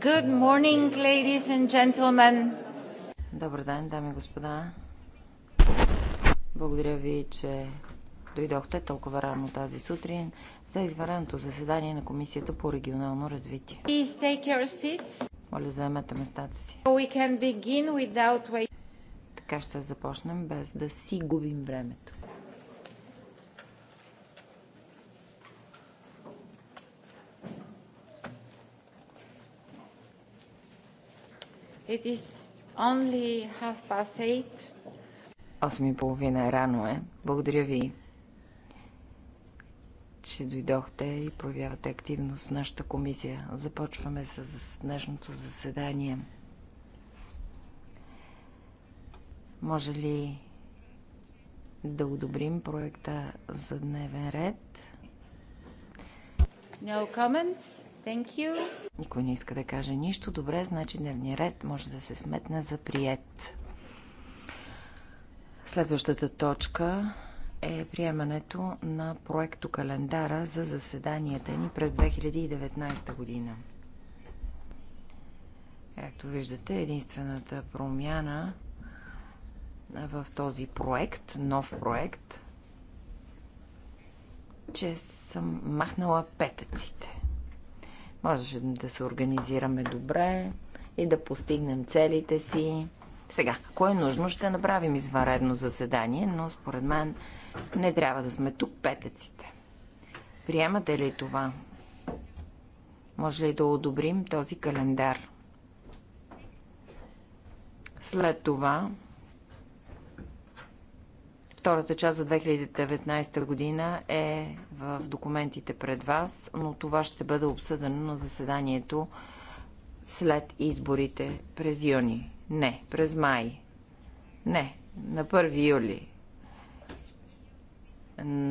Good morning, ladies and gentlemen. Добър ден, дами и господа. Благодаря ви, че дойдохте толкова рано тази сутрин за извареното заседание на Комисията по регионално развитие. Моля, заемете местата си. Така ще започнем без да си губим времето. It is only half past eight. рано е. Благодаря ви, че дойдохте и проявявате активност в нашата комисия. Започваме с днешното заседание. Може ли да одобрим проекта за дневен ред? No comments. Thank you. Никой не иска да каже нищо. Добре, значи дневния ред може да се сметне за прият. Следващата точка е приемането на проекто календара за заседанията ни през 2019 година. Както виждате, единствената промяна в този проект, нов проект, че съм махнала петъците. Можеше да се организираме добре и да постигнем целите си. Сега, ако е нужно, ще направим извънредно заседание, но според мен не трябва да сме тук петъците. Приемате ли това? Може ли да одобрим този календар? След това Втората част за 2019 година е в документите пред вас, но това ще бъде обсъдено на заседанието след изборите през юни. Не, през май. Не, на 1 юли.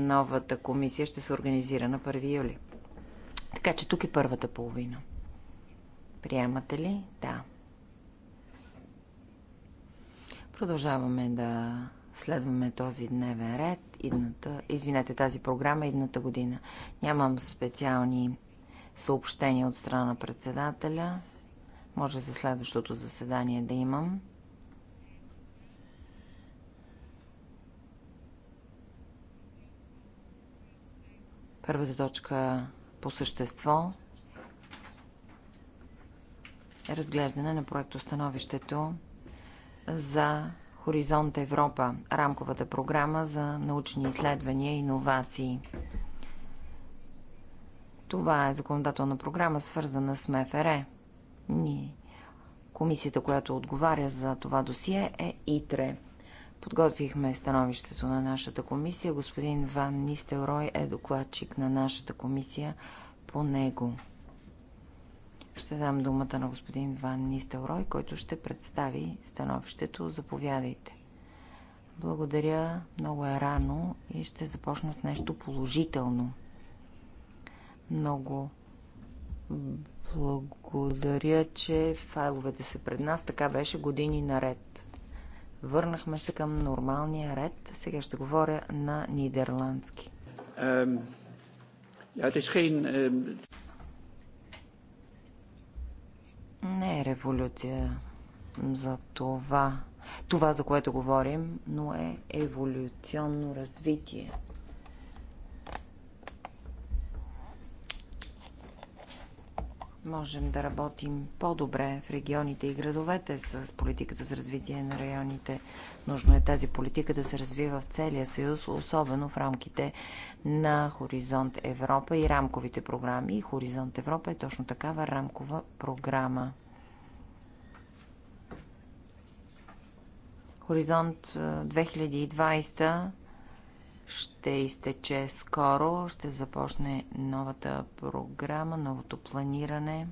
Новата комисия ще се организира на 1 юли. Така че тук е първата половина. Приемате ли? Да. Продължаваме да следваме този дневен ред, идната, извинете, тази програма идната година. Нямам специални съобщения от страна на председателя. Може за следващото заседание да имам. Първата точка по същество е разглеждане на становището за Хоризонт Европа, рамковата програма за научни изследвания и иновации. Това е законодателна програма, свързана с МФР. Ние. Комисията, която отговаря за това досие е ИТРЕ. Подготвихме становището на нашата комисия. Господин Ван Нистелрой е докладчик на нашата комисия по него ще дам думата на господин Ван Нистелрой, който ще представи становището. Заповядайте. Благодаря, много е рано и ще започна с нещо положително. Много благодаря, че файловете са пред нас. Така беше години наред. Върнахме се към нормалния ред. Сега ще говоря на нидерландски. Um, ja, geen, um... Не е революция за това, това за което говорим, но е еволюционно развитие. можем да работим по-добре в регионите и градовете с политиката за развитие на районите. Нужно е тази политика да се развива в целия съюз, особено в рамките на Хоризонт Европа и рамковите програми. И Хоризонт Европа е точно такава рамкова програма. Хоризонт 2020 ще изтече скоро, ще започне новата програма, новото планиране.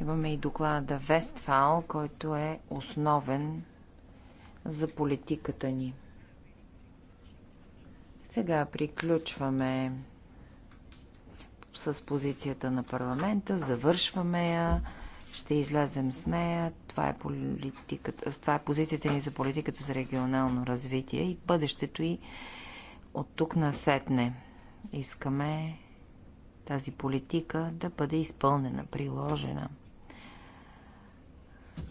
Имаме и доклада Вестфал, който е основен за политиката ни. Сега приключваме с позицията на парламента, завършваме я ще излезем с нея. Това е, политиката, това е позицията ни за политиката за регионално развитие и бъдещето и от тук насетне. Искаме тази политика да бъде изпълнена, приложена.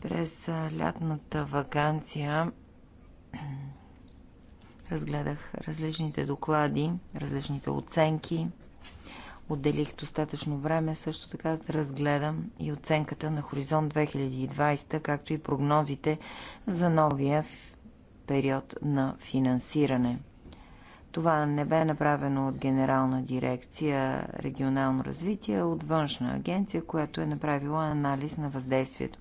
През лятната вакансия разгледах различните доклади, различните оценки отделих достатъчно време също така да разгледам и оценката на Хоризонт 2020, както и прогнозите за новия период на финансиране. Това не бе направено от Генерална дирекция регионално развитие, а от външна агенция, която е направила анализ на въздействието.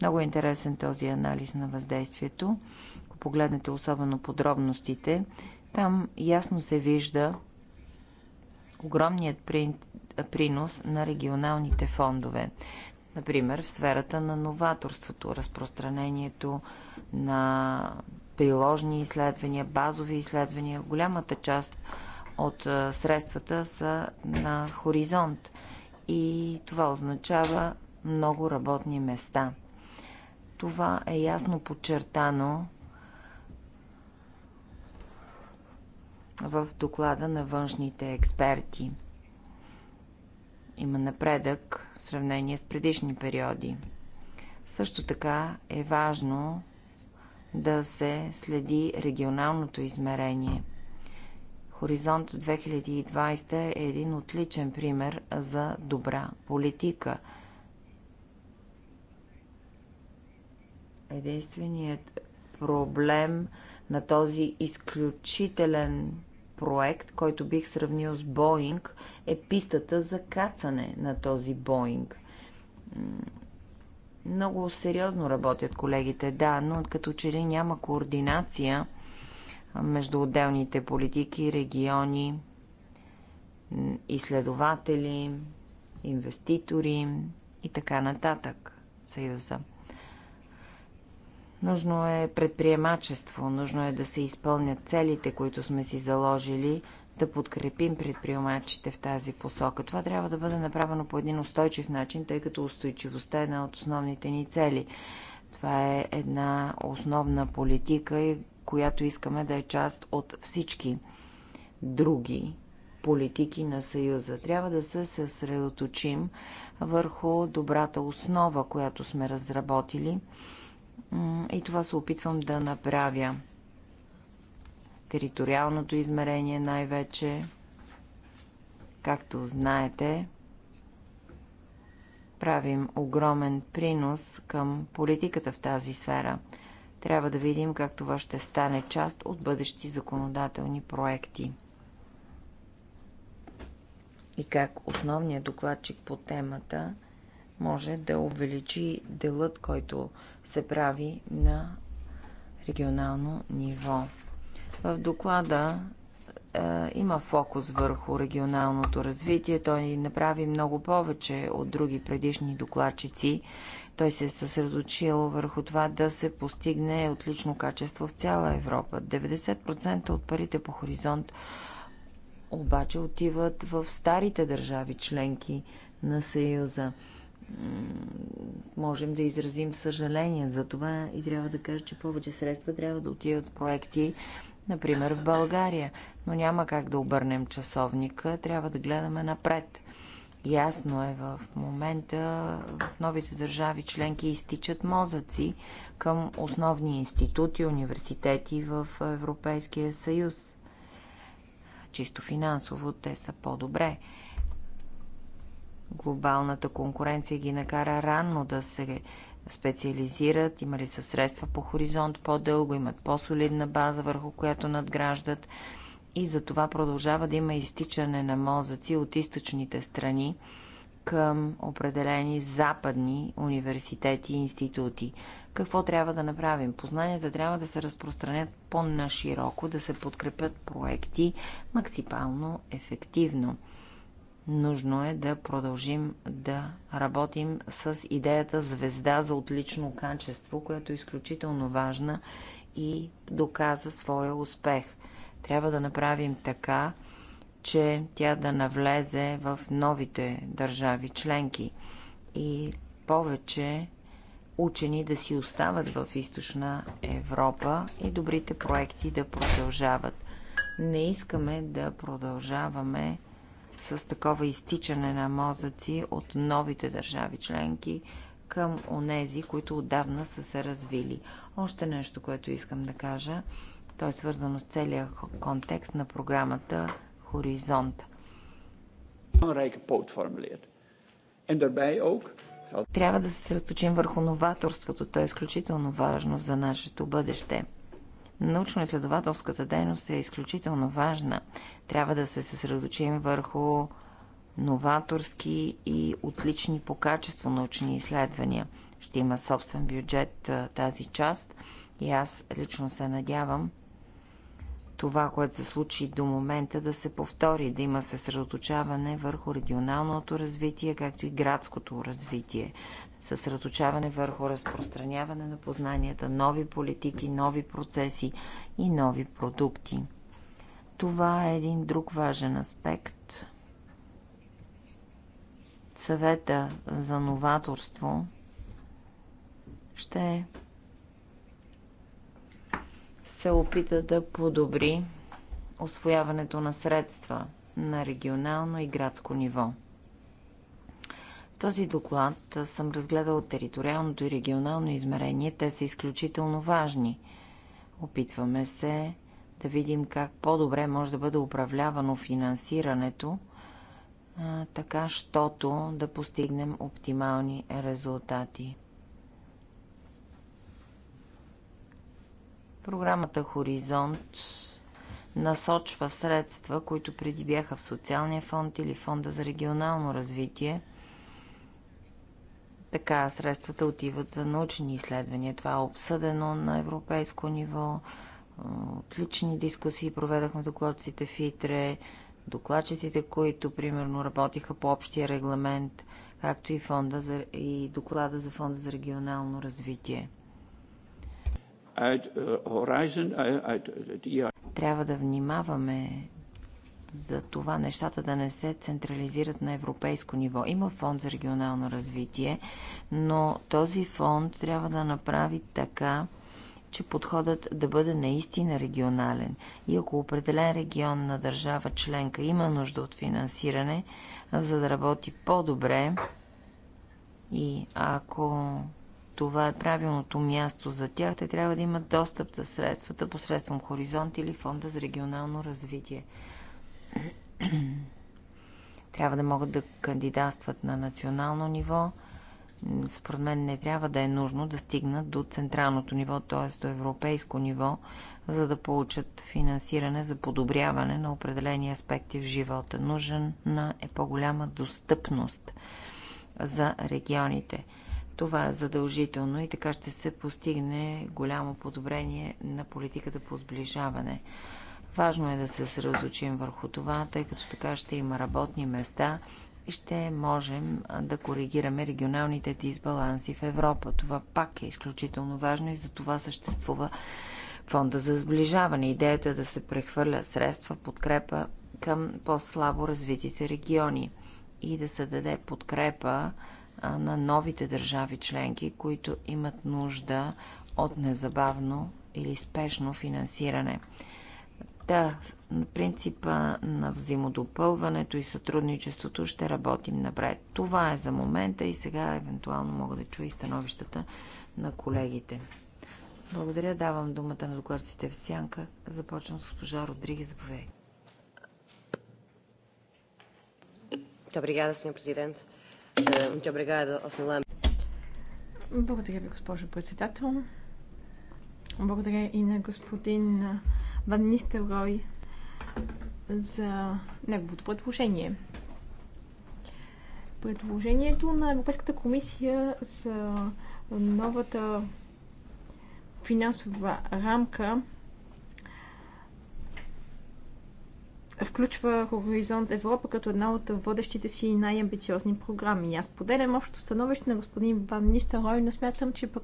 Много е интересен този анализ на въздействието. Ако погледнете особено подробностите, там ясно се вижда огромният принос на регионалните фондове. Например, в сферата на новаторството, разпространението на приложни изследвания, базови изследвания. Голямата част от средствата са на хоризонт и това означава много работни места. Това е ясно подчертано в доклада на външните експерти. Има напредък в сравнение с предишни периоди. Също така е важно да се следи регионалното измерение. Хоризонт 2020 е един отличен пример за добра политика. Единственият проблем на този изключителен проект, който бих сравнил с Боинг, е пистата за кацане на този Боинг. Много сериозно работят колегите, да, но като че ли няма координация между отделните политики, региони, изследователи, инвеститори и така нататък. Съюза. Нужно е предприемачество, нужно е да се изпълнят целите, които сме си заложили, да подкрепим предприемачите в тази посока. Това трябва да бъде направено по един устойчив начин, тъй като устойчивостта е една от основните ни цели. Това е една основна политика, която искаме да е част от всички други политики на Съюза. Трябва да се съсредоточим върху добрата основа, която сме разработили – и това се опитвам да направя. Териториалното измерение най-вече, както знаете, правим огромен принос към политиката в тази сфера. Трябва да видим как това ще стане част от бъдещи законодателни проекти. И как основният докладчик по темата – може да увеличи делът, който се прави на регионално ниво. В доклада е, има фокус върху регионалното развитие. Той направи много повече от други предишни докладчици. Той се е съсредоточил върху това да се постигне отлично качество в цяла Европа. 90% от парите по хоризонт обаче отиват в старите държави членки на Съюза можем да изразим съжаление за това и трябва да кажа, че повече средства трябва да отидат в проекти, например в България. Но няма как да обърнем часовника, трябва да гледаме напред. Ясно е в момента в новите държави членки изтичат мозъци към основни институти, университети в Европейския съюз. Чисто финансово те са по-добре Глобалната конкуренция ги накара рано да се специализират, имали са средства по хоризонт по-дълго, имат по-солидна база, върху която надграждат и за това продължава да има изтичане на мозъци от източните страни към определени западни университети и институти. Какво трябва да направим? Познанията трябва да се разпространят по-нашироко, да се подкрепят проекти максимално ефективно. Нужно е да продължим да работим с идеята звезда за отлично качество, което е изключително важна и доказа своя успех. Трябва да направим така, че тя да навлезе в новите държави членки и повече учени да си остават в източна Европа и добрите проекти да продължават. Не искаме да продължаваме с такова изтичане на мозъци от новите държави членки към онези, които отдавна са се развили. Още нещо, което искам да кажа, то е свързано с целия контекст на програмата Хоризонт. Трябва да се съсредоточим върху новаторството. То е изключително важно за нашето бъдеще. Научно-изследователската дейност е изключително важна. Трябва да се съсредоточим върху новаторски и отлични по качество научни изследвания. Ще има собствен бюджет тази част и аз лично се надявам това, което се случи до момента, да се повтори, да има съсредоточаване върху регионалното развитие, както и градското развитие. Съсредоточаване върху разпространяване на познанията, нови политики, нови процеси и нови продукти. Това е един друг важен аспект. Съвета за новаторство ще се опита да подобри освояването на средства на регионално и градско ниво. В този доклад съм разгледал териториалното и регионално измерение. Те са изключително важни. Опитваме се да видим как по-добре може да бъде управлявано финансирането, така, щото да постигнем оптимални резултати. Програмата Хоризонт насочва средства, които преди бяха в социалния фонд или фонда за регионално развитие. Така средствата отиват за научни изследвания. Това е обсъдено на европейско ниво. Отлични дискусии проведахме докладчиците в ИТРЕ, докладчиците, които примерно работиха по общия регламент, както и, фонда за, и доклада за фонда за регионално развитие. Eh, eh, eh, трябва да внимаваме за това нещата да не се централизират на европейско ниво. Има фонд за регионално развитие, но този фонд трябва да направи така, че подходът да бъде наистина регионален. И ако определен регион на държава членка има нужда от финансиране, за да работи по-добре, и ако това е правилното място за тях, те трябва да имат достъп до средствата посредством Хоризонт или Фонда за регионално развитие. трябва да могат да кандидатстват на национално ниво. Според мен не трябва да е нужно да стигнат до централното ниво, т.е. до европейско ниво, за да получат финансиране за подобряване на определени аспекти в живота. Нужен на е по-голяма достъпност за регионите. Това е задължително и така ще се постигне голямо подобрение на политиката по сближаване. Важно е да се съсредоточим върху това, тъй като така ще има работни места и ще можем да коригираме регионалните дисбаланси в Европа. Това пак е изключително важно и за това съществува фонда за сближаване. Идеята е да се прехвърля средства, подкрепа към по-слабо развитите региони и да се даде подкрепа на новите държави членки, които имат нужда от незабавно или спешно финансиране. Да, на принципа на взаимодопълването и сътрудничеството ще работим напред. Това е за момента и сега евентуално мога да чуя и становищата на колегите. Благодаря, давам думата на докладците в сянка. Започвам с госпожа Родриги, забовей. Добре, господин президент. Благодаря ви, госпожо председател. Благодаря и на господин Ван Нистелрой за неговото предложение. Предложението на Европейската комисия за новата финансова рамка включва Хоризонт Европа като една от водещите си най-амбициозни програми. Аз поделям общо становище на господин Ван Нистелрой, но смятам, че пък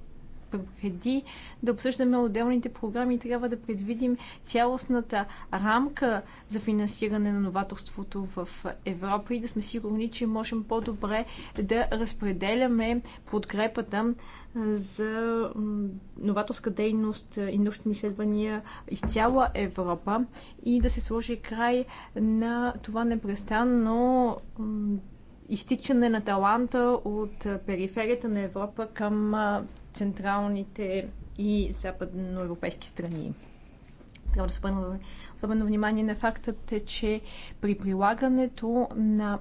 преди да обсъждаме отделните програми, трябва да предвидим цялостната рамка за финансиране на новаторството в Европа и да сме сигурни, че можем по-добре да разпределяме подкрепата за новаторска дейност и научни изследвания из цяла Европа и да се сложи край на това непрестанно изтичане на таланта от периферията на Европа към централните и западноевропейски страни. Трябва да се обърне особено внимание на фактът, че при прилагането на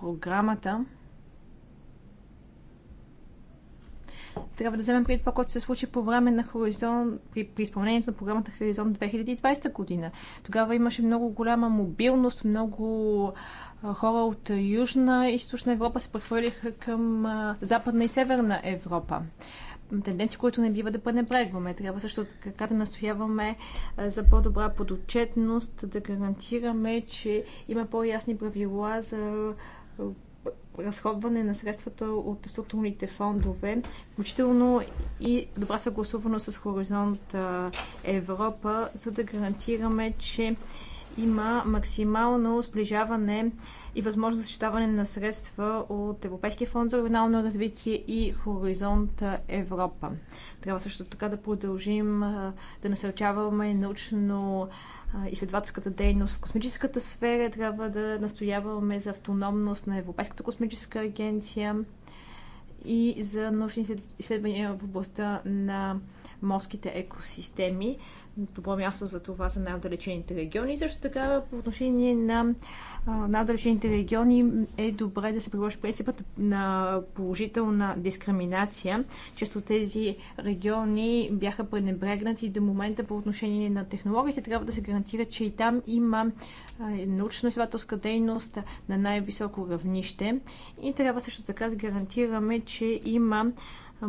програмата трябва да вземем преди това, което се случи по време на Хоризонт, при, при изпълнението на програмата Хоризонт 2020 година. Тогава имаше много голяма мобилност, много хора от Южна и Източна Европа се прехвърлиха към Западна и Северна Европа. Тенденции, които не бива да пренебрегваме. Трябва също така да настояваме за по-добра подотчетност, да гарантираме, че има по-ясни правила за разходване на средствата от структурните фондове, включително и добра съгласуваност с Хоризонт Европа, за да гарантираме, че има максимално сближаване и възможност за защитаване на средства от Европейския фонд за регионално развитие и Хоризонт Европа. Трябва също така да продължим да насърчаваме научно изследователската дейност в космическата сфера. Трябва да настояваме за автономност на Европейската космическа агенция и за научни изследвания в областта на морските екосистеми добро място за това за най-отдалечените региони. също така по отношение на най-отдалечените региони е добре да се приложи принципът на положителна дискриминация. Често тези региони бяха пренебрегнати до момента по отношение на технологиите. Трябва да се гарантира, че и там има научно-изследователска дейност на най-високо равнище. И трябва също така да гарантираме, че има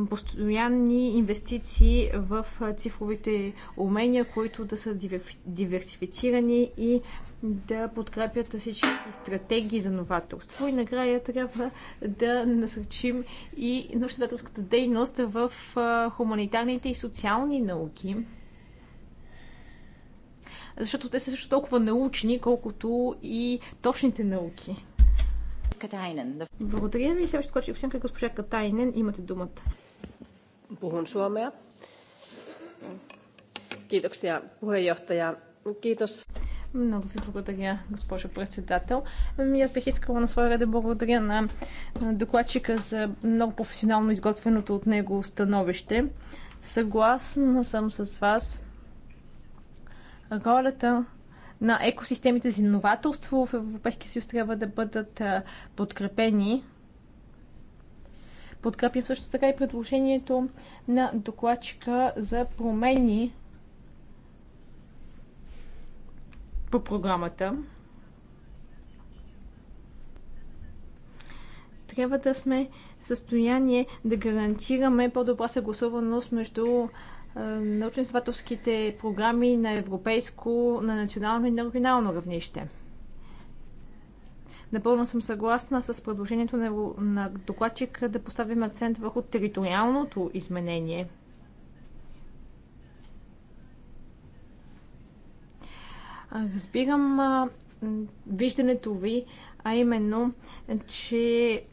постоянни инвестиции в цифровите умения, които да са диверсифицирани и да подкрепят всички стратегии за новаторство. И накрая трябва да насърчим и научно-изследователската дейност в хуманитарните и социални науки, защото те са също толкова научни, колкото и точните науки. Катайнен. Благодаря ви. Следващото, което ще всем госпожа Катайнен, имате думата. Puhun suomea. Kiitoksia puheenjohtaja. Kiitos. Много ви благодаря, госпожо председател. Ами, аз бих искала на своя ред да благодаря на докладчика за много професионално изготвеното от него становище. Съгласна съм с вас. Ролята на екосистемите за инователство в Европейския съюз трябва да бъдат подкрепени. Подкрепям също така и предложението на докладчика за промени по програмата. Трябва да сме в състояние да гарантираме по-добра съгласуваност между научно-изследователските програми на европейско, на национално и на регионално равнище. Напълно съм съгласна с предложението на, на докладчик да поставим акцент върху териториалното изменение. Разбирам виждането ви а именно, че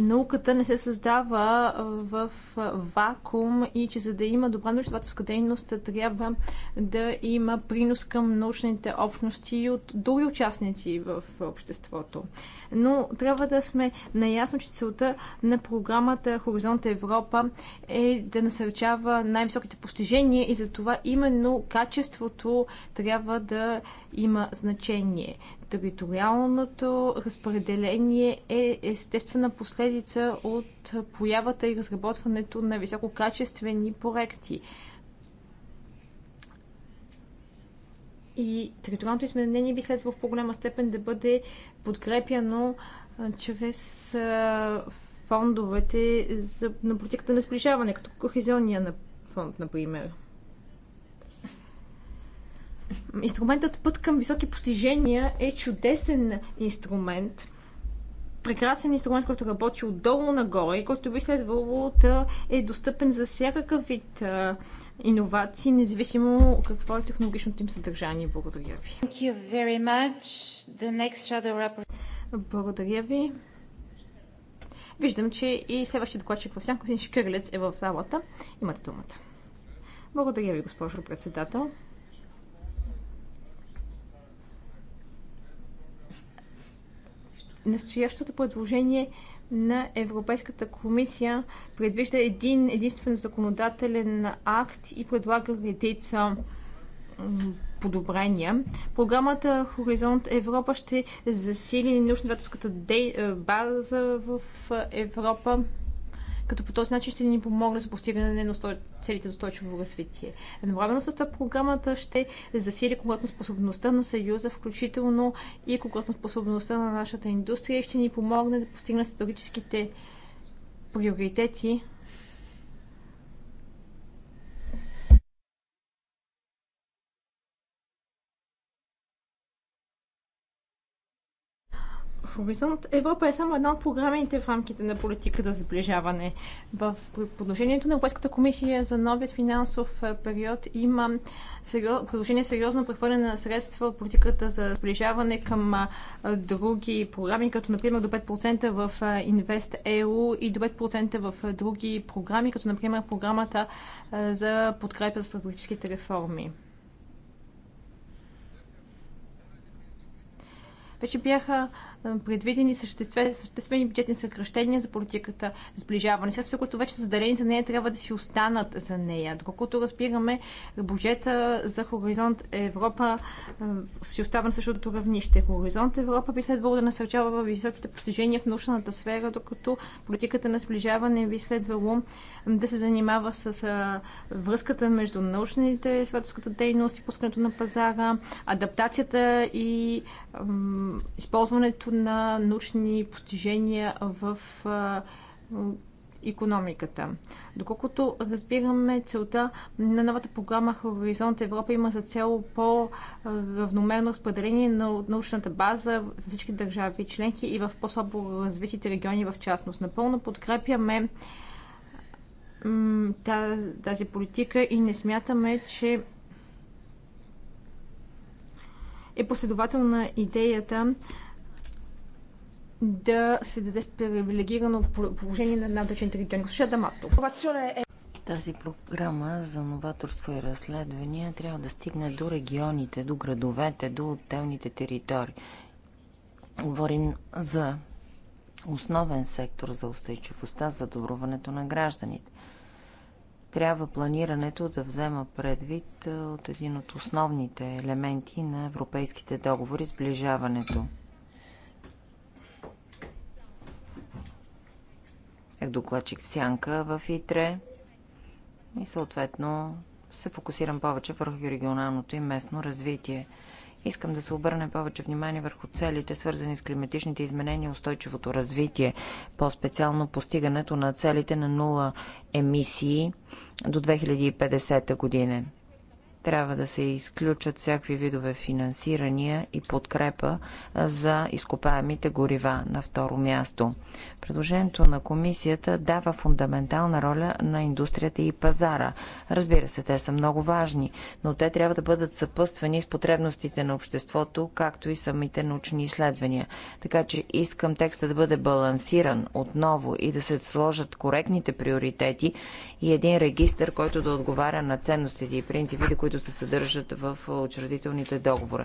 науката не се създава в вакуум и че за да има добра научно-изследователска дейност, трябва да има принос към научните общности и от други участници в обществото. Но трябва да сме наясно, че целта на програмата Хоризонт Европа е да насърчава най-високите постижения и за това именно качеството трябва да има значение. Териториалното разпределение е естествена последица от появата и разработването на висококачествени проекти. И териториалното изменение би следвало в по-голяма степен да бъде подкрепяно чрез фондовете за, на политиката на сближаване, като кохезионния фонд, например. Инструментът път към високи постижения е чудесен инструмент – прекрасен инструмент, който работи отдолу нагоре и който би следвало да е достъпен за всякакъв вид а, иновации, независимо какво е технологичното им съдържание. Благодаря ви. Thank you very much. The next shadow rapper... Благодаря ви. Виждам, че и следващия докладчик в Сянко Шкърлец е в залата. Имате думата. Благодаря ви, госпожо председател. настоящото предложение на Европейската комисия предвижда един единствен законодателен акт и предлага редица подобрения. Програмата Хоризонт Европа ще засили научно-изследователската е, база в е, Европа като по този начин ще ни помогне за постигане на целите за устойчиво развитие. Едновременно с това програмата ще засили конкретно способността на Съюза, включително и конкретно способността на нашата индустрия и ще ни помогне да постигнем стратегическите приоритети Хоризонт Европа е само една от програмите в рамките на политиката за сближаване. В подношението на Европейската комисия за новият финансов период има предложение сериозно прехвърляне на средства от политиката за сближаване към други програми, като например до 5% в ЕУ и до 5% в други програми, като например програмата за подкрепа за стратегическите реформи. Вече бяха предвидени съществени, съществени бюджетни съкръщения за политиката сближаване. Средства, които вече са заделени за нея, трябва да си останат за нея. Доколкото разбираме, бюджета за Хоризонт Европа си остава на същото равнище. Хоризонт Европа би следвало да насърчава високите постижения в научната сфера, докато политиката на сближаване би следвало да се занимава с връзката между научните и изследователската дейност и пускането на пазара, адаптацията и използването на научни постижения в економиката. Доколкото разбираме целта на новата програма Хоризонт Европа има за цел по-равномерно разпределение на научната база в всички държави членки и в по-слабо развитите региони в частност. Напълно подкрепяме тази политика и не смятаме, че е последователна идеята да се даде привилегирано положение на надъчните региони. Слуша Дамато. Е- Тази програма за новаторство и разследвания трябва да стигне до регионите, до градовете, до отделните територии. Говорим за основен сектор за устойчивостта, за добруването на гражданите. Трябва планирането да взема предвид от един от основните елементи на европейските договори сближаването – Как е докладчик в Сянка в ИТРЕ и съответно се фокусирам повече върху регионалното и местно развитие. Искам да се обърне повече внимание върху целите, свързани с климатичните изменения и устойчивото развитие, по-специално постигането на целите на нула емисии до 2050 година. Трябва да се изключат всякакви видове финансирания и подкрепа за изкопаемите горива на второ място. Предложението на комисията дава фундаментална роля на индустрията и пазара. Разбира се, те са много важни, но те трябва да бъдат съпъствани с потребностите на обществото, както и самите научни изследвания. Така че искам текста да бъде балансиран отново и да се сложат коректните приоритети и един регистр, който да отговаря на ценностите и принципите, които които се съдържат в учредителните договори.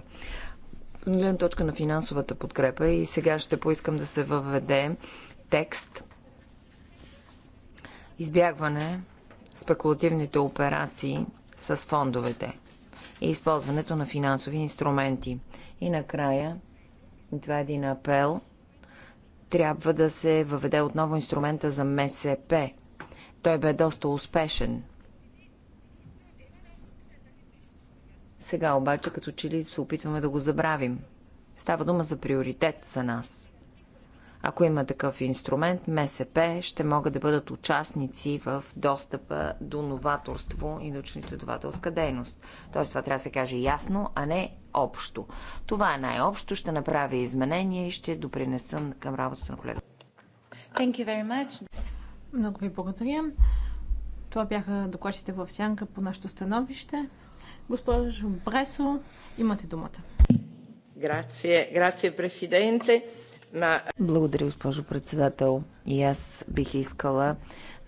Гледна точка на финансовата подкрепа и сега ще поискам да се въведе текст избягване спекулативните операции с фондовете и използването на финансови инструменти. И накрая, това е един апел, трябва да се въведе отново инструмента за МСП. Той бе доста успешен – Сега обаче, като че ли се опитваме да го забравим. Става дума за приоритет за нас. Ако има такъв инструмент, МСП ще могат да бъдат участници в достъпа до новаторство и научно-изследователска дейност. Тоест това трябва да се каже ясно, а не общо. Това е най-общо, ще направя изменения и ще допринеса към работата на колегата. Thank you very much. Много ви благодаря. Това бяха докладчите в сянка по нашето становище. Госпожо Бресо, имате думата. Благодаря, госпожо председател. И аз бих искала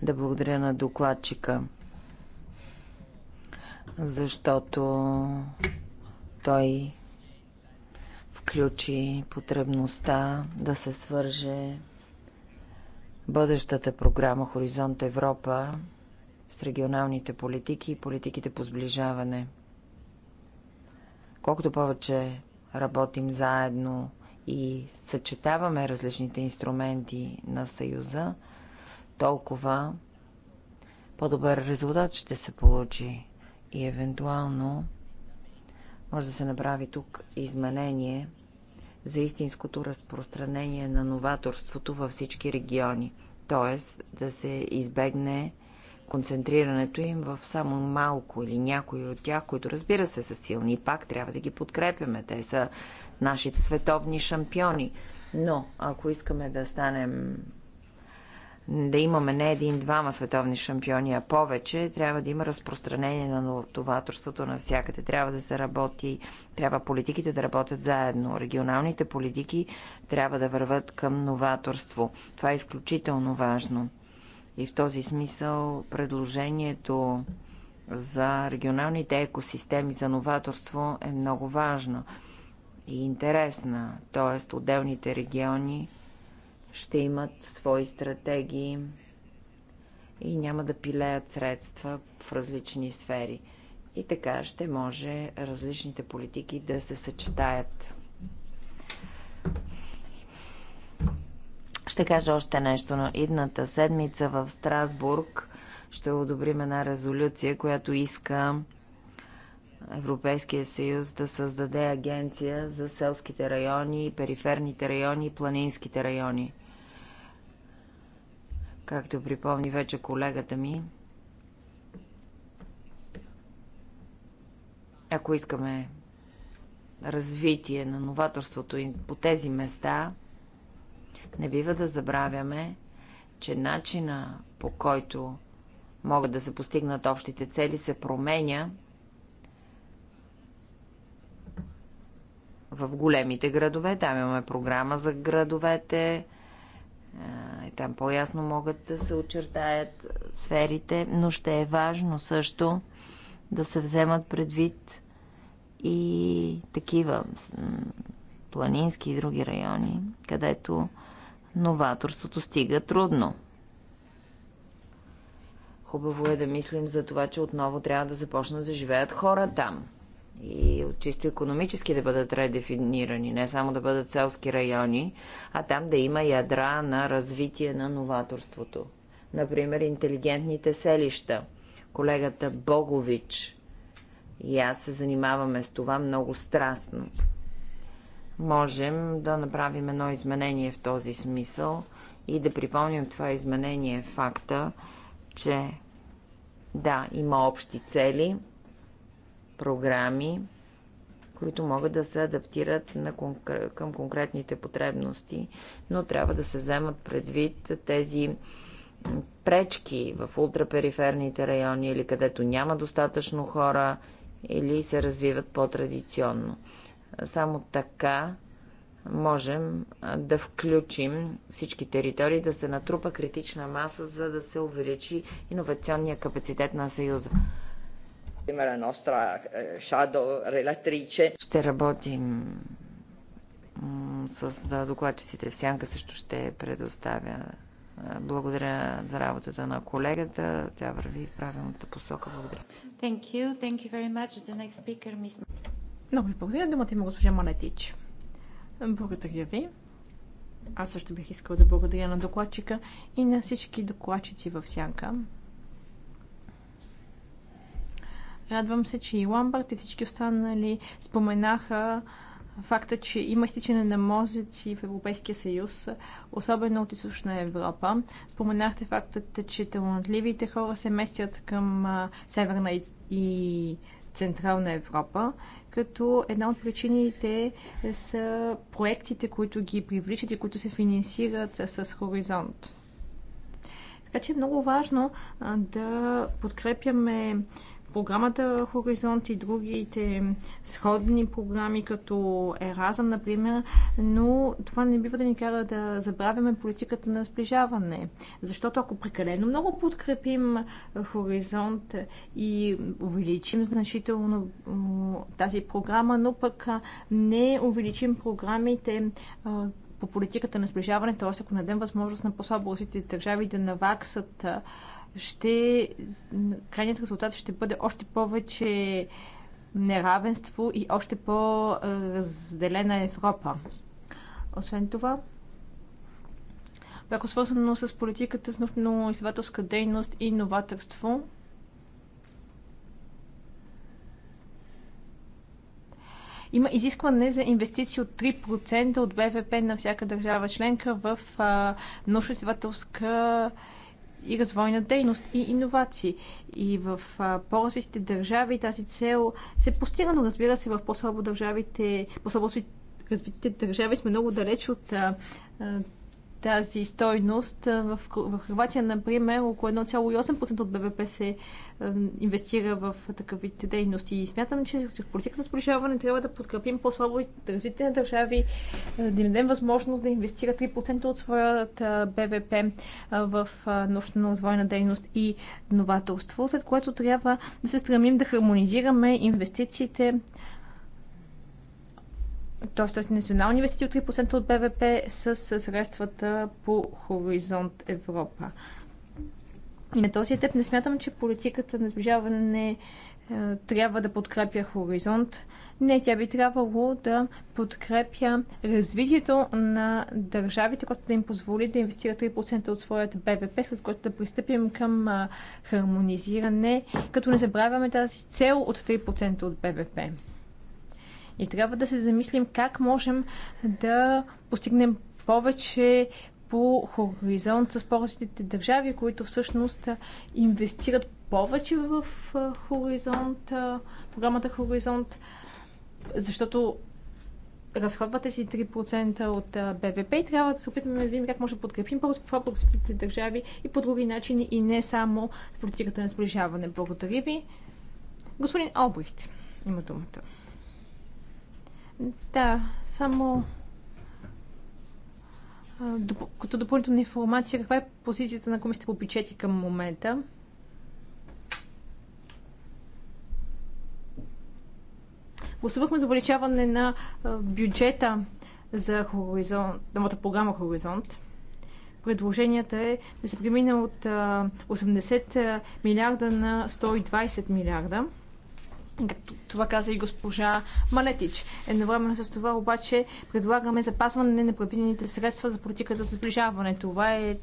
да благодаря на докладчика, защото той включи потребността да се свърже бъдещата програма Хоризонт Европа с регионалните политики и политиките по сближаване – Колкото повече работим заедно и съчетаваме различните инструменти на Съюза, толкова по-добър резултат ще се получи. И евентуално може да се направи тук изменение за истинското разпространение на новаторството във всички региони. Т.е. да се избегне концентрирането им в само малко или някои от тях, които разбира се са силни и пак трябва да ги подкрепяме. Те са нашите световни шампиони. Но ако искаме да станем да имаме не един-двама световни шампиони, а повече, трябва да има разпространение на новотоваторството навсякъде. Трябва да се работи, трябва политиките да работят заедно. Регионалните политики трябва да върват към новаторство. Това е изключително важно. И в този смисъл предложението за регионалните екосистеми за новаторство е много важно и интересна. Тоест, отделните региони ще имат свои стратегии и няма да пилеят средства в различни сфери. И така ще може различните политики да се съчетаят. Ще кажа още нещо, но идната седмица в Страсбург ще одобрим една резолюция, която иска Европейския съюз да създаде агенция за селските райони, периферните райони, и планинските райони. Както припомни вече колегата ми, ако искаме развитие на новаторството и по тези места, не бива да забравяме, че начина по който могат да се постигнат общите цели се променя в големите градове. Там имаме програма за градовете. Е, и там по-ясно могат да се очертаят сферите, но ще е важно също да се вземат предвид и такива планински и други райони, където новаторството стига трудно. Хубаво е да мислим за това, че отново трябва да започнат да живеят хора там. И чисто економически да бъдат редефинирани, не само да бъдат селски райони, а там да има ядра на развитие на новаторството. Например, интелигентните селища. Колегата Богович и аз се занимаваме с това много страстно можем да направим едно изменение в този смисъл и да припомним това изменение факта, че да, има общи цели, програми, които могат да се адаптират на конкр... към конкретните потребности, но трябва да се вземат предвид тези пречки в ултрапериферните райони или където няма достатъчно хора или се развиват по-традиционно. Само така можем да включим всички територии, да се натрупа критична маса, за да се увеличи иновационния капацитет на Съюза. Е, ще работим с докладчиците в Сянка също ще предоставя. Е, благодаря за работата на колегата. Тя върви в правилната посока. Благодаря. Thank you. Thank you very much. The next speaker, Miss... Много ви благодаря. Думата има госпожа Малетич. Благодаря ви. Аз също бих искала да благодаря на докладчика и на всички докладчици в сянка. Радвам се, че и Ламбард и всички останали споменаха факта, че има изтичане на мозъци в Европейския съюз, особено от източна Европа. Споменахте факта, че талантливите хора се местят към Северна и Централна Европа като една от причините са проектите, които ги привличат и които се финансират с Хоризонт. Така че е много важно да подкрепяме програмата Хоризонт и другите сходни програми, като Еразъм, например, но това не бива да ни кара да забравяме политиката на сближаване. Защото ако прекалено много подкрепим Хоризонт и увеличим значително тази програма, но пък не увеличим програмите по политиката на сближаване, т.е. ако не дадем възможност на по-слабо държави да наваксат ще, крайният резултат ще бъде още повече неравенство и още по-разделена Европа. Освен това, бяко свързано с политиката с изследователска дейност и новаторство, има изискване за инвестиции от 3% от БВП на всяка държава членка в научно-изследователска дейност и развойна дейност и иновации. И в по-развитите държави тази цел се постига, но разбира се, в по-слабо държавите, по-слабо развитите държави сме много далеч от тази стойност. В, Хрватия, например, около 1,8% от БВП се инвестира в такъв вид дейности. И смятам, че в политиката с повишаване трябва да подкрепим по-слабо развитите на държави, да им дадем възможност да инвестира 3% от своята БВП в научно-развойна дейност и нователство, след което трябва да се стремим да хармонизираме инвестициите т.е. национални инвестиции от 3% от БВП с средствата по Хоризонт Европа. И на този етап не смятам, че политиката на сближаване е, трябва да подкрепя Хоризонт. Не, тя би трябвало да подкрепя развитието на държавите, което да им позволи да инвестира 3% от своят БВП, след което да пристъпим към хармонизиране, като не забравяме тази цел от 3% от БВП. И трябва да се замислим как можем да постигнем повече по хоризонт с повечето държави, които всъщност инвестират повече в хоризонт, програмата Хоризонт, защото разходвате си 3% от БВП и трябва да се опитаме да видим как може да подкрепим по-профитите държави и по други начини и не само с политиката на сближаване. Благодаря ви. Господин Обрихт има думата. Да, само като допълнителна информация, каква е позицията на комисията по бюджети към момента? Гласувахме за увеличаване на бюджета за хоризонт, новата програма Хоризонт. Предложението е да се премине от 80 милиарда на 120 милиарда. Както това каза и госпожа Малетич. Едновременно с това обаче предлагаме запазване на непредвидените средства за политиката за сближаване. Това е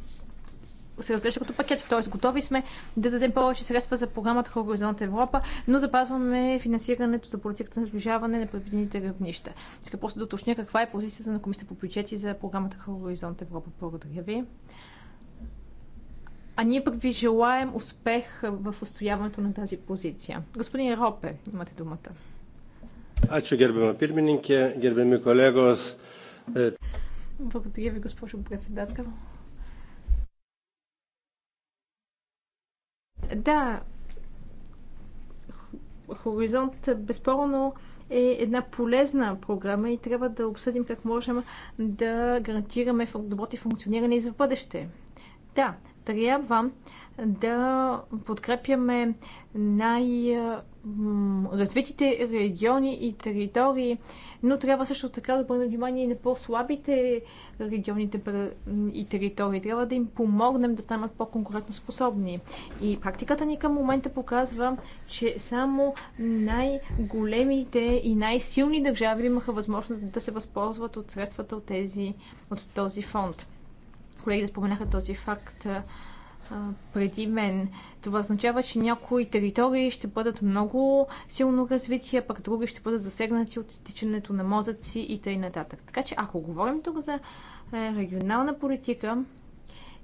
се разглежда като пакет. Т.е. готови сме да дадем повече средства за програмата Хоризонт Европа, но запазваме финансирането за политиката на сближаване на предвидените равнища. Иска просто да уточня каква е позицията на Комисията по бюджети за програмата Хоризонт Европа. Благодаря ви а ние пък ви желаем успех в устояването на тази позиция. Господин Ропе, имате думата. Ачо gerbiamą пирмининке, gerbiami колегос. Благодаря ви, госпожо председател. Да, Хоризонт безспорно е една полезна програма и трябва да обсъдим как можем да гарантираме доброто функциониране и за бъдеще. Да, трябва да подкрепяме най-развитите региони и територии, но трябва също така да обърнем внимание и на по-слабите регионите и територии. Трябва да им помогнем да станат по-конкурентно способни. И практиката ни към момента показва, че само най-големите и най-силни държави имаха възможност да се възползват от средствата от, тези, от този фонд колеги да споменаха този факт преди мен. Това означава, че някои територии ще бъдат много силно развити, а пък други ще бъдат засегнати от изтичането на мозъци и т.н. Така че ако говорим тук за е, регионална политика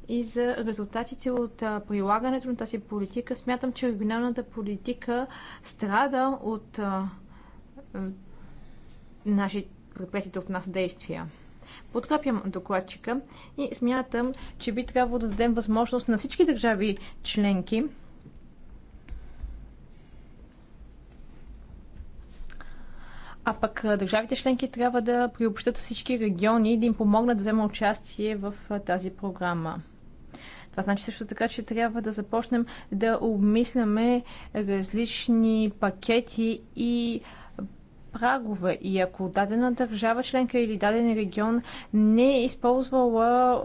и за резултатите от прилагането на тази политика, смятам, че регионалната политика страда от е, нашите предприятите от нас действия. Подкрепям докладчика и смятам, че би трябвало да дадем възможност на всички държави членки А пък държавите членки трябва да приобщат всички региони и да им помогнат да вземат участие в тази програма. Това значи също така, че трябва да започнем да обмисляме различни пакети и прагове и ако дадена държава членка или даден регион не е използвала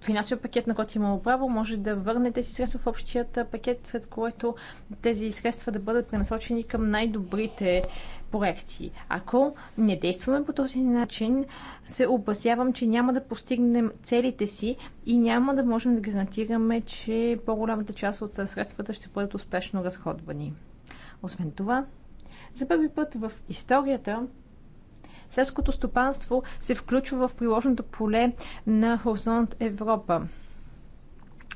финансовия пакет, на който е имало право, може да върне тези средства в общият пакет, след което тези средства да бъдат пренасочени към най-добрите проекти. Ако не действаме по този начин, се опасявам, че няма да постигнем целите си и няма да можем да гарантираме, че по-голямата част от средствата ще бъдат успешно разходвани. Освен това, за първи път в историята селското стопанство се включва в приложното поле на Хоризонт Европа.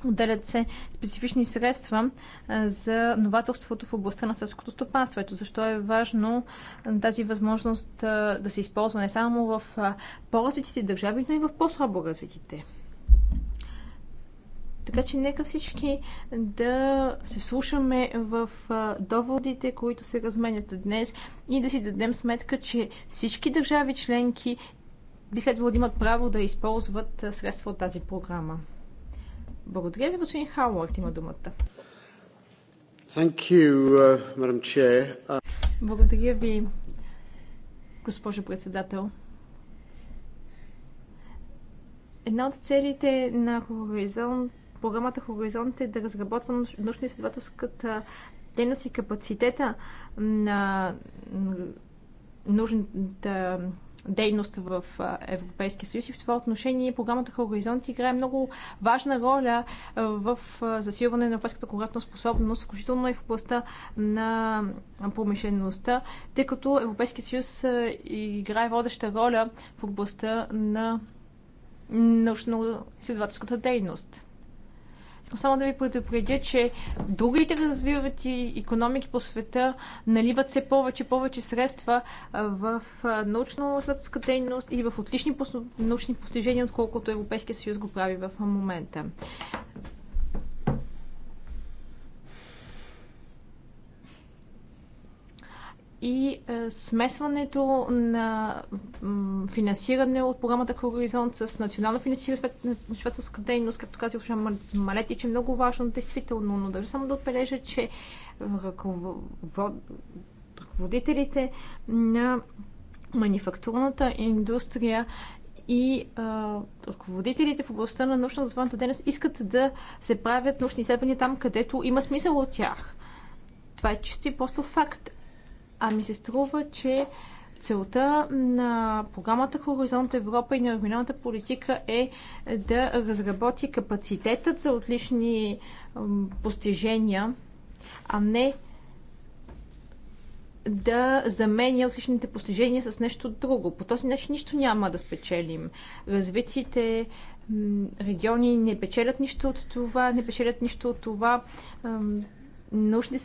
Отделят се специфични средства за новаторството в областта на селското стопанство. Ето защо е важно тази възможност да се използва не само в по-развитите държави, но и в по-слабо развитите. Така че нека всички да се вслушаме в доводите, които се разменят днес и да си дадем сметка, че всички държави членки би следвало да имат право да използват средства от тази програма. Благодаря ви, господин Хауърд, има думата. Thank you, uh, Madam Chair. Uh... Благодаря ви, госпожо председател. Една от целите на Хоризонт програмата Хоризонт е да разработва научно-изследователската дейност и капацитета на нужната дейност в Европейския съюз и в това отношение програмата Хоризонт играе много важна роля в засилване на европейската конкретна способност, включително и в областта на промишлеността, тъй като Европейския съюз играе водеща роля в областта на научно-изследователската дейност. Искам само да ви предупредя, че другите развиват и економики по света наливат все повече и повече средства в научно-следовска дейност и в отлични научни постижения, отколкото Европейския съюз го прави в момента. и е, смесването на финансиране от програмата Хоризонт с национално финансиране на швейцарска дейност, както каза госпожа Малети, че е много важно, действително, но държа само да отбележа, че ръководителите на манифактурната индустрия и а, е, ръководителите в областта на научно-развойната дейност искат да се правят научни изследвания там, където има смисъл от тях. Това е чисто и просто факт а ми се струва, че целта на програмата Хоризонт Европа и на политика е да разработи капацитетът за отлични постижения, а не да заменя отличните постижения с нещо друго. По този начин нищо няма да спечелим. Развитите региони не печелят нищо от това, не печелят нищо от това научни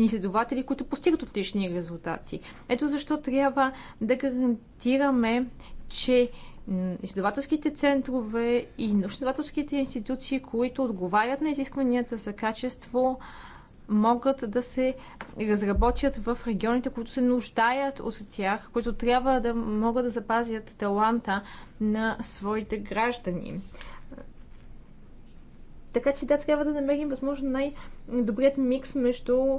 изследователи, които постигат отлични резултати. Ето защо трябва да гарантираме, че изследователските центрове и научно-изследователските институции, които отговарят на изискванията за качество, могат да се разработят в регионите, които се нуждаят от тях, които трябва да могат да запазят таланта на своите граждани. Така че да, трябва да намерим възможно най-добрият микс между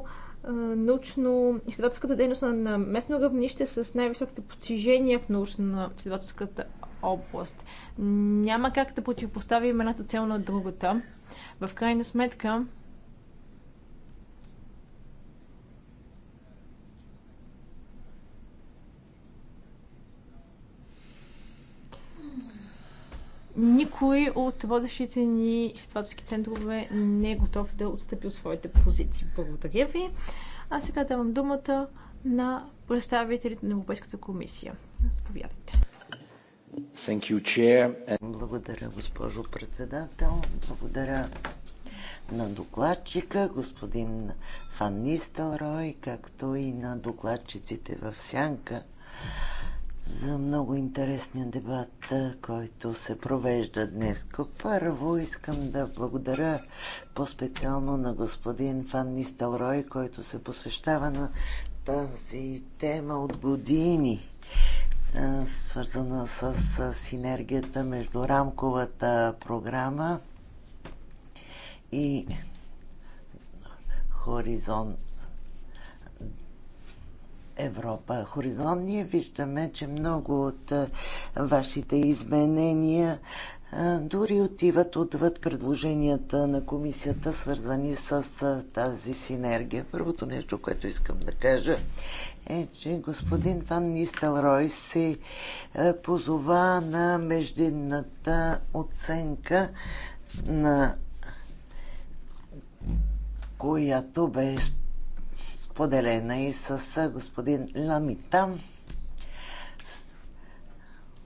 научно-изследователската дейност на местно равнище с най-високите постижения в научно-изследователската област. Няма как да противопоставим едната цел на другата. В крайна сметка, никой от водещите ни изследователски центрове не е готов да отстъпи от своите позиции. Благодаря ви. А сега давам думата на представителите на Европейската комисия. Заповядайте. Благодаря, госпожо председател. Благодаря на докладчика, господин Фан Нистелрой, както и на докладчиците в Сянка за много интересния дебат, който се провежда днес. Първо искам да благодаря по-специално на господин Фан Нисталрой, който се посвещава на тази тема от години, свързана с синергията между рамковата програма и Хоризонт Европа. Хоризонт ние виждаме, че много от вашите изменения дори отиват отвъд предложенията на комисията, свързани с тази синергия. Първото нещо, което искам да кажа е, че господин Ван Рой се позова на междинната оценка на която бе споделена и с господин Ламита.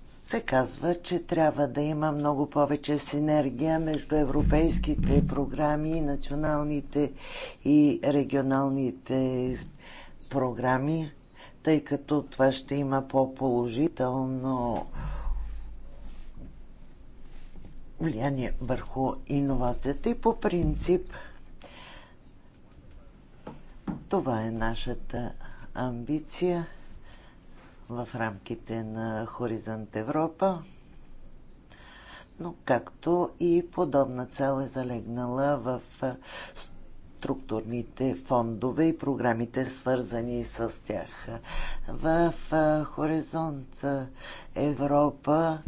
Се казва, че трябва да има много повече синергия между европейските програми, националните и регионалните програми, тъй като това ще има по-положително влияние върху иновацията и по принцип това е нашата амбиция в рамките на Хоризонт Европа, но както и подобна цел е залегнала в структурните фондове и програмите, свързани с тях. В Хоризонт Европа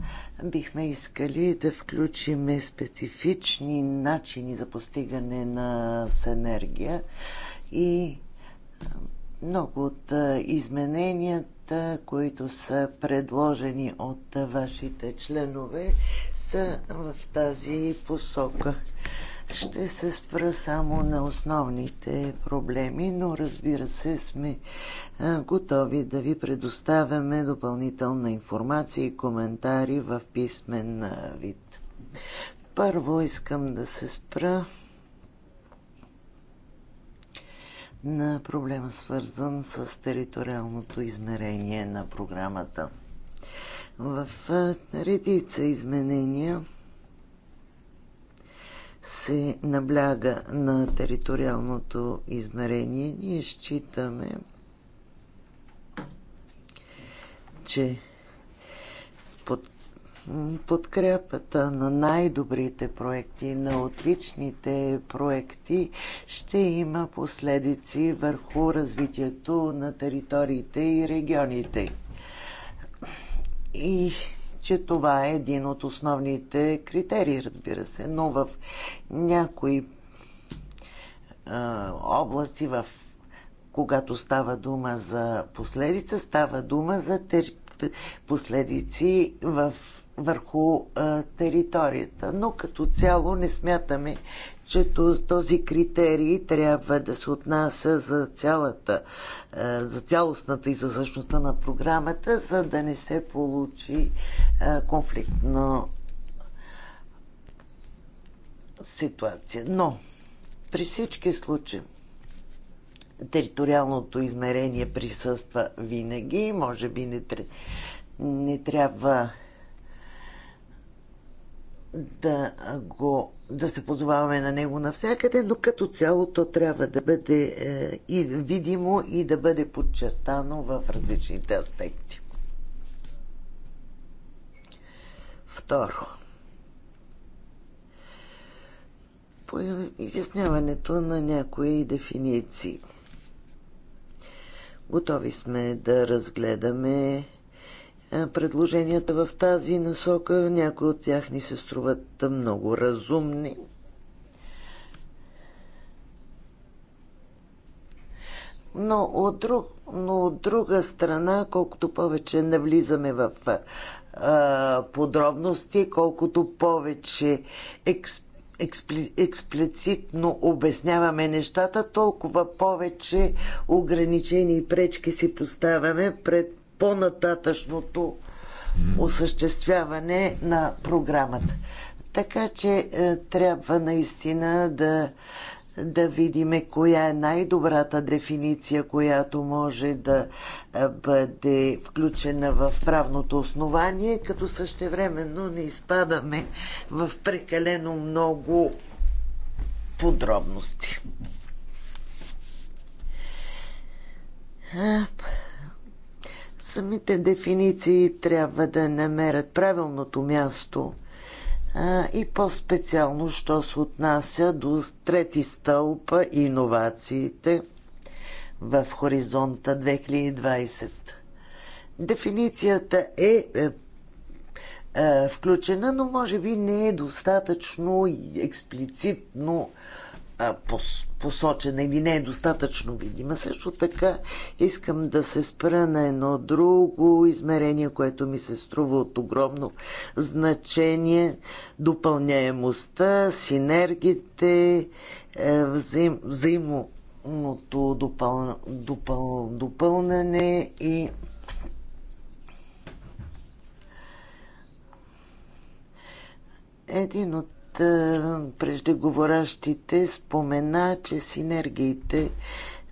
бихме искали да включим специфични начини за постигане на синергия и много от измененията, които са предложени от вашите членове, са в тази посока. Ще се спра само на основните проблеми, но разбира се, сме готови да ви предоставяме допълнителна информация и коментари в писмен вид. Първо искам да се спра на проблема свързан с териториалното измерение на програмата. В редица изменения се набляга на териториалното измерение. Ние считаме, че под подкрепата на най-добрите проекти, на отличните проекти, ще има последици върху развитието на териториите и регионите. И че това е един от основните критерии, разбира се, но в някои а, области, в когато става дума за последица, става дума за тер... последици в върху а, територията. Но като цяло не смятаме, че този критерий трябва да се отнася за цялата, а, за цялостната и за същността на програмата, за да не се получи а, конфликтно ситуация. Но при всички случаи териториалното измерение присъства винаги. Може би не, не трябва да, го, да се позоваваме на него навсякъде, но като цяло то трябва да бъде е, и видимо и да бъде подчертано в различните аспекти. Второ. По изясняването на някои дефиниции. Готови сме да разгледаме предложенията в тази насока. Някои от тях ни се струват много разумни. Но от, друг, но от друга страна, колкото повече навлизаме в а, подробности, колкото повече експ, експли, експлицитно обясняваме нещата, толкова повече ограничени и пречки си поставяме пред по-нататъчното осъществяване на програмата. Така че е, трябва наистина да, да видим коя е най-добрата дефиниция, която може да е, бъде включена в правното основание, като същевременно не изпадаме в прекалено много подробности самите дефиниции трябва да намерят правилното място а, и по-специално, що се отнася до трети стълпа и иновациите в хоризонта 2020. Дефиницията е, е, е включена, но може би не е достатъчно експлицитно посочена или не е достатъчно видима. Също така искам да се спра на едно друго измерение, което ми се струва от огромно значение допълняемостта, синергите, е, взаим, взаимното допъл, допъл, допълнане и един от е, преждеговорящите спомена, че синергиите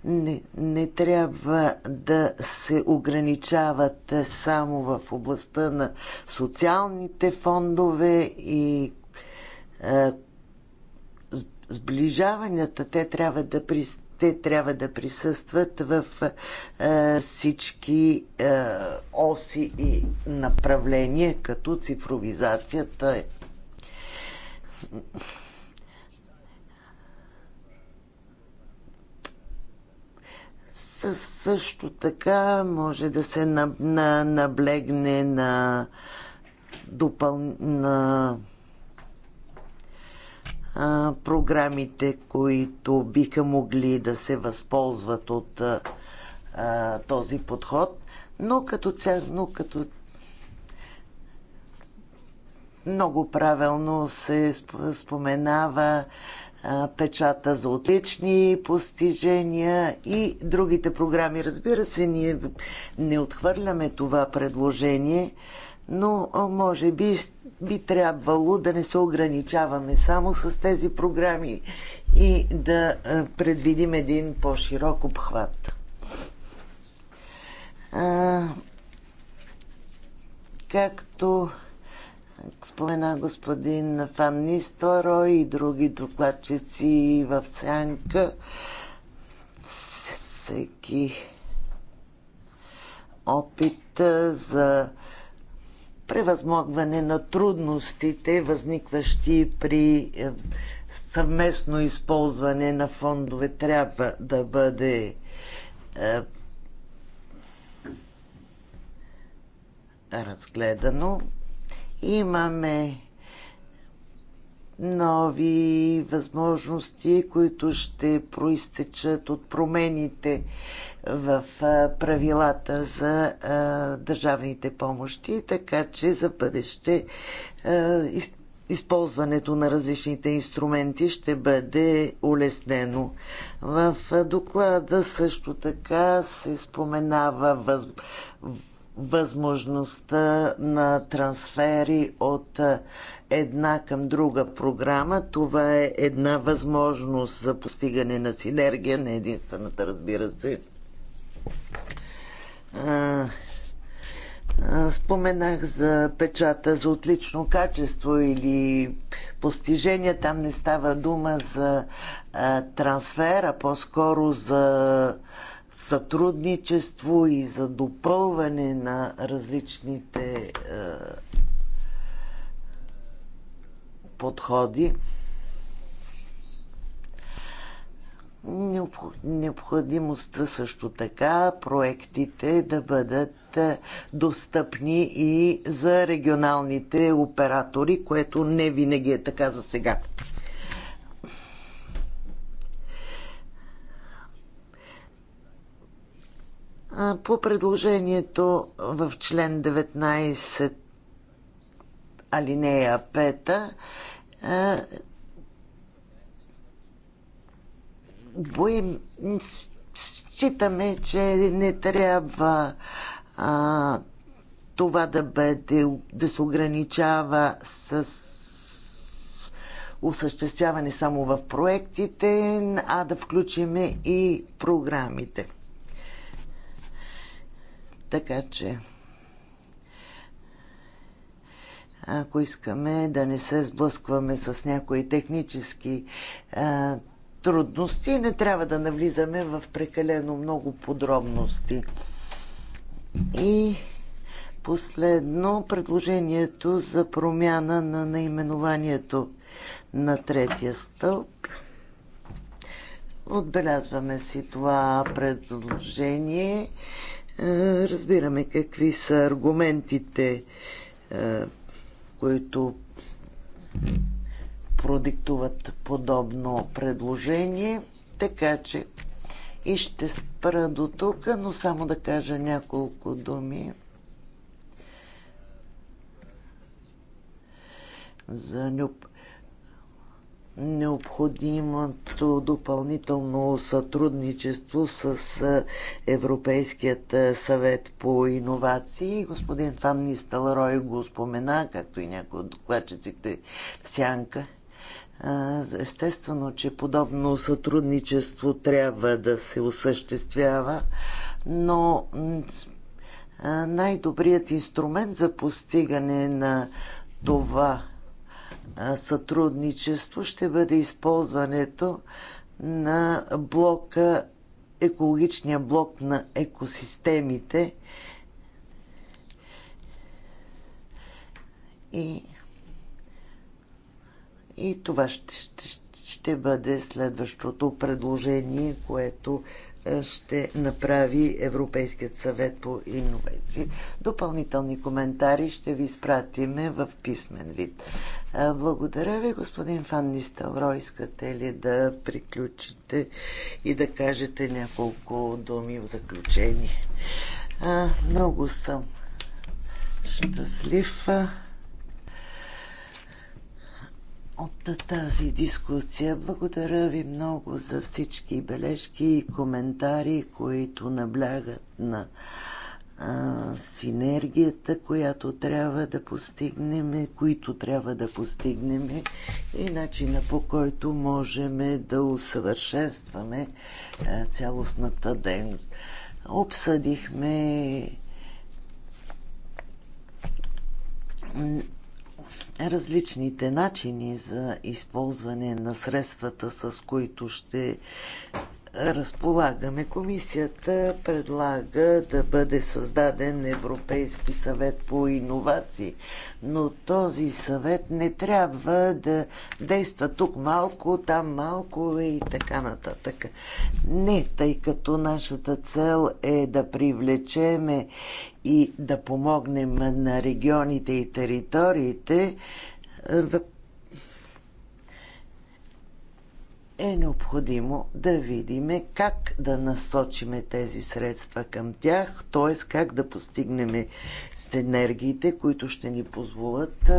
не, не трябва да се ограничават само в областта на социалните фондове и е, сближаванията. Те трябва да, те трябва да присъстват в е, всички е, оси и направления, като цифровизацията, е също така може да се наблегне на, допъл... на програмите, които биха могли да се възползват от а, този подход, но като, цяло, но като много правилно се споменава печата за отлични постижения и другите програми. Разбира се, ние не отхвърляме това предложение, но може би би трябвало да не се ограничаваме само с тези програми и да предвидим един по-широк обхват. А, както спомена господин Фан Нистелро и други докладчици в сянка. Всеки опит за превъзмогване на трудностите, възникващи при е, съвместно използване на фондове, трябва да бъде е, разгледано имаме нови възможности, които ще проистечат от промените в правилата за държавните помощи, така че за бъдеще използването на различните инструменти ще бъде улеснено. В доклада също така се споменава възможност възможността на трансфери от една към друга програма. Това е една възможност за постигане на синергия, не единствената, разбира се. Споменах за печата за отлично качество или постижение. Там не става дума за трансфер, а по-скоро за сътрудничество и за допълване на различните е, подходи. Необходимостта също така проектите да бъдат е, достъпни и за регионалните оператори, което не винаги е така за сега. По предложението в член 19 алинея 5 боим, считаме, че не трябва а, това да бъде, да се ограничава с осъществяване само в проектите, а да включиме и програмите. Така че, ако искаме да не се сблъскваме с някои технически а, трудности, не трябва да навлизаме в прекалено много подробности. И последно предложението за промяна на наименованието на третия стълб. Отбелязваме си това предложение е, разбираме какви са аргументите, е, които продиктуват подобно предложение. Така че и ще спра до тук, но само да кажа няколко думи за необходимото допълнително сътрудничество с Европейският съвет по иновации. Господин Фан Нисталрой го спомена, както и някои от докладчиците Сянка. Естествено, че подобно сътрудничество трябва да се осъществява, но най-добрият инструмент за постигане на това сътрудничество ще бъде използването на блока, екологичния блок на екосистемите и, и това ще, ще, ще бъде следващото предложение, което ще направи Европейският съвет по иновации. Допълнителни коментари ще ви спратиме в писмен вид. Благодаря ви, господин Фан Нистелро. Искате ли да приключите и да кажете няколко думи в заключение? много съм щастлив от тази дискусия. Благодаря ви много за всички бележки и коментари, които наблягат на а, синергията, която трябва да постигнем, които трябва да постигнем и начина по който можем да усъвършенстваме а, цялостната дейност. Обсъдихме различните начини за използване на средствата, с които ще разполагаме. Комисията предлага да бъде създаден Европейски съвет по иновации, но този съвет не трябва да действа тук малко, там малко и така нататък. Не, тъй като нашата цел е да привлечеме и да помогнем на регионите и териториите, е необходимо да видим как да насочиме тези средства към тях, т.е. как да постигнем синергиите, които ще ни позволят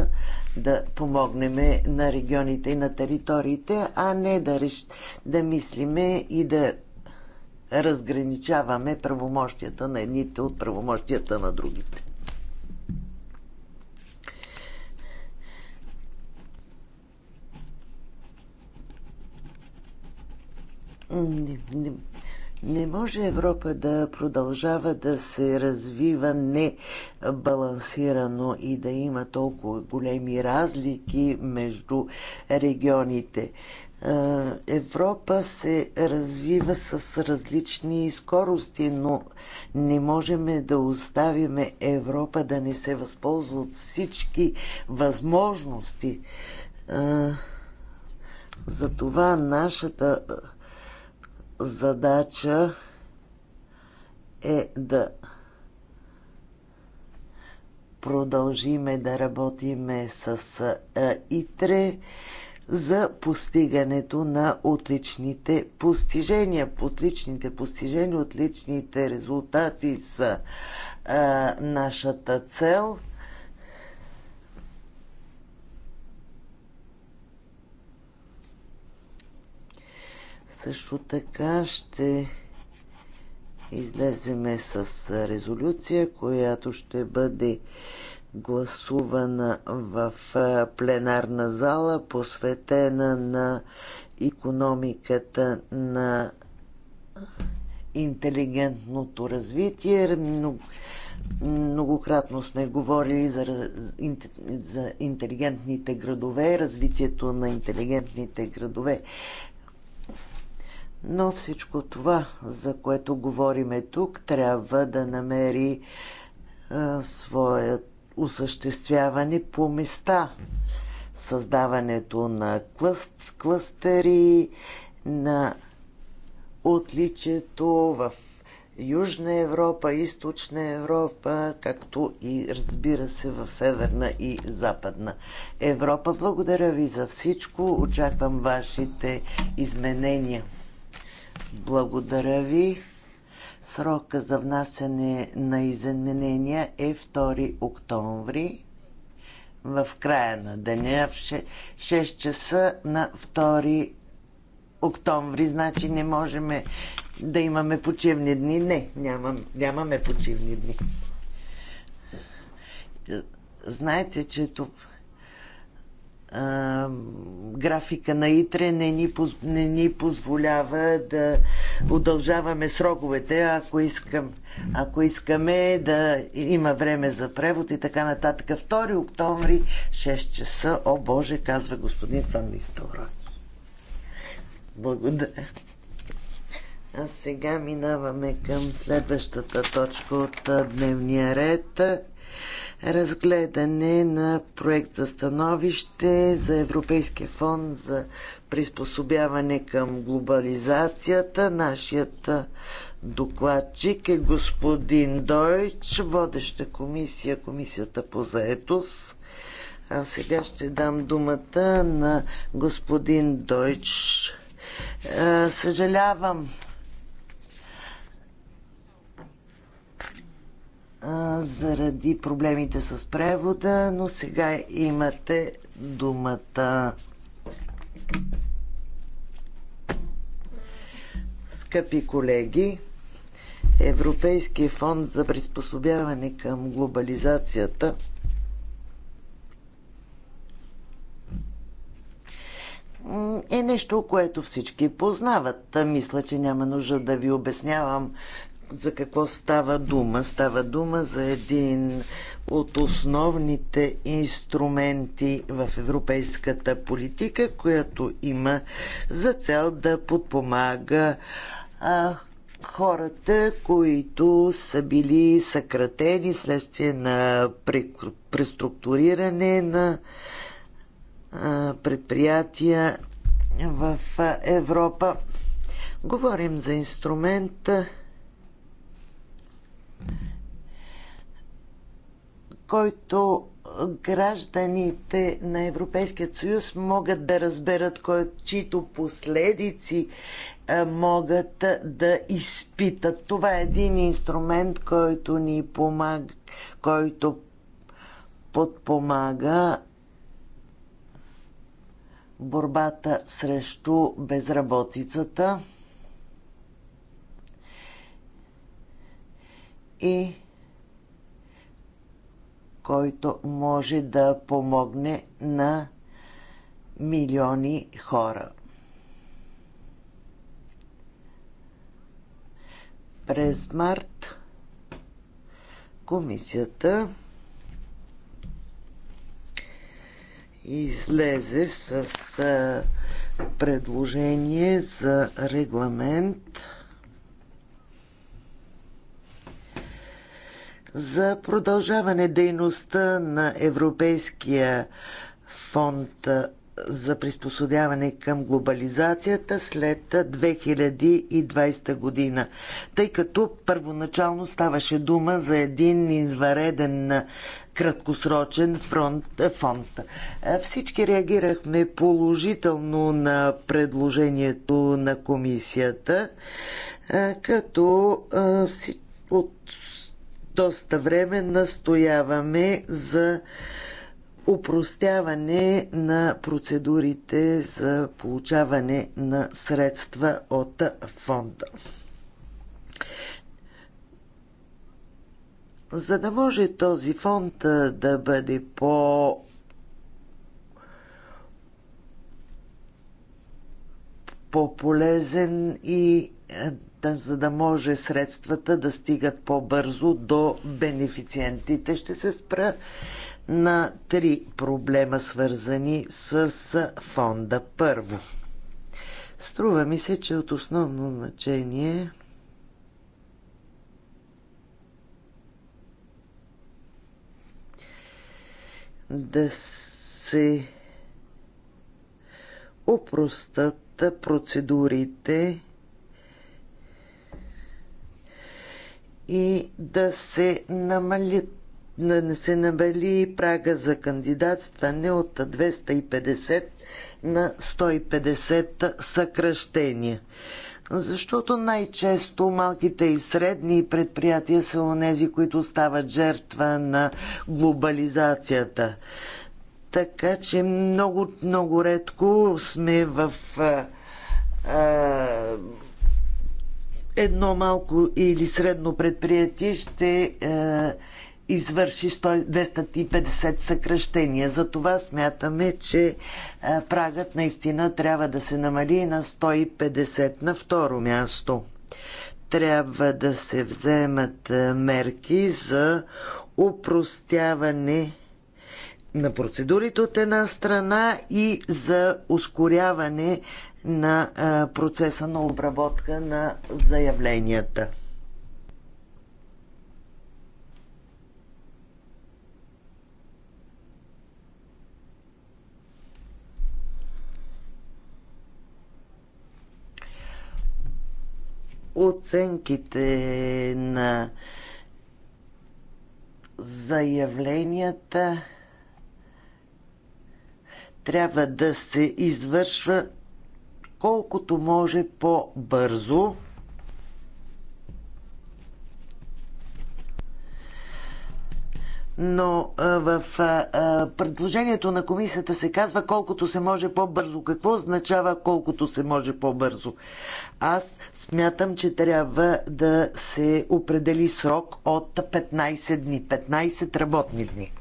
да помогнем на регионите и на териториите, а не да, реш... да мислиме и да разграничаваме правомощията на едните от правомощията на другите. Не, не, не може Европа да продължава да се развива небалансирано и да има толкова големи разлики между регионите. Европа се развива с различни скорости, но не можем да оставим Европа да не се възползва от всички възможности. За това нашата задача е да продължиме да работиме с ИТРЕ за постигането на отличните постижения. Отличните постижения, отличните резултати са нашата цел – Също така ще излеземе с резолюция, която ще бъде гласувана в пленарна зала, посветена на економиката на интелигентното развитие. Многократно сме говорили за, за интелигентните градове, развитието на интелигентните градове. Но всичко това, за което говориме тук, трябва да намери а, е, своят осъществяване по места. Създаването на клъст, клъстери, на отличието в Южна Европа, Източна Европа, както и разбира се в Северна и Западна Европа. Благодаря ви за всичко. Очаквам вашите изменения. Благодаря ви. Срока за внасяне на изменения е 2 октомври в края на деня в 6 часа на 2 октомври. Значи не можем да имаме почивни дни. Не, нямам, нямаме почивни дни. Знаете, че тук графика на ИТРЕ не ни, не ни позволява да удължаваме сроковете, ако, искам, ако искаме да има време за превод и така нататък. 2 октомври, 6 часа. О, Боже, казва господин Фаннистора. Благодаря. А сега минаваме към следващата точка от дневния ред разгледане на проект за становище за Европейския фонд за приспособяване към глобализацията. Нашият докладчик е господин Дойч, водеща комисия, комисията по заетост. А сега ще дам думата на господин Дойч. Съжалявам, заради проблемите с превода, но сега имате думата. Скъпи колеги, Европейския фонд за приспособяване към глобализацията е нещо, което всички познават. Мисля, че няма нужда да ви обяснявам за какво става дума? Става дума за един от основните инструменти в европейската политика, която има за цел да подпомага а, хората, които са били съкратени вследствие на преструктуриране на а, предприятия в Европа. Говорим за инструмента който гражданите на Европейския съюз могат да разберат, кой, чието последици а, могат да изпитат. Това е един инструмент, който ни помага, който подпомага борбата срещу безработицата. и е който може да помогне на милиони хора. През март комисията излезе с предложение за регламент – за продължаване дейността на Европейския фонд за приспособяване към глобализацията след 2020 година, тъй като първоначално ставаше дума за един извареден краткосрочен фронт, фонд. Всички реагирахме положително на предложението на комисията, като от доста време настояваме за упростяване на процедурите за получаване на средства от фонда. За да може този фонд да бъде по по-полезен и бюджета, за да може средствата да стигат по-бързо до бенефициентите. Ще се спра на три проблема, свързани с фонда. Първо, струва ми се, че от основно значение да се опростат процедурите и да се намали, да се намали прага за кандидатстване от 250 на 150 съкръщения. Защото най-често малките и средни предприятия са онези, които стават жертва на глобализацията. Така че много, много редко сме в а, а, едно малко или средно предприятие ще е, извърши 250 съкръщения. Затова смятаме, че е, прагът наистина трябва да се намали на 150 на второ място. Трябва да се вземат е, мерки за упростяване на процедурите от една страна и за ускоряване на процеса на обработка на заявленията. Оценките на заявленията трябва да се извършва колкото може по-бързо. но в предложението на комисията се казва колкото се може по-бързо. Какво означава колкото се може по-бързо? Аз смятам, че трябва да се определи срок от 15 дни, 15 работни дни.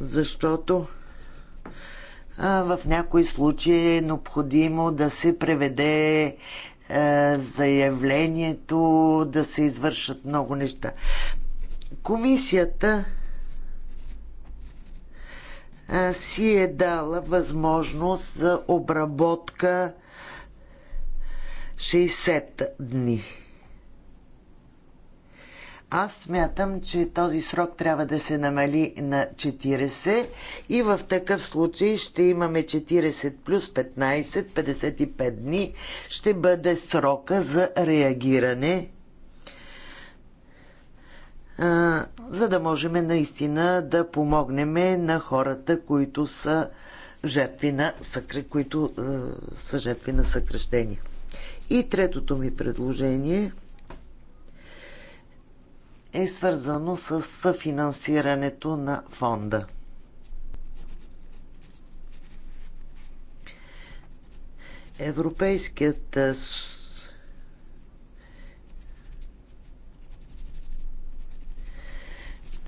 защото в някои случаи е необходимо да се преведе е, заявлението, да се извършат много неща. Комисията си е дала възможност за обработка 60 дни. Аз смятам, че този срок трябва да се намали на 40 и в такъв случай ще имаме 40 плюс 15, 55 дни ще бъде срока за реагиране, за да можем наистина да помогнем на хората, които са жертви на, съкр... които, са жертви на съкръщение. И третото ми предложение е свързано с съфинансирането на фонда. Европейският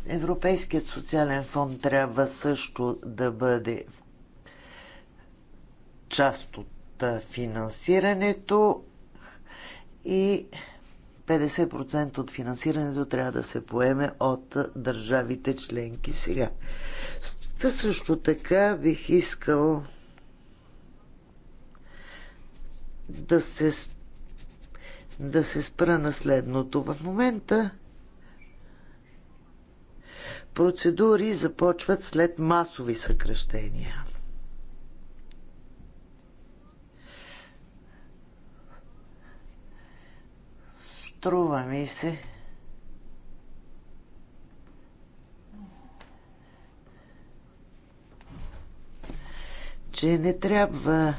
Европейският социален фонд трябва също да бъде част от финансирането и 50% от финансирането трябва да се поеме от държавите членки сега. Та също така бих искал да се, да се спра на следното. В момента процедури започват след масови съкръщения. Струва ми се, че не трябва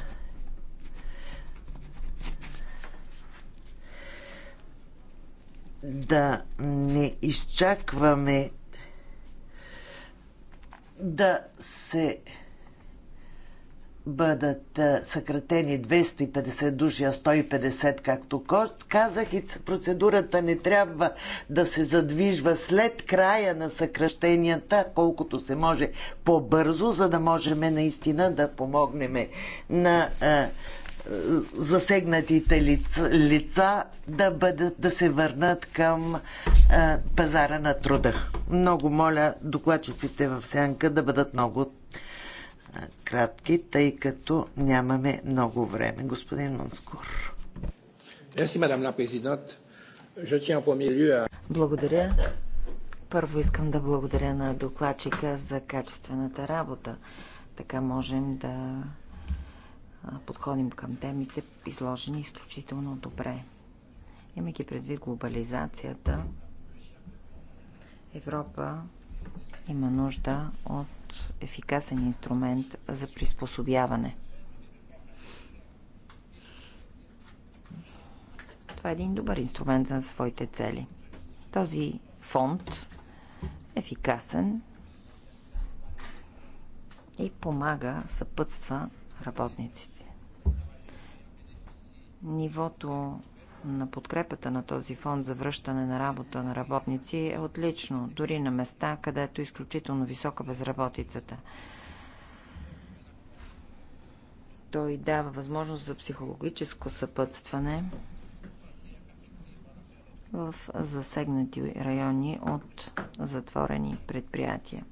да не изчакваме да се бъдат съкратени 250 души, а 150, както казах, и процедурата не трябва да се задвижва след края на съкръщенията, колкото се може по-бързо, за да можем наистина да помогнем на засегнатите лица, лица да, бъдат, да се върнат към а, пазара на труда. Много моля докладчиците в сянка да бъдат много кратки, тъй като нямаме много време. Господин Монскор. Благодаря. Първо искам да благодаря на докладчика за качествената работа. Така можем да подходим към темите, изложени изключително добре. Имайки предвид глобализацията, Европа има нужда от ефикасен инструмент за приспособяване. Това е един добър инструмент за своите цели. Този фонд е ефикасен и помага, съпътства работниците. Нивото на подкрепата на този фонд за връщане на работа на работници е отлично, дори на места, където е изключително висока безработицата. Той дава възможност за психологическо съпътстване в засегнати райони от затворени предприятия.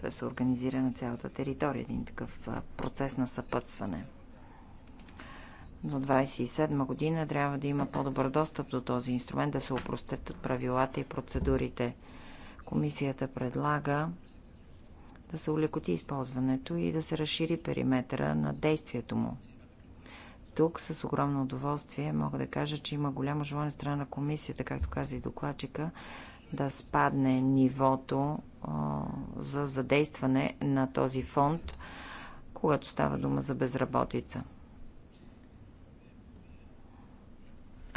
Той се организира на цялата територия един такъв процес на съпътстване – до 27 година трябва да има по-добър достъп до този инструмент, да се упростят правилата и процедурите. Комисията предлага да се улекоти използването и да се разшири периметъра на действието му. Тук с огромно удоволствие мога да кажа, че има голямо желание страна на комисията, както каза и докладчика, да спадне нивото за задействане на този фонд, когато става дума за безработица.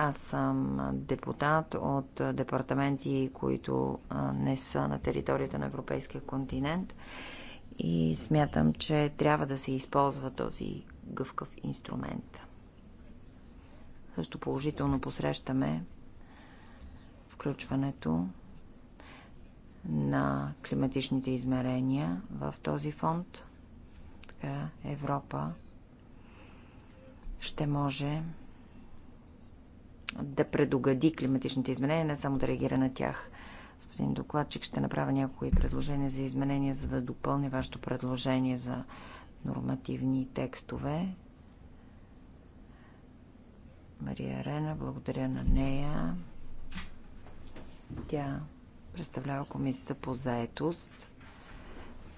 Аз съм депутат от департаменти, които не са на територията на Европейския континент и смятам, че трябва да се използва този гъвкав инструмент. Също положително посрещаме включването на климатичните измерения в този фонд. Така Европа ще може да предугади климатичните изменения, не само да реагира на тях. Господин докладчик, ще направя някои предложения за изменения, за да допълни вашето предложение за нормативни текстове. Мария Рена, благодаря на нея. Тя представлява комисията по заетост.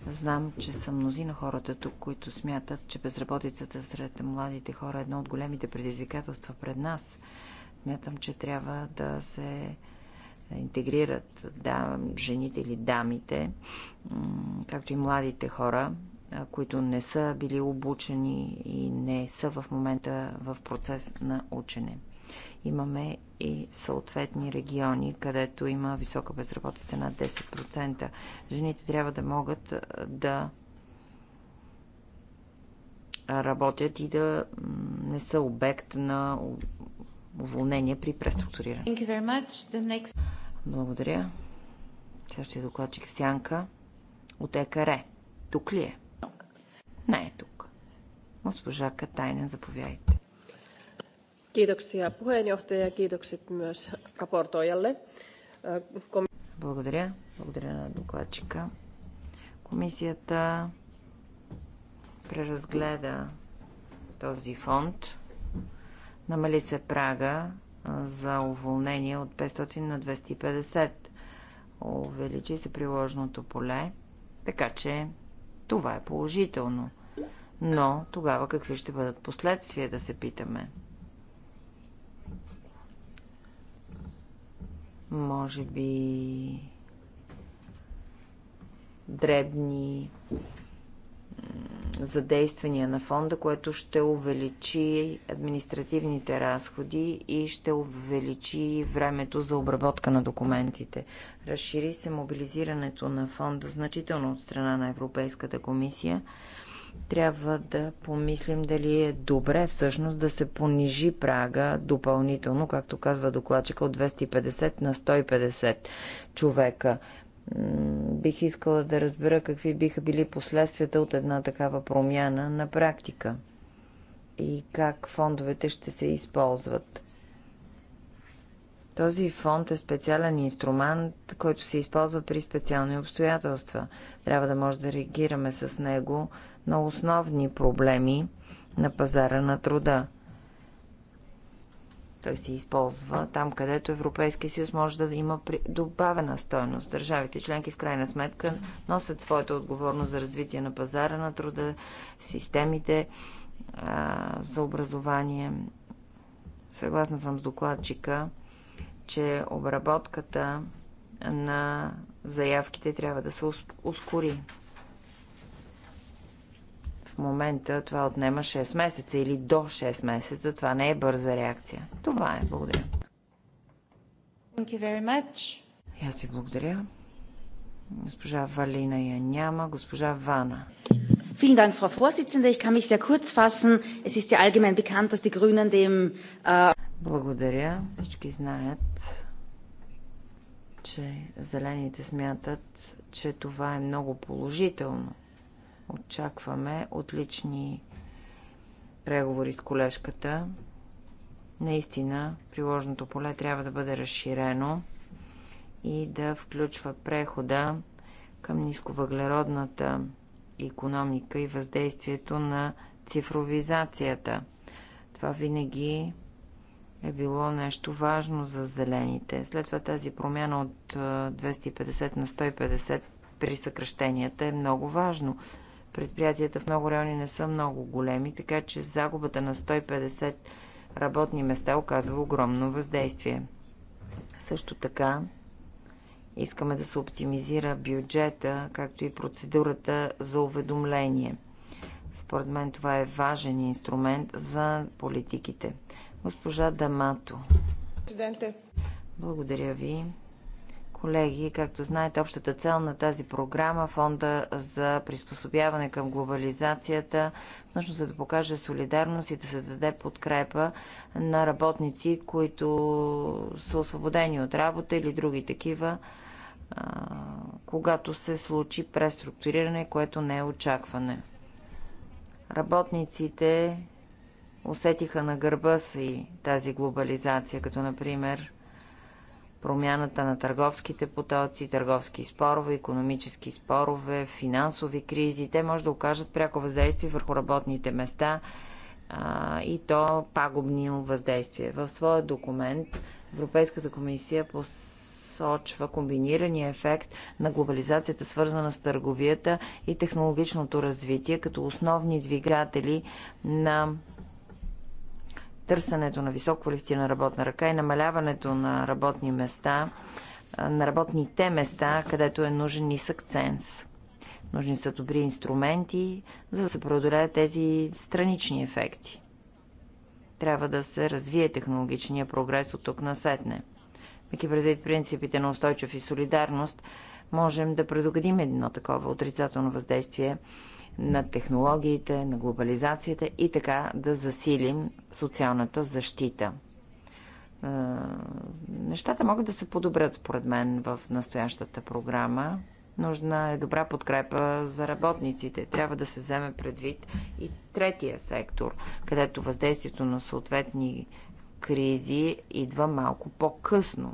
Знам, че са мнози на хората тук, които смятат, че безработицата сред младите хора е едно от големите предизвикателства пред нас – Смятам, че трябва да се интегрират да, жените или дамите, както и младите хора, които не са били обучени и не са в момента в процес на учене. Имаме и съответни региони, където има висока безработица на 10%. Жените трябва да могат да работят и да не са обект на уволнение при преструктуриране. Next... Благодаря. Следващия докладчик е в сянка от ЕКР. Тук ли е? Не е тук. Госпожа Катайна, заповядайте. Kiitoksia puheenjohtaja ja kiitokset myös raportoijalle. Благодаря. Благодаря на докладчика. Комисията преразгледа този фонд Намали се прага за уволнение от 500 на 250. Увеличи се приложното поле, така че това е положително. Но тогава какви ще бъдат последствия, да се питаме. Може би дребни задействания на фонда, което ще увеличи административните разходи и ще увеличи времето за обработка на документите. Разшири се мобилизирането на фонда значително от страна на Европейската комисия. Трябва да помислим дали е добре всъщност да се понижи прага допълнително, както казва докладчика, от 250 на 150 човека бих искала да разбера какви биха били последствията от една такава промяна на практика и как фондовете ще се използват. Този фонд е специален инструмент, който се използва при специални обстоятелства. Трябва да може да реагираме с него на основни проблеми на пазара на труда. Той се използва там, където Европейския съюз може да има добавена стойност. Държавите членки в крайна сметка носят своята отговорност за развитие на пазара на труда, системите а, за образование. Съгласна съм с докладчика, че обработката на заявките трябва да се ускори момента това отнема 6 месеца или до 6 месеца. Това не е бърза реакция. Това е. Благодаря. Thank you very much. И аз ви благодаря. Госпожа Валина я няма. Госпожа Вана. Vielen Dank, Frau Vorsitzende. Ich kann mich sehr kurz fassen. Es ist ja allgemein bekannt, dass die Grünen dem... Uh... Благодаря. Всички знаят, че зелените смятат, че това е много положително. Очакваме отлични преговори с колежката. Наистина, приложното поле трябва да бъде разширено и да включва прехода към нисковъглеродната економика и въздействието на цифровизацията. Това винаги е било нещо важно за зелените. След това тази промяна от 250 на 150 при съкръщенията е много важно. Предприятията в много райони не са много големи, така че загубата на 150 работни места оказва огромно въздействие. Също така искаме да се оптимизира бюджета, както и процедурата за уведомление. Според мен това е важен инструмент за политиките. Госпожа Дамато. Благодаря ви. Колеги, както знаете, общата цел на тази програма, фонда за приспособяване към глобализацията, всъщност е да покаже солидарност и да се даде подкрепа на работници, които са освободени от работа или други такива, когато се случи преструктуриране, което не е очакване. Работниците усетиха на гърба си тази глобализация, като например промяната на търговските потоци, търговски спорове, економически спорове, финансови кризи. Те може да окажат пряко въздействие върху работните места а, и то пагубно въздействие. В своя документ Европейската комисия по посочва комбинирания ефект на глобализацията, свързана с търговията и технологичното развитие, като основни двигатели на търсенето на високо квалифицирана работна ръка и намаляването на работни места, на работните места, където е нужен нисък ценз. Нужни са добри инструменти, за да се преодолеят тези странични ефекти. Трябва да се развие технологичния прогрес от тук на сетне. Мики предвид принципите на устойчив и солидарност, можем да предугадим едно такова отрицателно въздействие на технологиите, на глобализацията и така да засилим социалната защита. Нещата могат да се подобрят, според мен, в настоящата програма. Нужна е добра подкрепа за работниците. Трябва да се вземе предвид и третия сектор, където въздействието на съответни кризи идва малко по-късно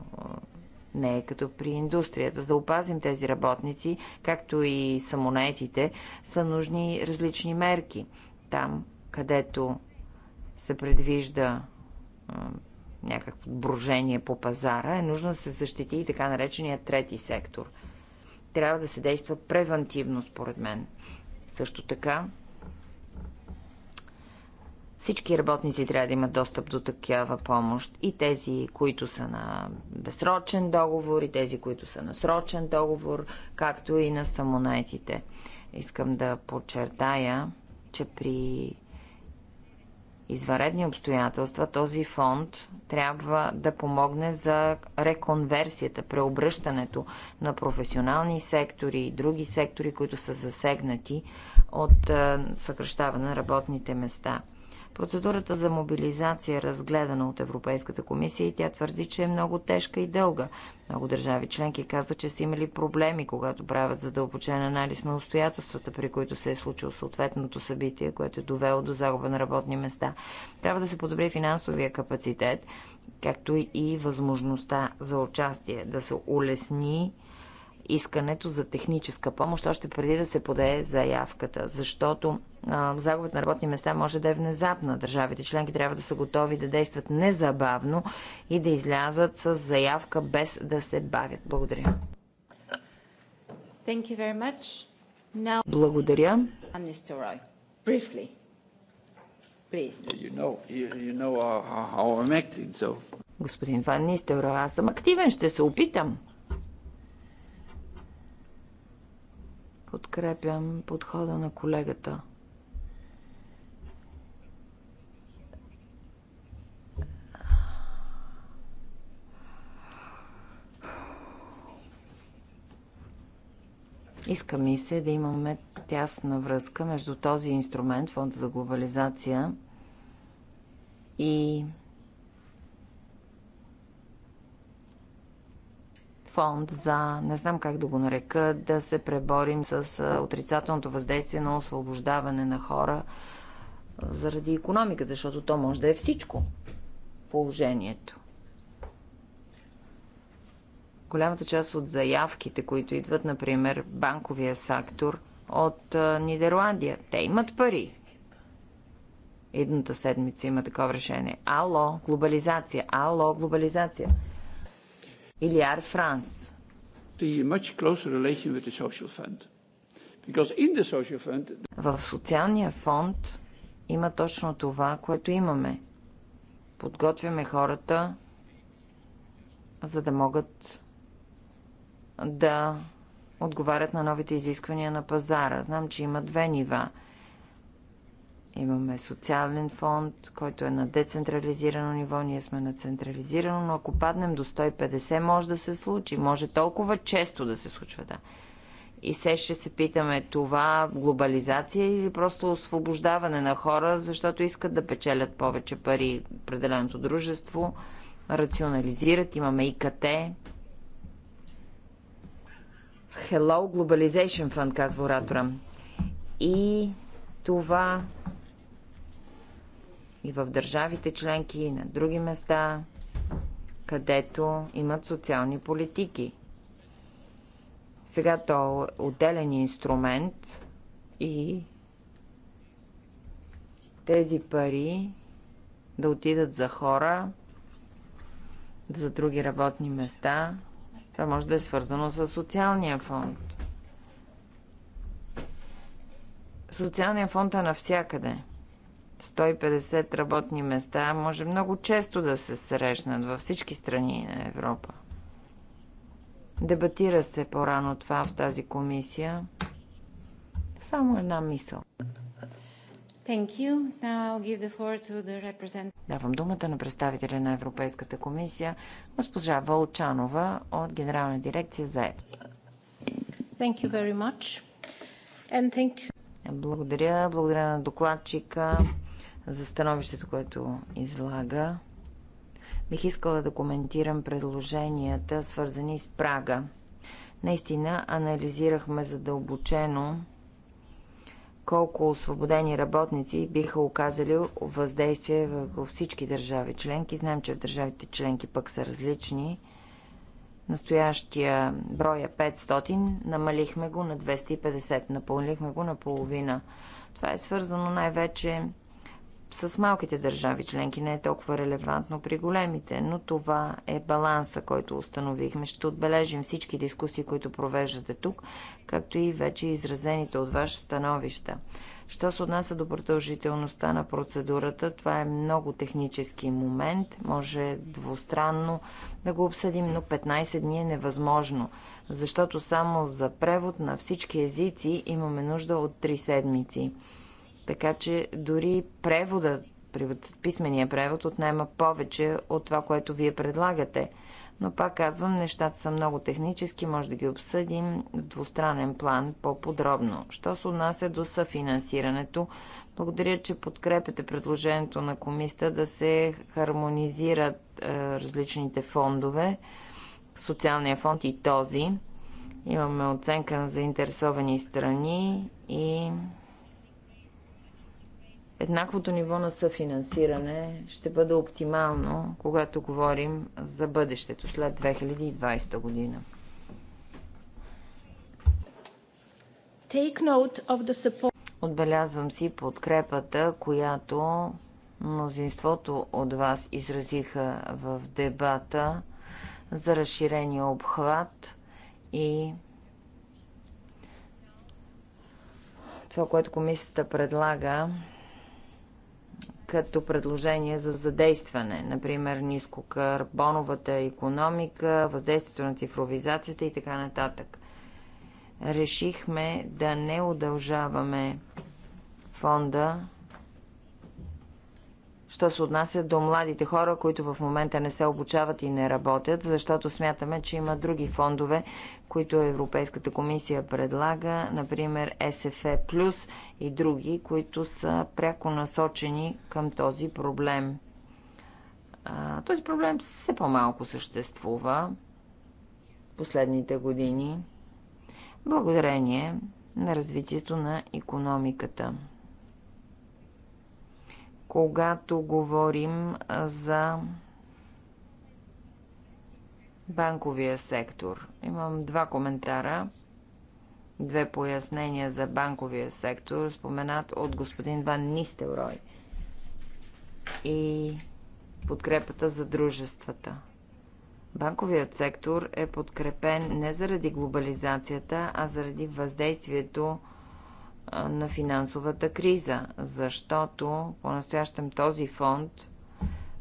не е като при индустрията. За да опазим тези работници, както и самонетите, са нужни различни мерки. Там, където се предвижда някакво брожение по пазара, е нужно да се защити и така наречения трети сектор. Трябва да се действа превентивно, според мен. Също така, всички работници трябва да имат достъп до такава помощ. И тези, които са на безсрочен договор, и тези, които са на срочен договор, както и на самонайтите. Искам да подчертая, че при извънредни обстоятелства този фонд трябва да помогне за реконверсията, преобръщането на професионални сектори и други сектори, които са засегнати от съкръщаване на работните места – Процедурата за мобилизация е разгледана от Европейската комисия и тя твърди, че е много тежка и дълга. Много държави членки казват, че са имали проблеми, когато правят задълбочен анализ на обстоятелствата, при които се е случило съответното събитие, което е довело до загуба на работни места. Трябва да се подобри финансовия капацитет, както и възможността за участие, да се улесни искането за техническа помощ, още преди да се подее заявката, защото а, загубът на работни места може да е внезапна. Държавите членки трябва да са готови да действат незабавно и да излязат с заявка без да се бавят. Благодаря. Thank you very much. Now... Благодаря. Господин Ван Нистелро, аз съм активен, ще се опитам. Подкрепям подхода на колегата. Иска ми се да имаме тясна връзка между този инструмент, фонд за глобализация и фонд за, не знам как да го нарека, да се преборим с отрицателното въздействие на освобождаване на хора заради економиката, защото то може да е всичко положението. Голямата част от заявките, които идват, например, банковия сектор от Нидерландия, те имат пари. Едната седмица има такова решение. Ало, глобализация. Ало, глобализация или Air France. В социалния фонд има точно това, което имаме. Подготвяме хората, за да могат да отговарят на новите изисквания на пазара. Знам, че има две нива – Имаме социален фонд, който е на децентрализирано ниво, ние сме на централизирано, но ако паднем до 150, може да се случи. Може толкова често да се случва, да. И се ще се питаме, това глобализация или просто освобождаване на хора, защото искат да печелят повече пари определеното дружество, рационализират, имаме и КТ. Hello Globalization Fund, казва оратора. И това и в държавите членки, и на други места, където имат социални политики. Сега то е отделен инструмент и тези пари да отидат за хора, за други работни места. Това може да е свързано с социалния фонд. Социалния фонд е навсякъде – 150 работни места може много често да се срещнат във всички страни на Европа. Дебатира се по-рано това в тази комисия. Само една мисъл. Represent... Давам думата на представителя на Европейската комисия, госпожа Вълчанова от Генерална дирекция за ЕД. Благодаря. Благодаря на докладчика за становището, което излага. Бих искала да коментирам предложенията, свързани с прага. Наистина анализирахме задълбочено колко освободени работници биха оказали въздействие върху всички държави членки. Знаем, че в държавите членки пък са различни. Настоящия брой 500, е намалихме го на 250, напълнихме го на половина. Това е свързано най-вече с малките държави членки не е толкова релевантно при големите, но това е баланса, който установихме. Ще отбележим всички дискусии, които провеждате тук, както и вече изразените от ваше становища. Що се отнася до продължителността на процедурата, това е много технически момент. Може двустранно да го обсъдим, но 15 дни е невъзможно, защото само за превод на всички езици имаме нужда от 3 седмици. Така че дори превода, писмения превод отнема повече от това, което вие предлагате. Но пак казвам, нещата са много технически, може да ги обсъдим в двустранен план по-подробно. Що се отнася до съфинансирането, благодаря, че подкрепяте предложението на комиста да се хармонизират е, различните фондове, социалния фонд и този. Имаме оценка на заинтересовани страни и еднаквото ниво на съфинансиране ще бъде оптимално, когато говорим за бъдещето след 2020 година. Отбелязвам си подкрепата, която мнозинството от вас изразиха в дебата за разширения обхват и това, което комисията предлага като предложение за задействане, например нискокарбоновата економика, въздействието на цифровизацията и така нататък. Решихме да не удължаваме фонда що се отнася до младите хора, които в момента не се обучават и не работят, защото смятаме, че има други фондове, които Европейската комисия предлага, например SFE Плюс и други, които са пряко насочени към този проблем. Този проблем все по-малко съществува последните години, благодарение на развитието на економиката когато говорим за банковия сектор. Имам два коментара, две пояснения за банковия сектор, споменат от господин Ван Нистелрой и подкрепата за дружествата. Банковият сектор е подкрепен не заради глобализацията, а заради въздействието на финансовата криза, защото по-настоящем този фонд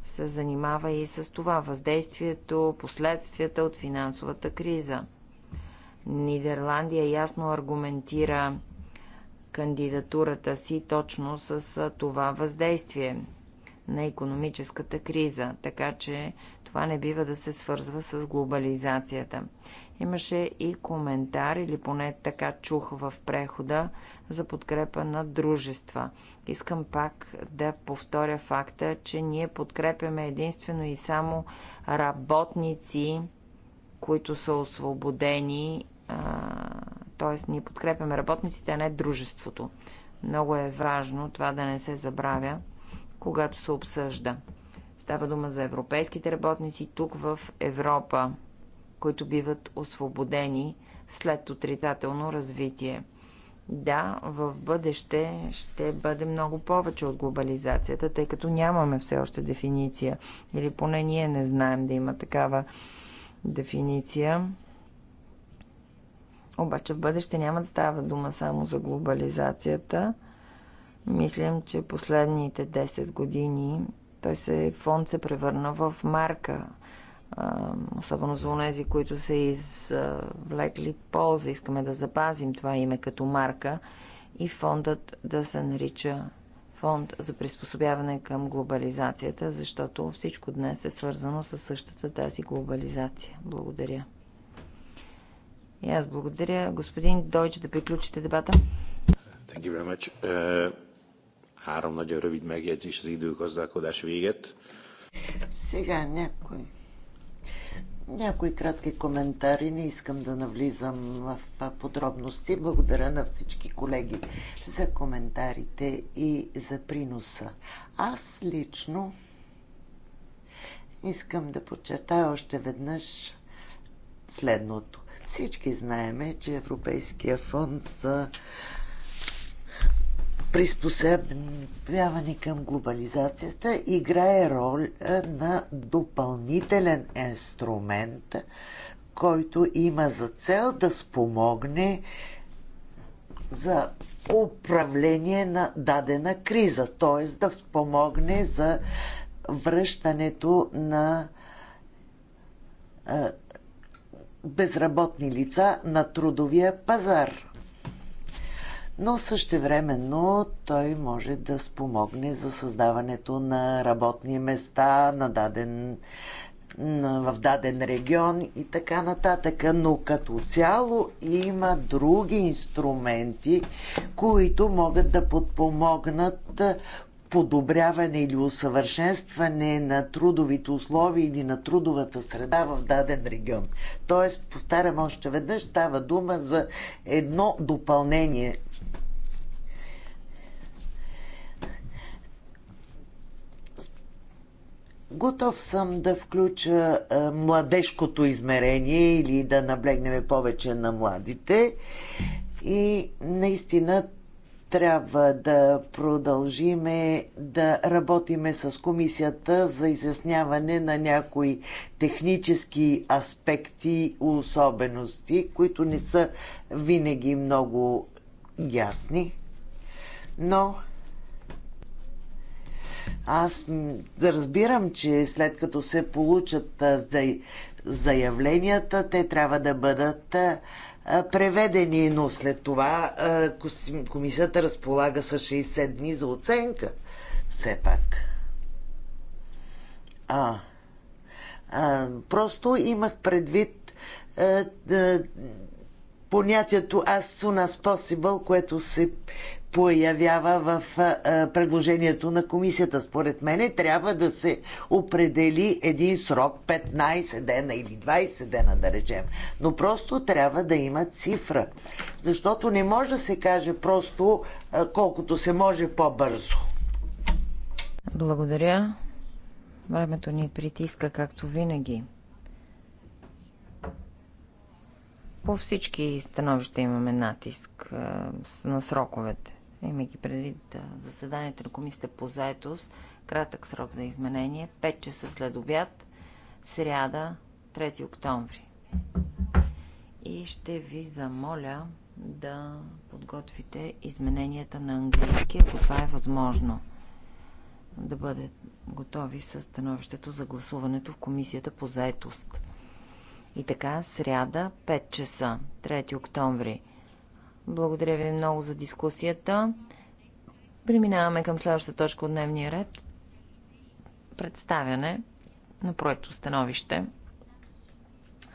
се занимава и с това въздействието, последствията от финансовата криза. Нидерландия ясно аргументира кандидатурата си точно с това въздействие на економическата криза, така че това не бива да се свързва с глобализацията. Имаше и коментар, или поне така чух в прехода, за подкрепа на дружества. Искам пак да повторя факта, че ние подкрепяме единствено и само работници, които са освободени, т.е. ние подкрепяме работниците, а не дружеството. Много е важно това да не се забравя, когато се обсъжда. Става дума за европейските работници тук в Европа които биват освободени след отрицателно развитие. Да, в бъдеще ще бъде много повече от глобализацията, тъй като нямаме все още дефиниция, или поне ние не знаем да има такава дефиниция. Обаче в бъдеще няма да става дума само за глобализацията. Мислям, че последните 10 години той се, фонд се превърна в марка особено за онези, които са извлекли полза. Искаме да запазим това име като марка и фондът да се нарича фонд за приспособяване към глобализацията, защото всичко днес е свързано с същата тази глобализация. Благодаря. И аз благодаря. Господин Дойч, да приключите дебата. Thank you very much. Uh, három nagyon rövid megjegyzés az időgazdálkodás Сега някой някои кратки коментари. Не искам да навлизам в подробности. Благодаря на всички колеги за коментарите и за приноса. Аз лично искам да подчертая още веднъж следното. Всички знаеме, че Европейския фонд за приспособяване към глобализацията играе роля на допълнителен инструмент, който има за цел да спомогне за управление на дадена криза, т.е. да спомогне за връщането на безработни лица на трудовия пазар но същевременно той може да спомогне за създаването на работни места на даден, в даден регион и така нататък. Но като цяло има други инструменти, които могат да подпомогнат подобряване или усъвършенстване на трудовите условия или на трудовата среда в даден регион. Тоест, повтарям още веднъж, става дума за едно допълнение Готов съм да включа а, е, младежкото измерение или да наблегнем повече на младите. И наистина трябва да продължиме да работиме с комисията за изясняване на някои технически аспекти, особености, които не са винаги много ясни. Но аз разбирам, че след като се получат заявленията, те трябва да бъдат преведени, но след това комисията разполага с 60 дни за оценка. Все пак. А, а просто имах предвид а, а, понятието as soon as possible, което се появява в предложението на комисията. Според мене трябва да се определи един срок 15 дена или 20 дена, да речем. Но просто трябва да има цифра. Защото не може да се каже просто колкото се може по-бързо. Благодаря. Времето ни притиска, както винаги. По всички становища имаме натиск на сроковете имайки предвид заседанието на комисията по заетост, кратък срок за изменение, 5 часа след обяд, сряда, 3 октомври. И ще ви замоля да подготвите измененията на английски, ако това е възможно. Да бъдете готови с становището за гласуването в комисията по заетост. И така, сряда, 5 часа, 3 октомври – благодаря ви много за дискусията. Преминаваме към следващата точка от дневния ред. Представяне на проекто становище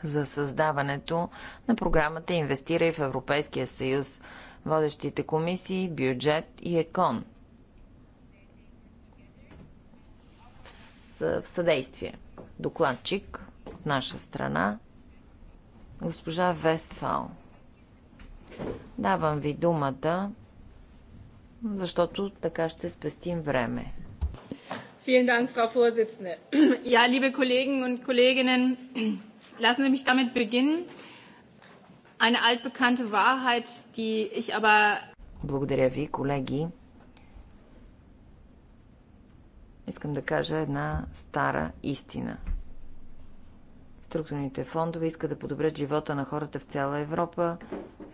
за създаването на програмата Инвестирай в Европейския съюз, водещите комисии, бюджет и ЕКОН. В съдействие. Докладчик от наша страна госпожа Вестфал. Давам ви думата, защото така ще спестим време. Vielen Dank, Frau Vorsitzende. Ja, liebe Kollegen und Kolleginnen, lassen Sie mich damit beginnen. Eine altbekannte Wahrheit, die ich aber... Благодаря ви, колеги. Искам да кажа една стара истина – Структурните фондове искат да подобрят живота на хората в цяла Европа,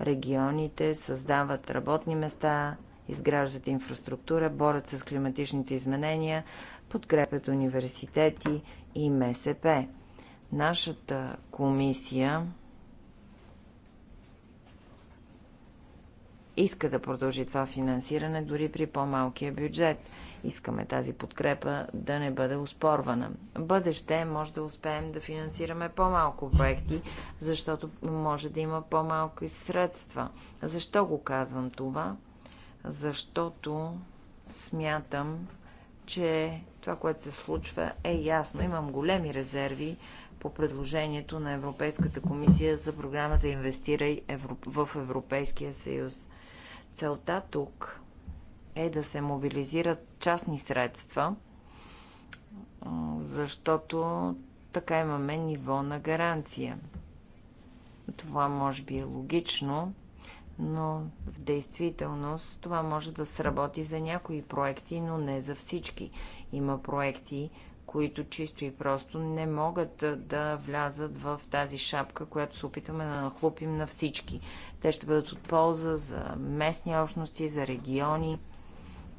регионите, създават работни места, изграждат инфраструктура, борят с климатичните изменения, подкрепят университети и МСП. Нашата комисия иска да продължи това финансиране дори при по-малкия бюджет – Искаме тази подкрепа да не бъде успорвана. В бъдеще може да успеем да финансираме по-малко проекти, защото може да има по-малко средства. Защо го казвам това? Защото смятам, че това, което се случва, е ясно. Имам големи резерви по предложението на Европейската комисия за програмата Инвестирай в Европейския съюз. Целта тук е да се мобилизират частни средства, защото така имаме ниво на гаранция. Това може би е логично, но в действителност това може да сработи за някои проекти, но не за всички. Има проекти, които чисто и просто не могат да влязат в тази шапка, която се опитваме да нахлупим на всички. Те ще бъдат от полза за местни общности, за региони,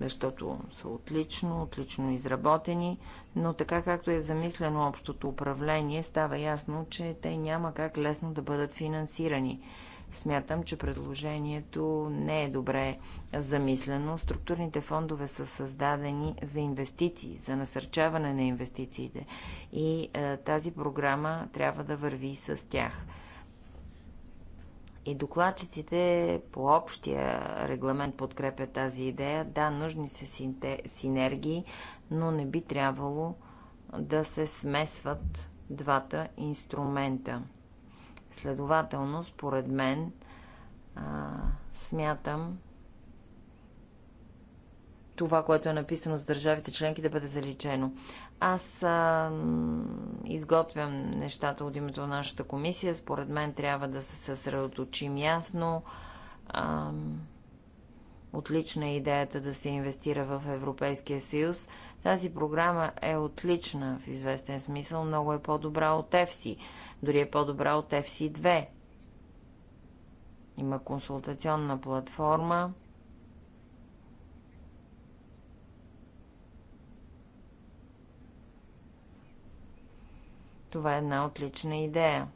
защото са отлично, отлично изработени, но така както е замислено общото управление, става ясно, че те няма как лесно да бъдат финансирани. Смятам, че предложението не е добре замислено. Структурните фондове са създадени за инвестиции, за насърчаване на инвестициите и е, тази програма трябва да върви с тях. И докладчиците по общия регламент подкрепят тази идея. Да, нужни са синергии, но не би трябвало да се смесват двата инструмента. Следователно, според мен, а, смятам това, което е написано с държавите членки да бъде заличено. Аз а, изготвям нещата от името на нашата комисия. Според мен трябва да се съсредоточим ясно. А, отлична е идеята да се инвестира в Европейския съюз. Тази програма е отлична в известен смисъл. Много е по-добра от ЕФСИ. Дори е по-добра от ЕФСИ 2. Има консултационна платформа Това е една отлична идея.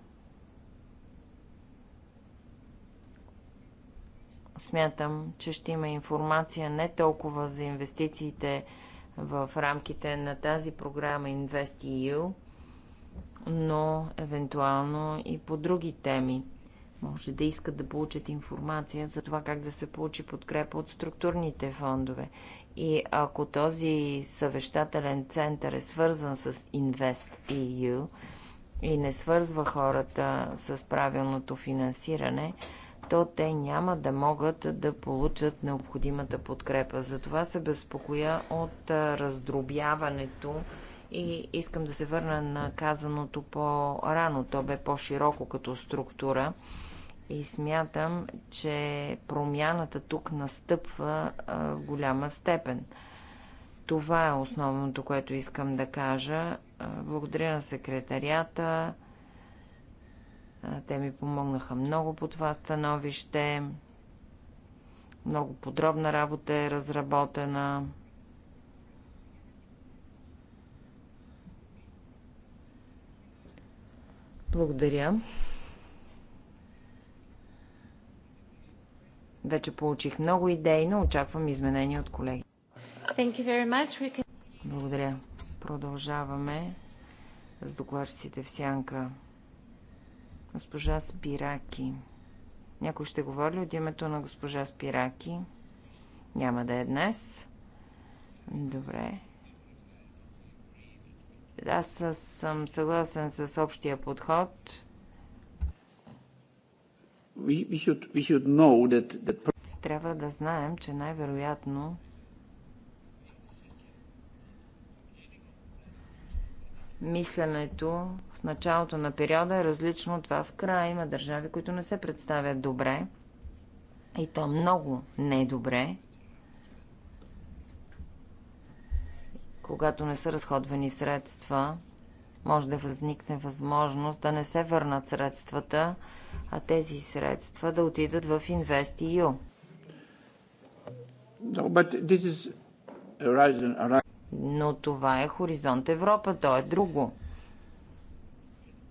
Смятам, че ще има информация не толкова за инвестициите в рамките на тази програма InvestEU, но евентуално и по други теми може да искат да получат информация за това как да се получи подкрепа от структурните фондове. И ако този съвещателен център е свързан с InvestEU и не свързва хората с правилното финансиране, то те няма да могат да получат необходимата подкрепа. Затова се безпокоя от раздробяването и искам да се върна на казаното по-рано. То бе по-широко като структура и смятам, че промяната тук настъпва в голяма степен. Това е основното, което искам да кажа. благодаря на секретарията. те ми помогнаха много по това становище. Много подробна работа е разработена. Благодаря. Вече получих много идеи, но очаквам изменения от колеги. Can... Благодаря. Продължаваме с докладчиците в сянка. Госпожа Спираки. Някой ще говори от името на госпожа Спираки. Няма да е днес. Добре. Аз съм съгласен с общия подход трябва да знаем, че най-вероятно мисленето в началото на периода е различно от това в края. Има държави, които не се представят добре и то много не е добре, когато не са разходвани средства, може да възникне възможност да не се върнат средствата а тези средства да отидат в InvestEU. Но това е Хоризонт Европа, то е друго.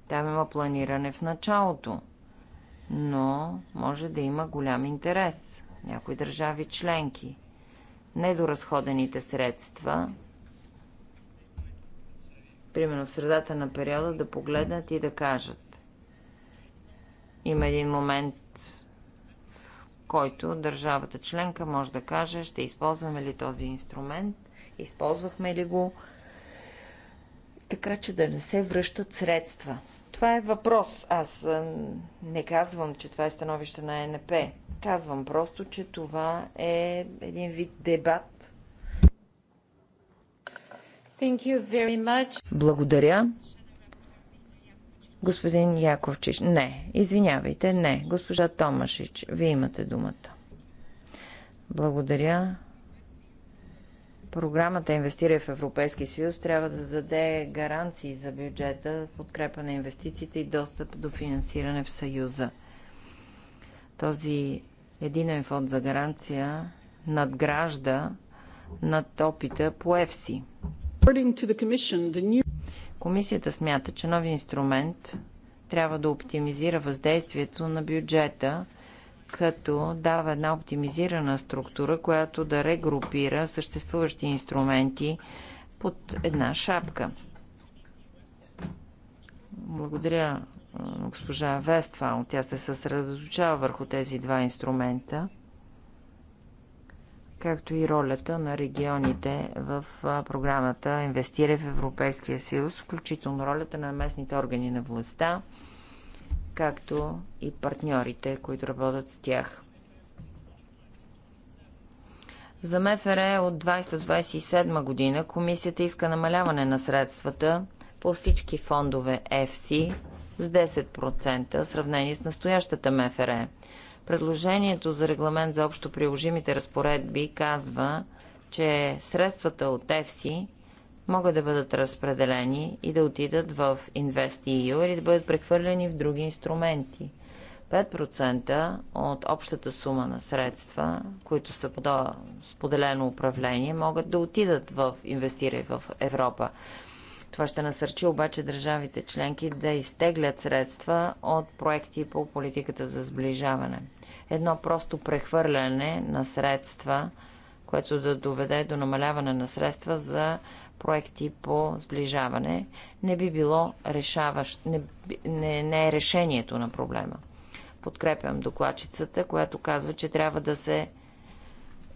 Там има планиране в началото, но може да има голям интерес. Някои държави членки. Недоразходените средства, примерно в средата на периода, да погледнат и да кажат има един момент, в който държавата членка може да каже, ще използваме ли този инструмент, използвахме ли го, така че да не се връщат средства. Това е въпрос. Аз не казвам, че това е становище на НП. Казвам просто, че това е един вид дебат. Благодаря. Господин Яковчич, не. Извинявайте, не. Госпожа Томашич, вие имате думата. Благодаря. Програмата Инвестирай в Европейски съюз трябва да даде гаранции за бюджета, подкрепа на инвестициите и достъп до финансиране в Съюза. Този единен фонд за гаранция надгражда над опита по ЕФСИ. Комисията смята, че нови инструмент трябва да оптимизира въздействието на бюджета, като дава една оптимизирана структура, която да регрупира съществуващи инструменти под една шапка. Благодаря госпожа Вествал. Тя се съсредоточава върху тези два инструмента както и ролята на регионите в програмата Инвестирай в Европейския съюз, включително ролята на местните органи на властта, както и партньорите, които работят с тях. За МФР е от 20-27 година комисията иска намаляване на средствата по всички фондове FC с 10% в сравнение с настоящата МФР. Е. Предложението за регламент за общо приложимите разпоредби казва, че средствата от ЕФСИ могат да бъдат разпределени и да отидат в InvestEU или да бъдат прехвърлени в други инструменти. 5% от общата сума на средства, които са подо споделено управление, могат да отидат в Инвестирай в Европа. Това ще насърчи обаче държавите членки да изтеглят средства от проекти по политиката за сближаване. Едно просто прехвърляне на средства, което да доведе до намаляване на средства за проекти по сближаване, не би било решаващ, не, не, не е решението на проблема. Подкрепям докладчицата, която казва, че трябва да се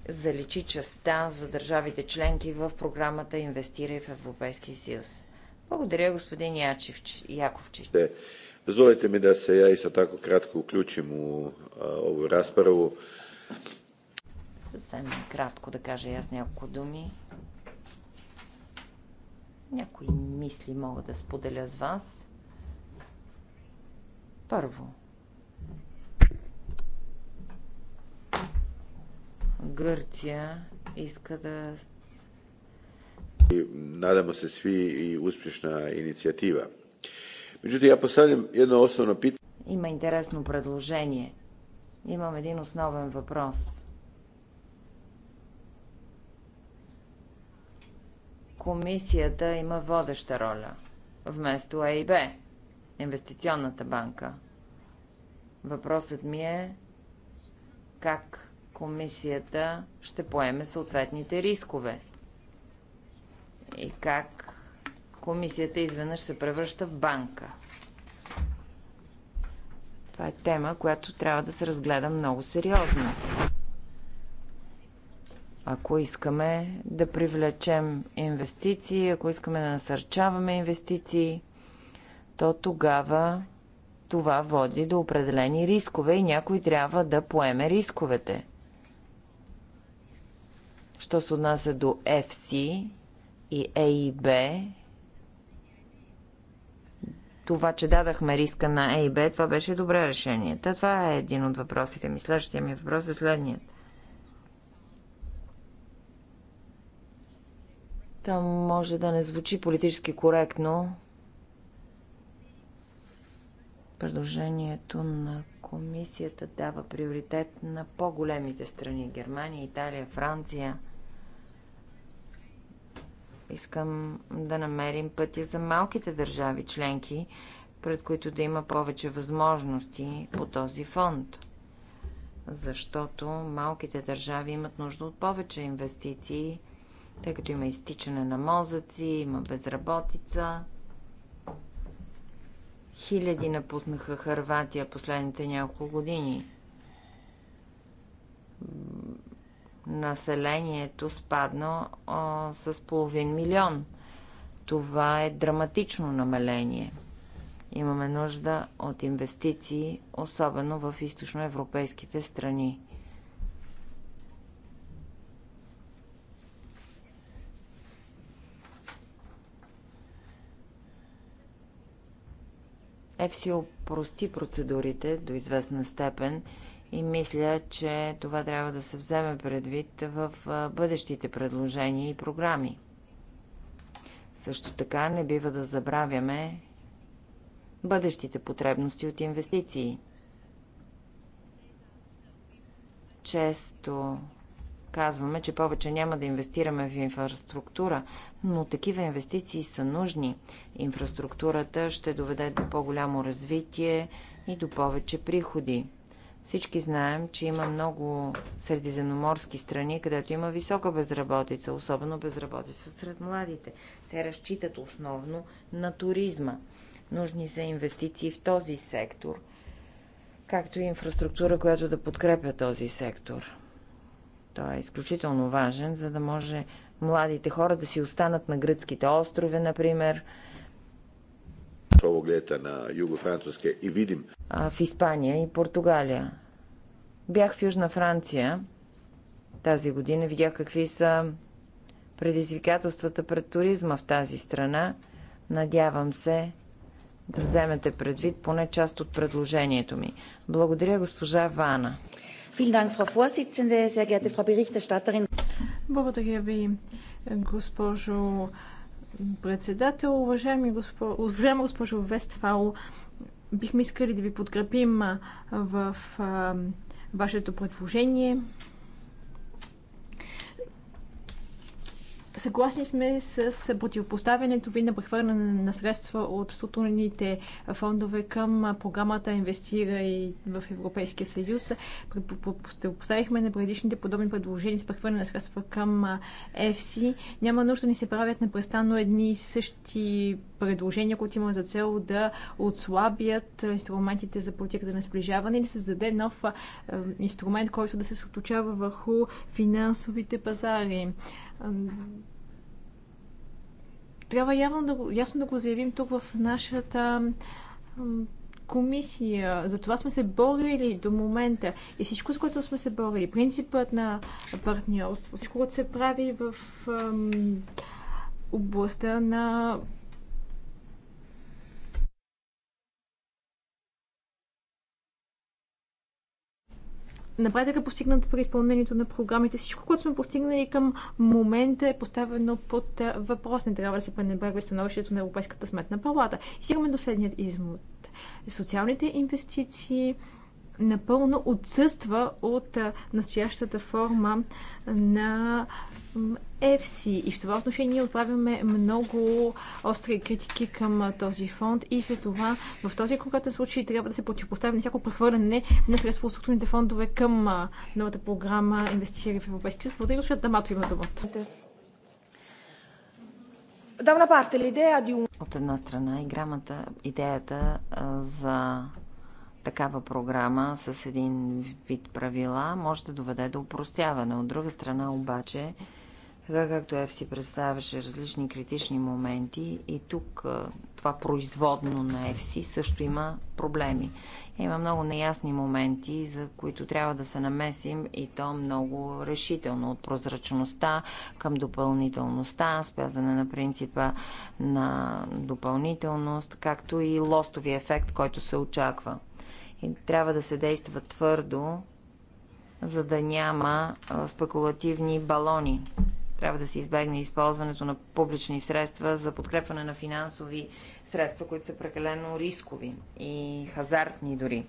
заличи частта за държавите членки в програмата Инвестирай в Европейския съюз. Благодаря, господин Ячев, Яковчич. ми да се se ja isto тако кратко включим у ovu raspravu. Съвсем кратко да кажа аз няколко думи. Някои мисли мога да споделя с вас. Първо. Гърция иска да nadamo se svi i uspješna inicijativa. Međutim, ja postavljam jedno osnovno pitanje. Има интересно предложение. Имам един основен въпрос. Комисията има водеща роля вместо ЕИБ, инвестиционната банка. Въпросът ми е как комисията ще поеме съответните рискове и как комисията изведнъж се превръща в банка. Това е тема, която трябва да се разгледа много сериозно. Ако искаме да привлечем инвестиции, ако искаме да насърчаваме инвестиции, то тогава това води до определени рискове и някой трябва да поеме рисковете. Що се отнася до FC, и Б. това, че дадахме риска на Б, това беше добре решение. Та това е един от въпросите ми. Следващия ми въпрос е следният. Там може да не звучи политически коректно. Предложението на комисията дава приоритет на по-големите страни Германия, Италия, Франция. Искам да намерим пътя за малките държави членки, пред които да има повече възможности по този фонд. Защото малките държави имат нужда от повече инвестиции, тъй като има изтичане на мозъци, има безработица. Хиляди напуснаха Харватия последните няколко години населението спадна а, с половин милион. Това е драматично намаление. Имаме нужда от инвестиции, особено в източноевропейските страни. ЕФСИ прости процедурите до известна степен – и мисля, че това трябва да се вземе предвид в бъдещите предложения и програми. Също така не бива да забравяме бъдещите потребности от инвестиции. Често казваме, че повече няма да инвестираме в инфраструктура, но такива инвестиции са нужни. Инфраструктурата ще доведе до по-голямо развитие и до повече приходи. Всички знаем, че има много средиземноморски страни, където има висока безработица, особено безработица сред младите. Те разчитат основно на туризма. Нужни са инвестиции в този сектор, както и инфраструктура, която да подкрепя този сектор. Той е изключително важен, за да може младите хора да си останат на гръцките острови, например, ovo gleda na jugu Francuske и видим. А в Испания и Португалия. Бях в Южна Франция тази година. Видях какви са предизвикателствата пред туризма в тази страна. Надявам се да вземете предвид поне част от предложението ми. Благодаря, госпожа Вана. Благодаря ви, госпожо председател. Уважаеми госпо... Уважаема госпожо Вестфал, бихме искали да ви подкрепим в вашето предложение. Съгласни сме с противопоставянето ви на прехвърляне на средства от структурните фондове към програмата Инвестира и в Европейския съюз. Поставихме на предишните подобни предложения за прехвърляне на средства към ЕФСИ. Няма нужда да ни се правят непрестанно едни и същи предложения, които имат за цел да отслабят инструментите за политиката на сближаване или да създаде нов инструмент, който да се съточава върху финансовите пазари трябва явно да го, ясно да го заявим тук в нашата комисия. За това сме се борили до момента. И всичко, с което сме се борили, принципът на партньорство, всичко, което се прави в областта на напредъка постигнат при изпълнението на програмите. Всичко, което сме постигнали към момента е поставено под въпрос. Не трябва да се пренебрегва становището на Европейската сметна палата. И стигаме до следният извод. Социалните инвестиции, напълно отсъства от настоящата форма на FC. И в това отношение отправяме много остри критики към този фонд и за това в този конкретен случай трябва да се противопостави на всяко прехвърляне на средства от структурните фондове към новата програма Инвестиции в Европейския съюз. Благодаря, защото Дамато има думата. От една страна, играмата, идеята за такава програма с един вид правила може да доведе до упростяване. От друга страна обаче, така както си представяше различни критични моменти и тук това производно на ЕФСИ също има проблеми. Има много неясни моменти, за които трябва да се намесим и то много решително. От прозрачността към допълнителността, спазване на принципа на допълнителност, както и лостови ефект, който се очаква и трябва да се действа твърдо, за да няма спекулативни балони. Трябва да се избегне използването на публични средства за подкрепване на финансови средства, които са прекалено рискови и хазартни дори.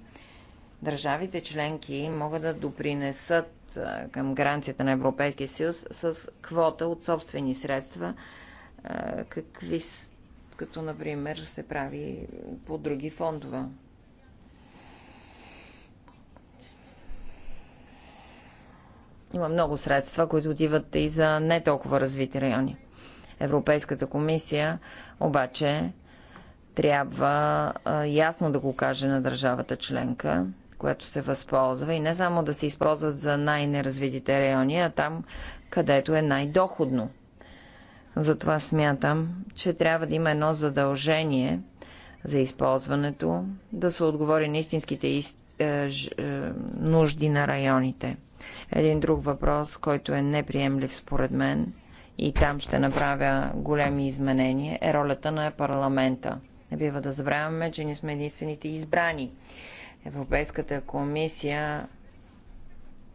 Държавите членки могат да допринесат към гаранцията на Европейския съюз с квота от собствени средства, какви, като например се прави по други фондове. Има много средства, които отиват и за не толкова развити райони. Европейската комисия обаче трябва а, ясно да го каже на държавата членка, която се възползва и не само да се използват за най-неразвитите райони, а там, където е най-доходно. Затова смятам, че трябва да има едно задължение за използването, да се отговори на истинските из... Е, е, нужди на районите. Един друг въпрос, който е неприемлив според мен и там ще направя големи изменения, е ролята на парламента. Не бива да забравяме, че ние сме единствените избрани. Европейската комисия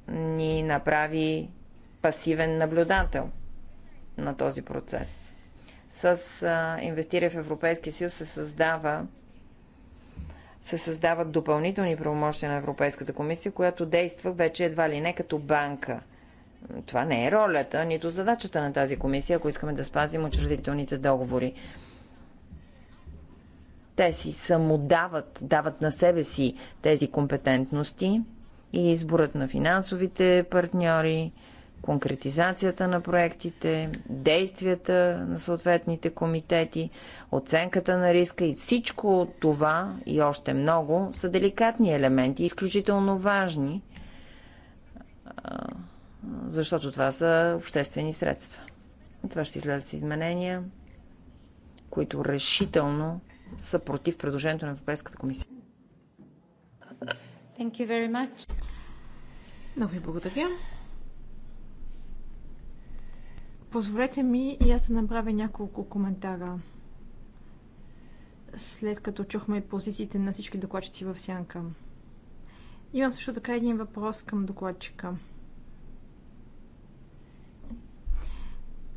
ни направи пасивен наблюдател на този процес. С а, инвестиране в Европейския съюз се създава се създават допълнителни правомощия на Европейската комисия, която действа вече едва ли не като банка. Това не е ролята, нито задачата на тази комисия, ако искаме да спазим учредителните договори. Те си самодават, дават на себе си тези компетентности и изборът на финансовите партньори, конкретизацията на проектите, действията на съответните комитети оценката на риска и всичко това и още много са деликатни елементи, изключително важни, защото това са обществени средства. Това ще излезе с изменения, които решително са против предложението на Европейската комисия. Thank you very much. Много ви благодаря. Позволете ми и аз да направя няколко коментара след като чухме позициите на всички докладчици в сянка. Имам също така един въпрос към докладчика.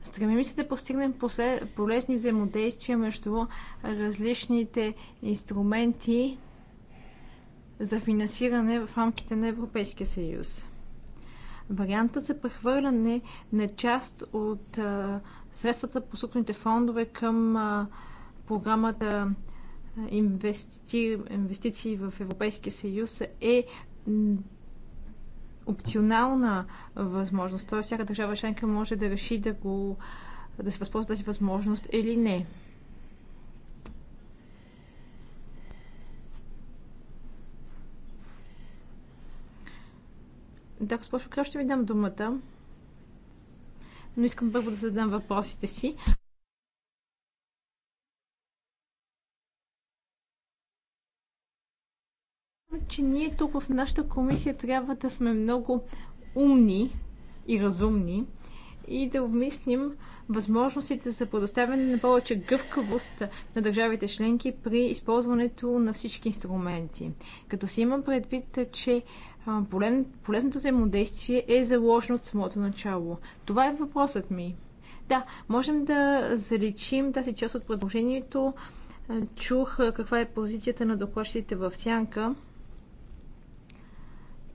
Стремим се да постигнем полезни взаимодействия между различните инструменти за финансиране в рамките на Европейския съюз. Вариантът за прехвърляне на част от средствата по структурните фондове към програмата инвести... инвестиции в Европейския съюз е опционална възможност. Тоест, всяка държава членка може да реши да, го, да се възползва тази възможност или не. Да, госпожо Крал, ще ви дам думата. Но искам първо да задам въпросите си. че ние тук в нашата комисия трябва да сме много умни и разумни и да обмислим възможностите за предоставяне на повече гъвкавост на държавите членки при използването на всички инструменти. Като си имам предвид, че полезното взаимодействие е заложено от самото начало. Това е въпросът ми. Да, можем да заличим тази част от предложението. Чух каква е позицията на докладчиците в Сянка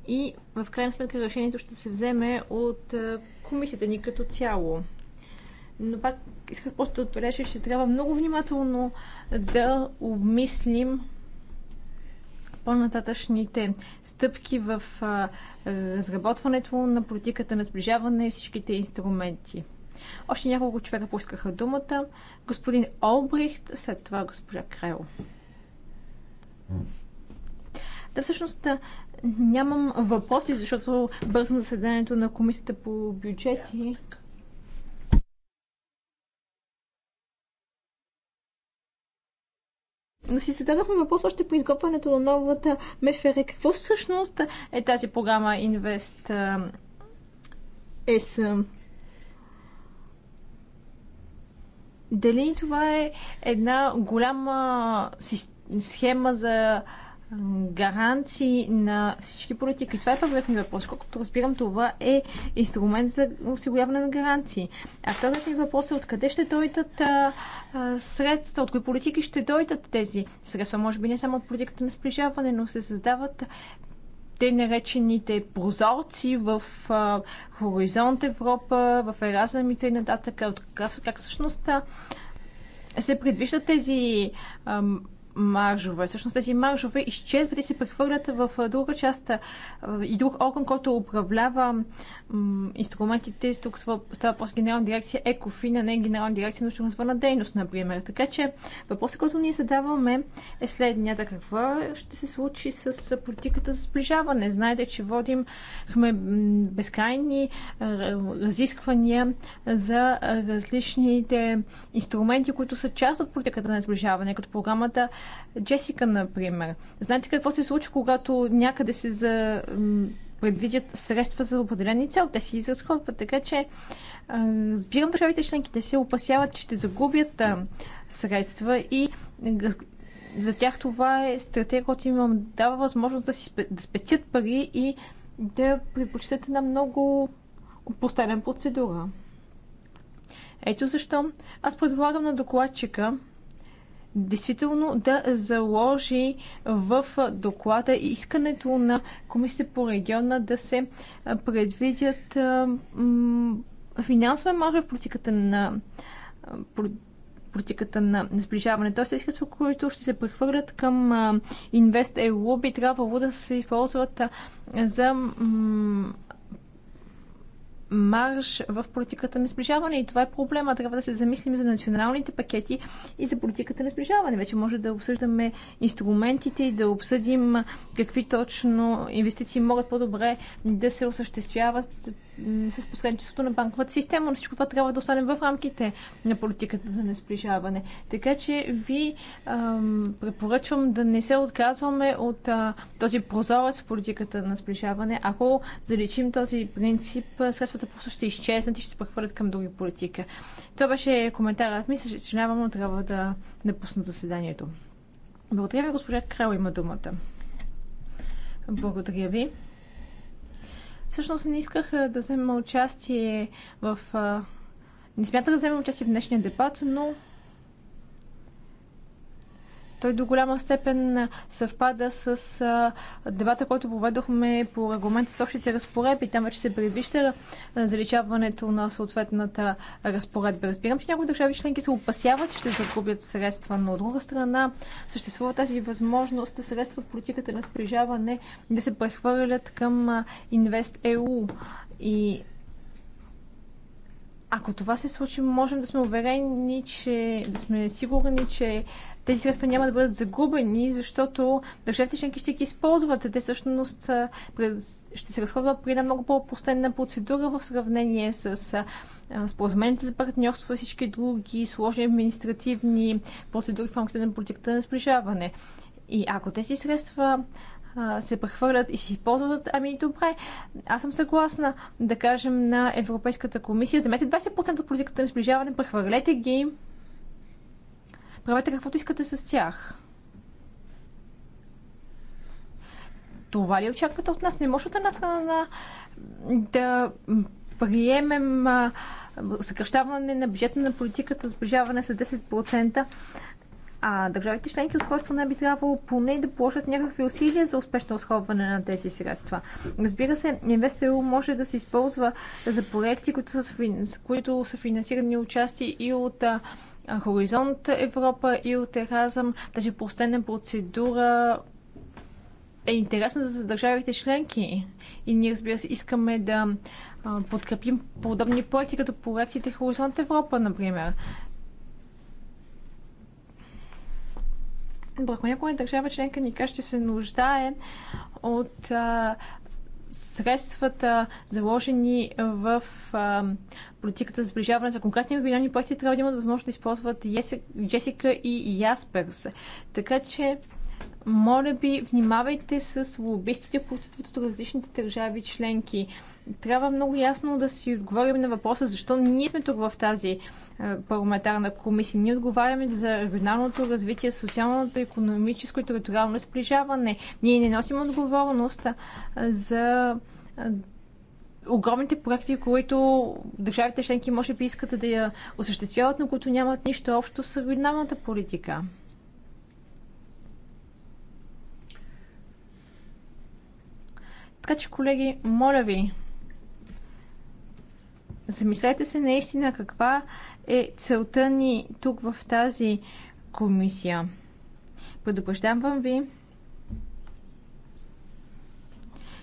и в крайна сметка решението ще се вземе от комисията ни като цяло. Но пак исках просто да отбележа, че трябва много внимателно да обмислим по-нататъчните стъпки в разработването на политиката на сближаване и всичките инструменти. Още няколко човека поискаха думата. Господин Олбрихт, след това госпожа Крайл. Да, всъщност Нямам въпроси, защото бързам заседанието на комисията по бюджети. но си зададохме въпрос още по изготвянето на новата МФР. Какво всъщност е тази програма Invest S? Дали това е една голяма схема за гаранции на всички политики. Това е първият ми въпрос. Колкото разбирам, това е инструмент за осигуряване на гаранции. А вторият ми въпрос е откъде ще дойдат а, а, средства, от кои политики ще дойдат тези средства. Може би не само от политиката на сближаване, но се създават те наречените прозорци в а, Хоризонт Европа, в Еразъм и т.н. Как, как всъщност се предвиждат тези а, маржове. Всъщност тези маржове изчезват и се прехвърлят в друга част и друг орган, който управлява инструментите, тук става просто генерална дирекция ЕКОФИН, а не генерална дирекция научно развъдна дейност, например. Така че въпросът, който ние задаваме е следният. Какво ще се случи с политиката за сближаване? Знаете, че водим безкрайни разисквания за различните инструменти, които са част от политиката на сближаване, като програмата Джесика, например. Знаете какво се случва, когато някъде се за предвидят средства за определени цел. Те си изразходват. Така че разбирам държавите те се опасяват, че ще загубят средства и за тях това е стратегия, която им дава възможност да, си, да спестят пари и да предпочитат една много постелен процедура. Ето защо аз предлагам на докладчика действително да заложи в доклада искането на Комисията по региона да се предвидят финансова може в политиката на политиката на сближаване. Тоест, средствата, които ще се прехвърлят към InvestEU, би трябвало да се използват за марш в политиката на сближаване. И това е проблема. Трябва да се замислим за националните пакети и за политиката на сближаване. Вече може да обсъждаме инструментите и да обсъдим какви точно инвестиции могат по-добре да се осъществяват с посредничеството на банковата система, но всичко това трябва да остане в рамките на политиката за несближаване. Така че ви ам, препоръчвам да не се отказваме от а, този прозорец в политиката на сближаване. Ако заличим този принцип, средствата просто ще изчезнат и ще се прехвърлят към други политика. Това беше коментарът ми. Съжалявам, но трябва да напусна заседанието. Благодаря ви, госпожа Крал има думата. Благодаря ви. Всъщност не исках да взема участие в... Не смятах да взема участие в днешния дебат, но той до голяма степен съвпада с дебата, който проведохме по регламента с общите разпоредби. Там вече се предвижда заличаването на съответната разпоредба. Разбирам, че някои държави членки се опасяват, че ще загубят средства, но от друга страна съществува тази възможност да средства от политиката на сближаване да се прехвърлят към InvestEU. Е И ако това се случи, можем да сме уверени, че да сме сигурни, че тези средства няма да бъдат загубени, защото държавите членки ще ги използват. Те всъщност ще се разходват при една много по-простенна процедура в сравнение с споразумените за партньорство и всички други сложни административни процедури в рамките на политиката на сближаване. И ако тези средства се прехвърлят и се използват, ами добре, аз съм съгласна да кажем на Европейската комисия, вземете 20% от политиката на сближаване, прехвърлете ги Правете каквото искате с тях. Това ли очаквате от нас? Не може от една страна да приемем съкръщаване на бюджета на политиката, сближаване с 10%, а държавите членки от своя страна би трябвало поне да положат някакви усилия за успешно разходване на тези средства. Разбира се, инвестору може да се използва за проекти, които са, които са финансирани участи и от Хоризонт Европа и от Еразъм. Тази простена процедура е интересна за държавите членки. И ние, разбира се, искаме да подкрепим подобни проекти, като проектите Хоризонт Европа, например. Ако някоя държава членка ни каже, че се нуждае от а, средствата, заложени в а, политиката за сближаване за конкретни регионални проекти, трябва да имат възможност да използват Джесика и Ясперс. Така че, моля би, внимавайте с лобистите, които от различните държави членки трябва много ясно да си отговорим на въпроса защо ние сме тук в тази е, парламентарна комисия. Ние отговаряме за регионалното развитие, социалното, економическо и териториално сближаване. Ние не носим отговорност е, за е, огромните проекти, които държавите членки може би искат да я осъществяват, но които нямат нищо общо с регионалната политика. Така че, колеги, моля ви, Замислете се наистина каква е целта ни тук в тази комисия. Предупреждавам ви,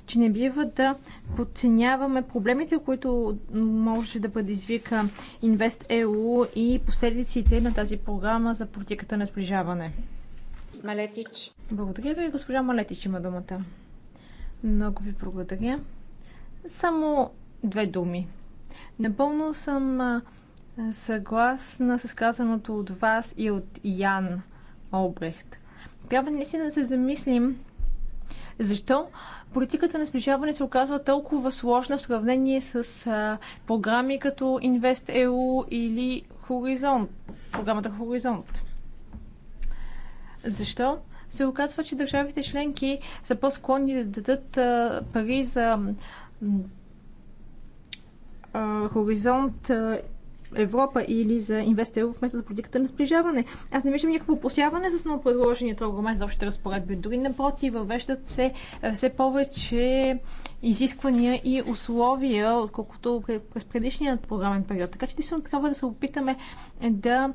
че не бива да подценяваме проблемите, които може да предизвика InvestEU и последиците на тази програма за политиката на сближаване. Малетич. Благодаря ви, госпожа Малетич има думата. Много ви благодаря. Само две думи. Напълно съм съгласна с казаното от вас и от Ян Обрехт. Трябва наистина да се замислим защо политиката на сближаване се оказва толкова сложна в сравнение с а, програми като InvestEU или Хоризонт, програмата Хоризонт. Защо? Се оказва, че държавите членки са по-склонни да дадат а, пари за Хоризонт Европа или за инвестирал вместо за политиката на сближаване. Аз не виждам никакво опосяване с новопредложения регламент за общите разпоредби. Дори напротив, въвеждат се все повече изисквания и условия, отколкото през предишният програмен период. Така че действително трябва да се опитаме да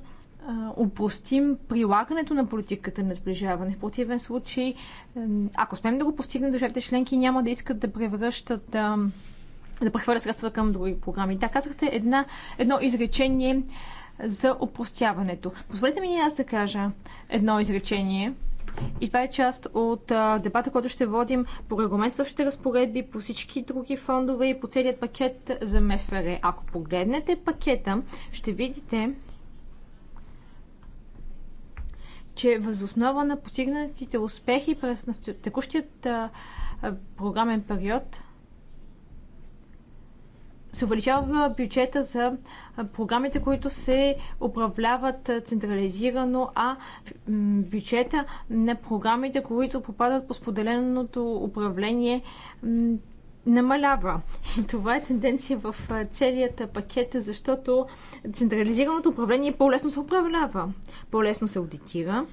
упростим прилагането на политиката на сближаване. В противен случай, ако смеем да го постигнем, държавите членки няма да искат да превръщат да прехвърля средства към други програми. Да, казахте една, едно изречение за опростяването. Позволете ми и аз да кажа едно изречение. И това е част от а, дебата, който ще водим по регламент същите разпоредби, по всички други фондове и по целият пакет за МФР. Ако погледнете пакета, ще видите, че възоснова на постигнатите успехи през текущият а, програмен период се увеличава бюджета за програмите, които се управляват централизирано, а бюджета на програмите, които попадат по споделеното управление, намалява. И това е тенденция в целият пакет, защото централизираното управление по-лесно се управлява, по-лесно се аудитира,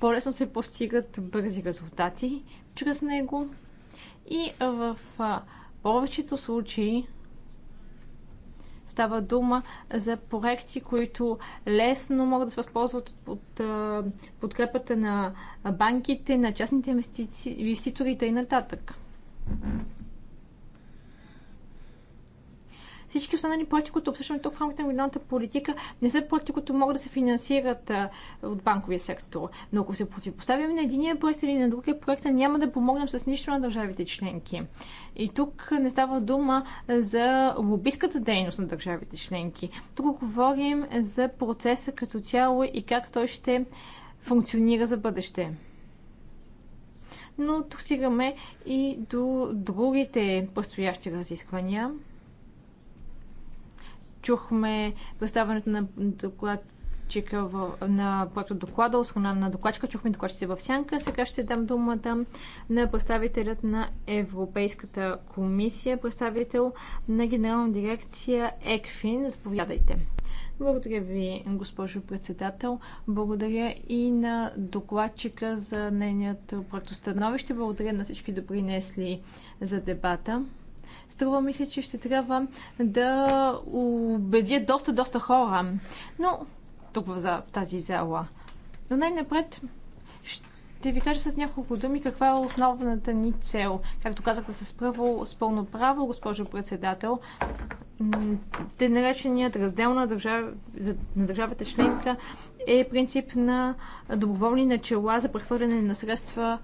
по-лесно се постигат бързи резултати чрез него. И в повечето случаи става дума за проекти, които лесно могат да се възползват от подкрепата на банките, на частните инвеститори и нататък. Всички останали проекти, които обсъщаме тук в рамките на регионалната политика, не са проекти, които могат да се финансират от банковия сектор. Но ако се противопоставим на единия проект или на другия проект, няма да помогнем с нищо на държавите членки. И тук не става дума за лобистката дейност на държавите членки. Тук говорим за процеса като цяло и как той ще функционира за бъдеще но тук стигаме и до другите предстоящи разисквания. Чухме представянето на доклад на проекта доклада, от страна на докладчика. Чухме докладчица в сянка. Сега ще дам думата на представителят на Европейската комисия, представител на генерална дирекция ЕКФИН. Заповядайте. Благодаря ви, госпожо председател. Благодаря и на докладчика за нейният проектостановище. Благодаря на всички допринесли за дебата струва ми се, че ще трябва да убедя доста, доста хора. Но тук в тази зала. Но най-напред ще ви кажа с няколко думи каква е основната ни цел. Както казахте да с първо, с пълно право, госпожо председател, те нареченият раздел на, държав... на държавата членка е принцип на доброволни начала за прехвърляне на средства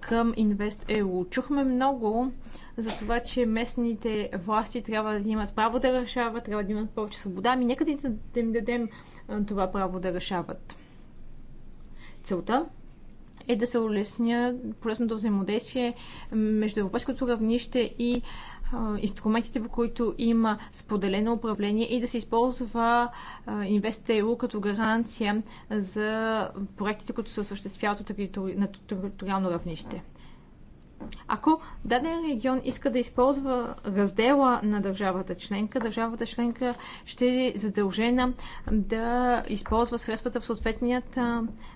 към InvestEU. Чухме много за това, че местните власти трябва да имат право да решават, трябва да имат повече свобода. Ами нека да им дадем това право да решават. Целта е да се улесня полезното взаимодействие между европейското равнище и инструментите, по които има споделено управление и да се използва InvestEU като гаранция за проектите, които се осъществяват на териториално равнище. Ако даден регион иска да използва раздела на държавата членка, държавата членка ще е задължена да използва средствата в съответният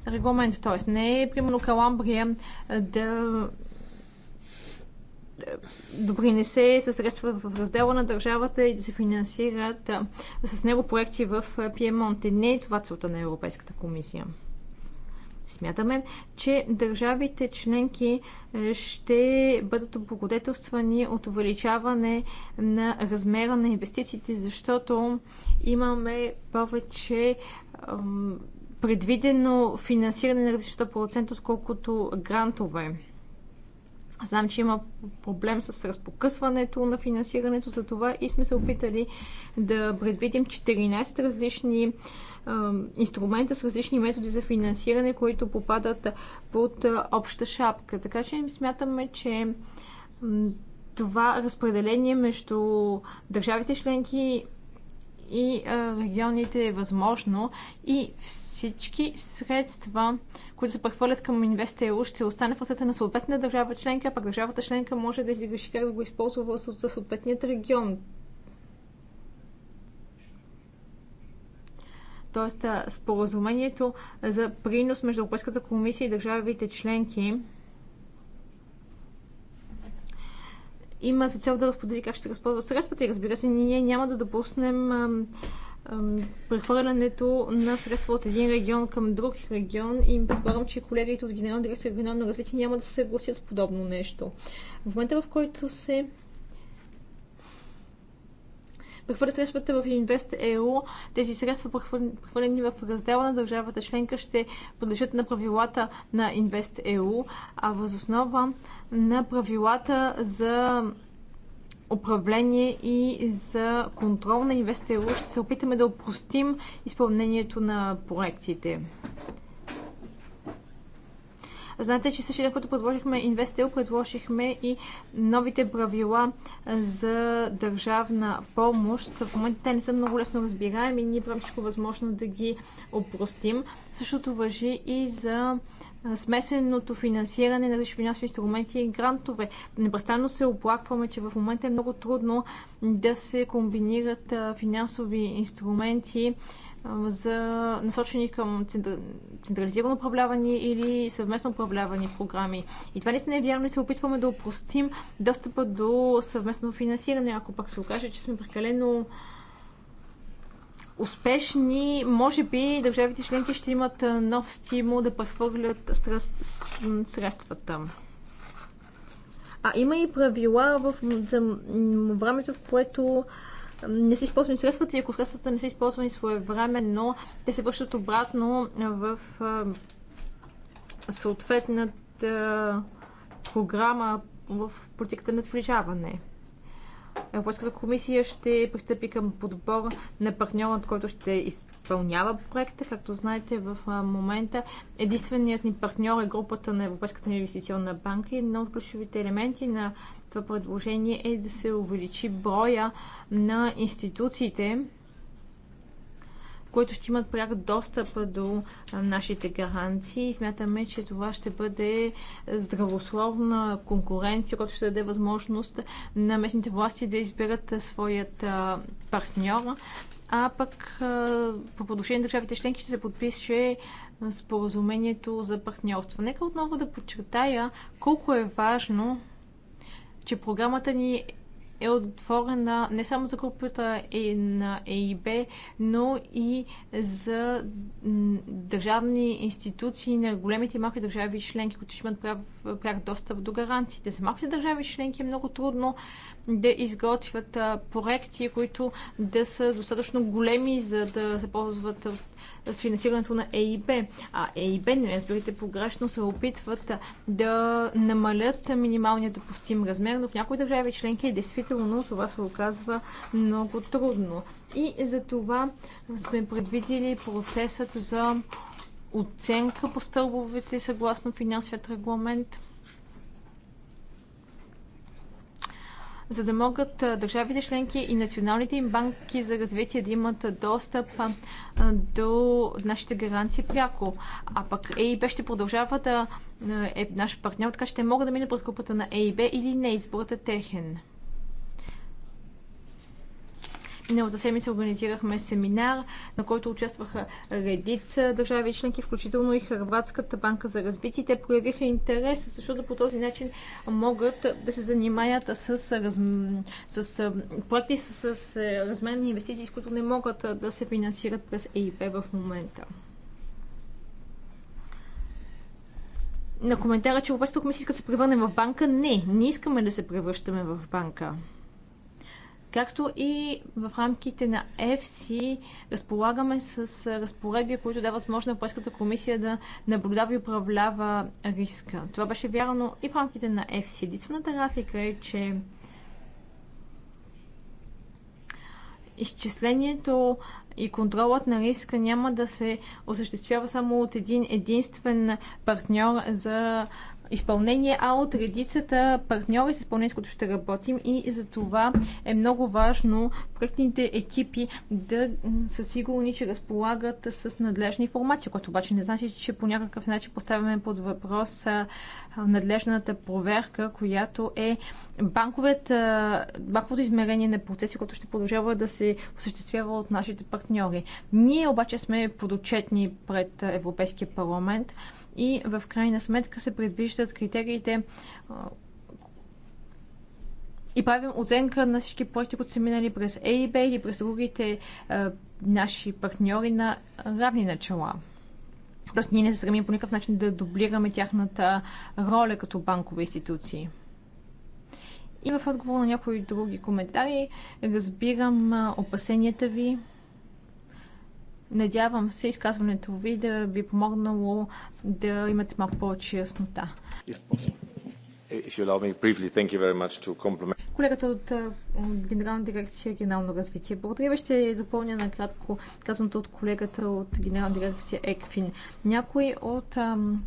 регламент. Тоест не е, примерно, Каламбрия да е, допринесе със средства в раздела на държавата и да се финансират с него проекти в Пиемонте. Не е това целта на Европейската комисия. Смятаме, че държавите членки е, ще бъдат облагодетелствани от увеличаване на размера на инвестициите, защото имаме повече предвидено финансиране на процент, отколкото грантове. Знам, че има проблем с разпокъсването на финансирането, за това и сме се опитали да предвидим 14 различни инструмента с различни методи за финансиране, които попадат под обща шапка. Така че смятаме, че това разпределение между държавите членки и регионите е възможно и всички средства, които се прехвърлят към InvestEU, ще остане в ръцете на съответна държава членка, а пък държавата членка може да реши как да го използва за съответният регион. Т.е. споразумението за принос между Европейската комисия и държавите членки има за цел да разподели как ще се разползват средствата и разбира се, ние няма да допуснем прехвърлянето на средства от един регион към друг регион и предполагам, че колегите от Генерална дирекция регионално развитие няма да се съгласят с подобно нещо. В момента, в който се прехвърлят средствата в Инвест EU. тези средства, прехвърлени в раздела на държавата членка, ще подлежат на правилата на Инвест EU, а възоснова на правилата за управление и за контрол на EU ще се опитаме да опростим изпълнението на проектите. Знаете, че същия ден, когато предложихме Инвестел, предложихме и новите правила за държавна помощ. В момента те не са много лесно разбираеми и ние правим всичко възможно да ги опростим. Същото въжи и за смесеното финансиране на различни финансови инструменти и грантове. Непрестанно се оплакваме, че в момента е много трудно да се комбинират финансови инструменти за насочени към централизирано управляване или съвместно управлявани програми. И това наистина е вярно и се опитваме да упростим достъпа до съвместно финансиране, ако пък се окаже, че сме прекалено успешни, може би държавите членки ще имат нов стимул да прехвърлят средствата. А има и правила в, за времето, в което не са използвани средствата и ако средствата не са използвани своевременно, те се връщат обратно в съответната програма в политиката на сближаване. Европейската комисия ще пристъпи към подбор на партньорът, който ще изпълнява проекта. Както знаете, в момента единственият ни партньор е групата на Европейската инвестиционна банка. Едно от ключовите елементи на това предложение е да се увеличи броя на институциите, които ще имат пряк достъп до нашите гаранции. Смятаме, че това ще бъде здравословна конкуренция, която ще даде възможност на местните власти да изберат своят партньор. А пък по подушение на държавите членки ще се подпише споразумението за партньорство. Нека отново да подчертая колко е важно че програмата ни е отворена не само за групата на ЕИБ, но и за държавни институции на големите и малки държави членки, които ще имат пряк достъп до гаранциите. За малките държави членки е много трудно да изготвят проекти, които да са достатъчно големи, за да се ползват с финансирането на ЕИБ. А ЕИБ, не разбирайте погрешно, се опитват да намалят минималния допустим размер, но в някои държави членки действително това се оказва много трудно. И за това сме предвидили процесът за оценка по стълбовете съгласно финансовият регламент – за да могат държавите членки и националните им банки за развитие да имат достъп до нашите гаранции пряко. А пък ЕИБ ще продължава да е наш партньор, така ще могат да мине през групата на ЕИБ или не. Изборът е техен. Миналата седмица организирахме семинар, на който участваха редица държави членки, включително и Хрватската банка за развитие. Те проявиха интерес, защото по този начин могат да се занимаят с, раз... с проекти с, с размен на инвестиции, с които не могат да се финансират през ЕИП в момента. на коментара, че Европейската комисия иска да се превърне в банка. Не, не искаме да се превръщаме в банка. Както и в рамките на ЕФСИ разполагаме с разпоредби, които дават възможност на Европейската комисия да наблюдава и управлява риска. Това беше вярно и в рамките на ЕФСИ. Единствената разлика е, че изчислението и контролът на риска няма да се осъществява само от един единствен партньор за изпълнение, а от редицата партньори, с изпълнение с които ще работим и за това е много важно проектните екипи да са сигурни, че разполагат с надлежна информация, което обаче не значи, че по някакъв начин поставяме под въпрос надлежната проверка, която е банковият, банковото измерение на процеси, което ще продължава да се осъществява от нашите партньори. Ние обаче сме подотчетни пред Европейския парламент и в крайна сметка се предвиждат критериите и правим оценка на всички проекти, които са минали през EIB или през другите а, наши партньори на равни начала. Тоест ние не се стремим по никакъв начин да дублираме тяхната роля като банкови институции. И в отговор на някои други коментари разбирам опасенията ви Надявам се изказването ви да ви е помогнало да имате малко повече яснота. Колегата от Генерална дирекция Регионално развитие. Благодаря ви. Ще допълня накратко казаното от колегата от Генерална дирекция ЕКФИН. Някои от ам,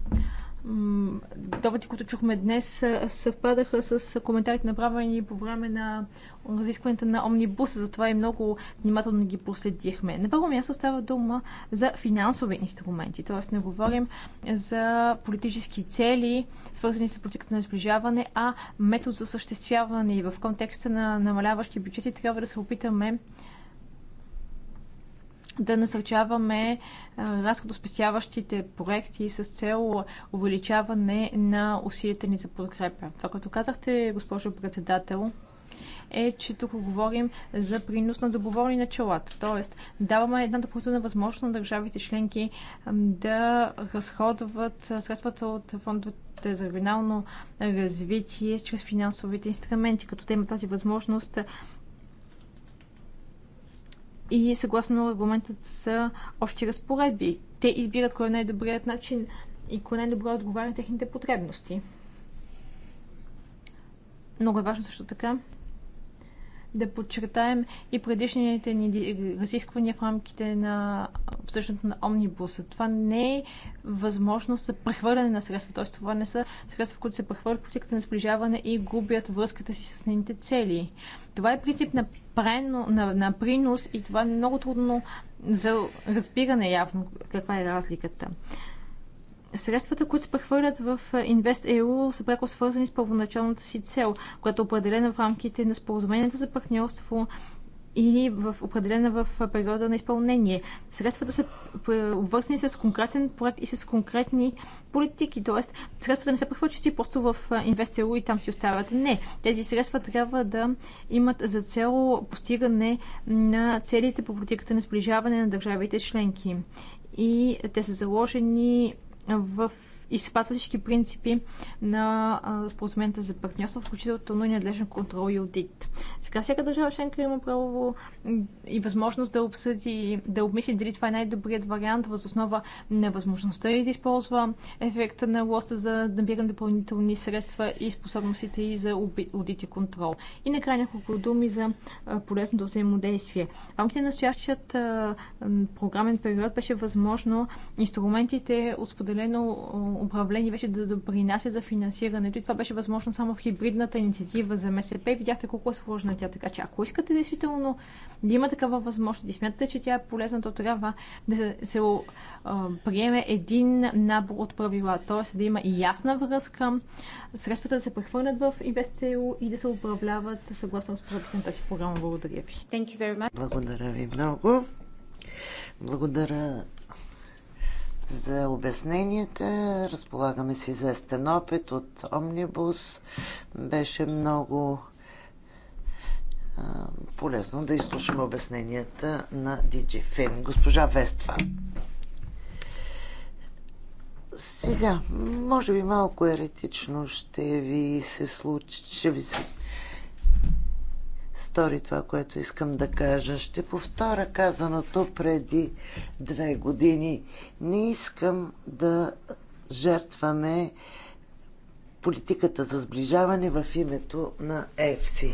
доводи, които чухме днес, съвпадаха с коментарите направени по време на разискването на Омнибус, затова и много внимателно ги проследихме. На първо място става дума за финансови инструменти, т.е. не говорим за политически цели, свързани с политиката на сближаване, а метод за осъществяване. И в контекста на намаляващи бюджети трябва да се опитаме да насърчаваме е, разходоспестяващите проекти с цел увеличаване на усилията ни за подкрепа. Това, което казахте, госпожо председател, е, че тук говорим за принос на доброволни началата, Тоест, даваме една допълнителна възможност на държавите членки да разходват средствата от фондовете за регионално развитие чрез финансовите инструменти, като те имат тази възможност и съгласно регламентът са общи разпоредби. Те избират кой е най-добрият начин и кой е най-добре отговаря на техните потребности. Много е важно също така да подчертаем и предишните ни разисквания в рамките на обсъждането на омнибуса. Това не е възможност за прехвърляне на средства, т.е. това не са средства, които се прехвърлят политиката на сближаване и губят връзката си с нейните цели. Това е принцип на, прено, на, на принос и това е много трудно за разбиране явно каква е разликата. Средствата, които се прехвърлят в InvestEU са пряко свързани с първоначалната си цел, която е определена в рамките на споразуменията за партньорство или в, определена в периода на изпълнение. Средствата са обвързани с конкретен проект и с конкретни политики, т.е. средствата не са прехвърчат просто в инвестиру и там си остават. Не, тези средства трябва да имат за цел постигане на целите по политиката на сближаване на държавите членки. И те са заложени в и се пасва всички принципи на споразумента за партньорство, включително и надлежен контрол и аудит. Сега всяка държава членка има право и възможност да обсъди, да обмисли дали това е най-добрият вариант въз основа на възможността и да използва ефекта на лоста за набиране допълнителни средства и способностите и за аудит и контрол. И накрая няколко думи за полезното взаимодействие. В рамките на настоящият програмен период беше възможно инструментите от споделено управление беше да допринася за финансирането и това беше възможно само в хибридната инициатива за МСП. Видяхте колко е сложна тя. Така че ако искате действително да има такава възможност и смятате, че тя е полезна, то трябва да се а, приеме един набор от правила, т.е. да има и ясна връзка, средствата да се прехвърлят в инвестио и да се управляват съгласно с на тази програма. Благодаря ви. Благодаря ви много. Благодаря за обясненията. Разполагаме с известен опит от Омнибус. Беше много полезно да изслушаме обясненията на Фин. Госпожа Вества. Сега, може би малко еретично ще ви се случи, ще ви се стори това, което искам да кажа. Ще повторя казаното преди две години. Не искам да жертваме политиката за сближаване в името на ЕФСИ.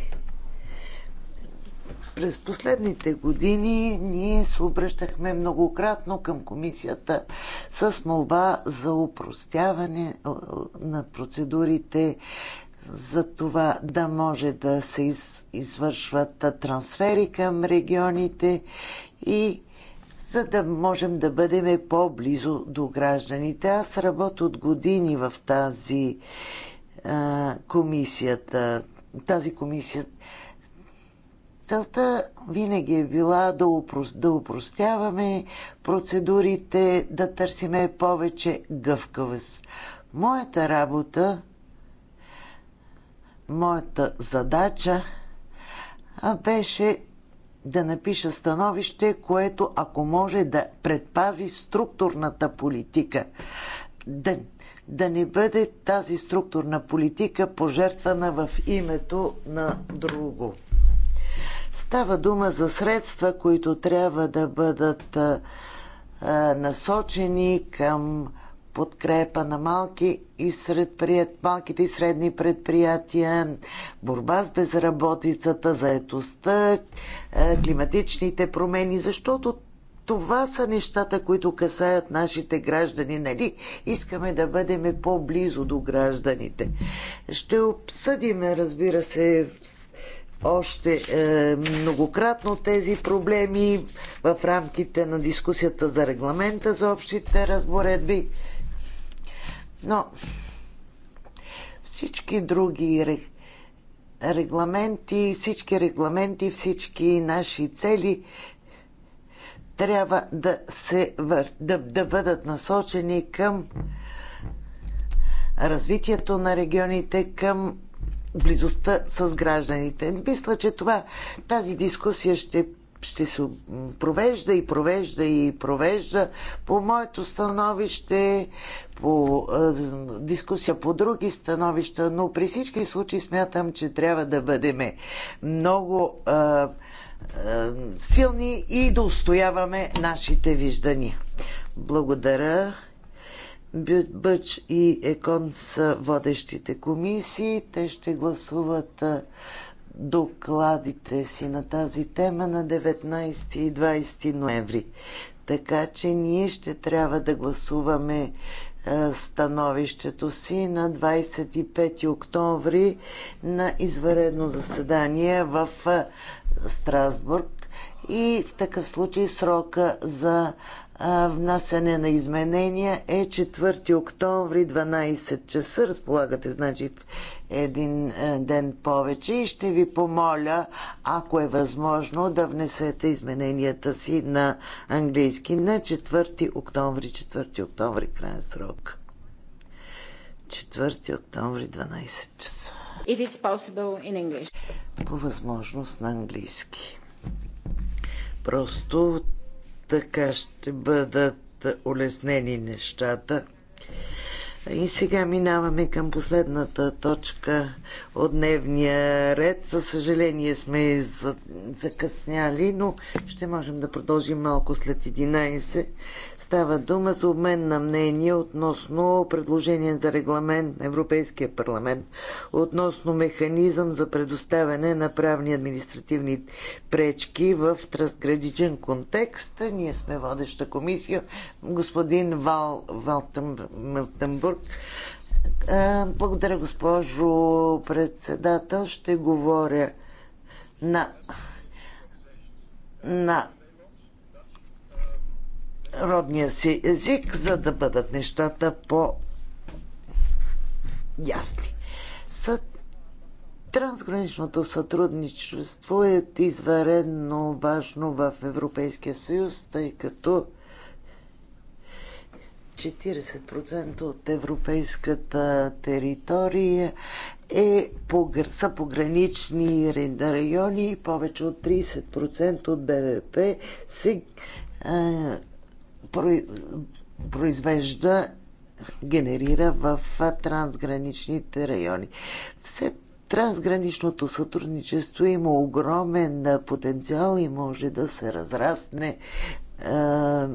През последните години ние се обръщахме многократно към комисията с молба за упростяване на процедурите, за това да може да се из, извършват трансфери към регионите и за да можем да бъдем по-близо до гражданите. Аз работя от години в тази а, комисията. Тази комисия. Целта винаги е била да, упрос, да упростяваме процедурите, да търсиме повече гъвкавост. Моята работа моята задача беше да напиша становище, което, ако може, да предпази структурната политика. Да, да не бъде тази структурна политика пожертвана в името на друго. Става дума за средства, които трябва да бъдат а, насочени към подкрепа на малки и сред прият, малките и средни предприятия, борба с безработицата, заетостта, е, климатичните промени, защото това са нещата, които касаят нашите граждани, нали? Искаме да бъдем по-близо до гражданите. Ще обсъдим, разбира се, още е, многократно тези проблеми в рамките на дискусията за регламента за общите разборедби. Но всички други регламенти, всички регламенти, всички наши цели трябва да, се, да, да бъдат насочени към развитието на регионите, към близостта с гражданите. Мисля, че това, тази дискусия ще ще се провежда и провежда и провежда по моето становище, по дискусия по други становища, но при всички случаи смятам, че трябва да бъдем много е, е, силни и да устояваме нашите виждания. Благодаря. Бъч и Екон са водещите комисии. Те ще гласуват докладите си на тази тема на 19 и 20 ноември. Така че ние ще трябва да гласуваме е, становището си на 25 октомври на изваредно заседание в е, Страсбург и в такъв случай срока за е, внасяне на изменения е 4 октомври 12 часа. Разполагате, значи, един е, ден повече и ще ви помоля, ако е възможно, да внесете измененията си на английски на 4 октомври, 4 октомври, крайен срок. 4 октомври, 12 часа. If it's possible in English. По възможност на английски. Просто така ще бъдат улеснени нещата. И сега минаваме към последната точка от дневния ред. За съжаление сме закъсняли, но ще можем да продължим малко след 11. Става дума за обмен на мнение относно предложение за регламент на Европейския парламент относно механизъм за предоставяне на правни административни пречки в трансградичен контекст. Ние сме водеща комисия. Господин Вал, Валтенбург благодаря, госпожо председател. Ще говоря на, на родния си език, за да бъдат нещата по ясни. Съд... Трансграничното сътрудничество е изварено важно в Европейския съюз, тъй като 40% от европейската територия е, по, са погранични райони и повече от 30% от БВП се а, произвежда, генерира в трансграничните райони. Все трансграничното сътрудничество има огромен потенциал и може да се разрасне а,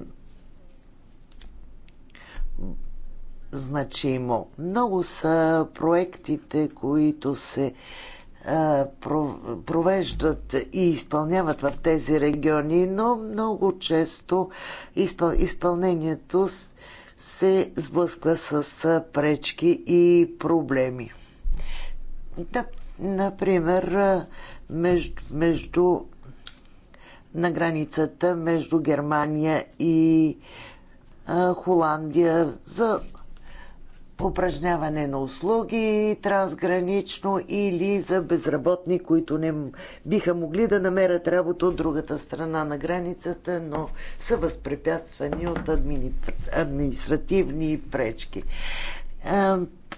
значимо. Много са проектите, които се провеждат и изпълняват в тези региони, но много често изпъл... изпълнението се сблъсква с пречки и проблеми. Да, например, между, между на границата между Германия и Холандия за упражняване на услуги трансгранично или за безработни, които не биха могли да намерят работа от другата страна на границата, но са възпрепятствани от админи... административни пречки.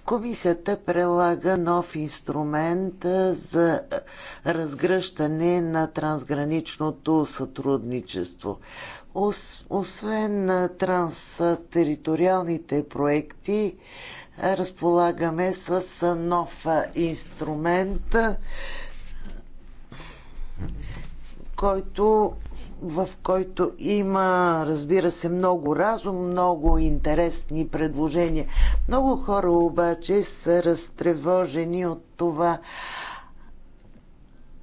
Комисията прилага нов инструмент за разгръщане на трансграничното сътрудничество. Освен на транстериториалните проекти, разполагаме с нов инструмент, който, в който има, разбира се, много разум, много интересни предложения. Много хора обаче са разтревожени от това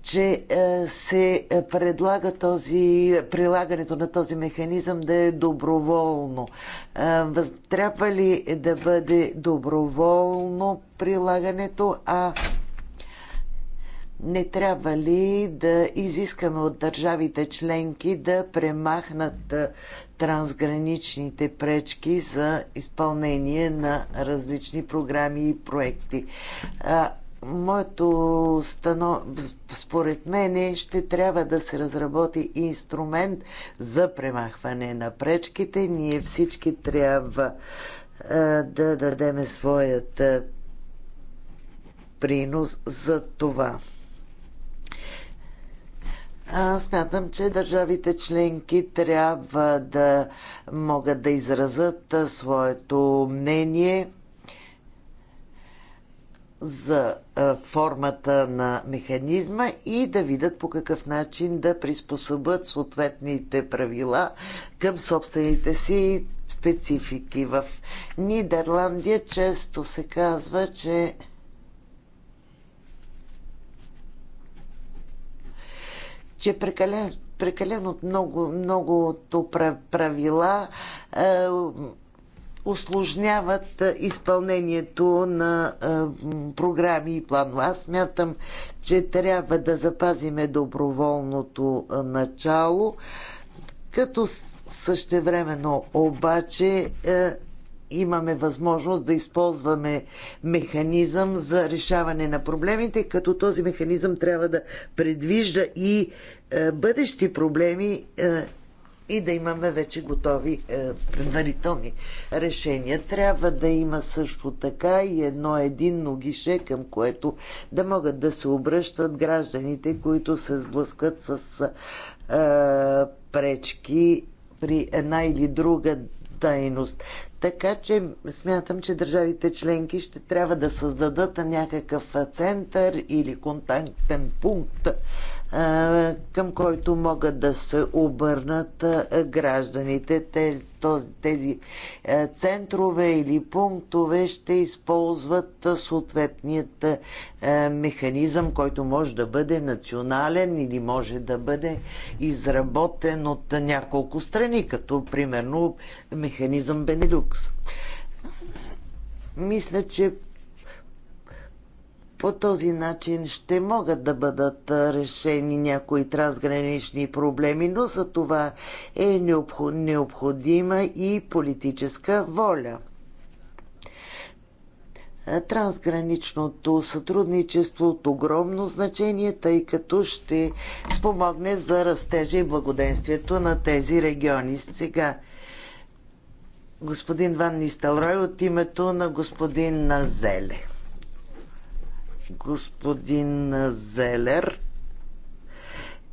че е, се предлага този, прилагането на този механизъм да е доброволно. Е, трябва ли да бъде доброволно прилагането, а не трябва ли да изискаме от държавите членки да премахнат е, трансграничните пречки за изпълнение на различни програми и проекти? моето стано... според мен ще трябва да се разработи инструмент за премахване на пречките. Ние всички трябва а, да дадеме своят а, принос за това. А, смятам, че държавите членки трябва да могат да изразят своето мнение за формата на механизма и да видят по какъв начин да приспособят съответните правила към собствените си специфики. В Нидерландия често се казва, че че прекалено, прекалено много, многото правила осложняват изпълнението на програми и планове. Аз смятам, че трябва да запазиме доброволното начало, като същевременно обаче имаме възможност да използваме механизъм за решаване на проблемите, като този механизъм трябва да предвижда и бъдещи проблеми и да имаме вече готови е, предварителни решения. Трябва да има също така и едно единно гише, към което да могат да се обръщат гражданите, които се сблъскат с е, пречки при една или друга дейност. Така че смятам, че държавите членки ще трябва да създадат някакъв център или контактен пункт към който могат да се обърнат гражданите. Тези, тези центрове или пунктове ще използват съответният механизъм, който може да бъде национален или може да бъде изработен от няколко страни, като примерно механизъм Бенелюкс. Мисля, че по този начин ще могат да бъдат решени някои трансгранични проблеми, но за това е необходима и политическа воля. Трансграничното сътрудничество от огромно значение, тъй като ще спомогне за растежа и благоденствието на тези региони. Сега господин Ван Нисталрой от името на господин Назеле. Господин Зелер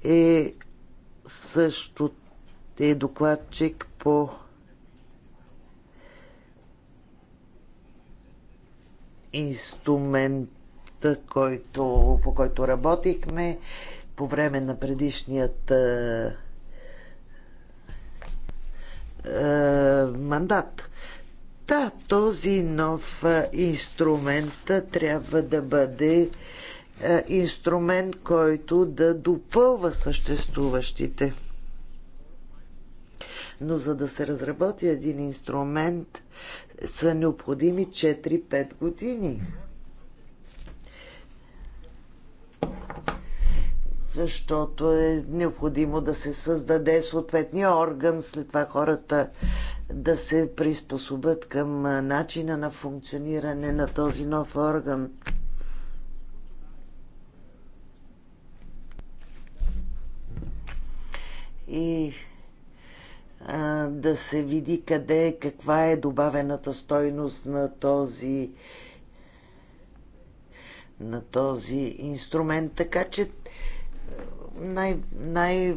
е също е докладчик по инструмента, който, по който работихме по време на предишният е, е мандат. Та този нов инструмент трябва да бъде инструмент, който да допълва съществуващите. Но за да се разработи един инструмент, са необходими 4-5 години. Защото е необходимо да се създаде съответния орган, след това хората да се приспособят към начина на функциониране на този нов орган. И а, да се види къде, каква е добавената стойност на този на този инструмент. Така че най- най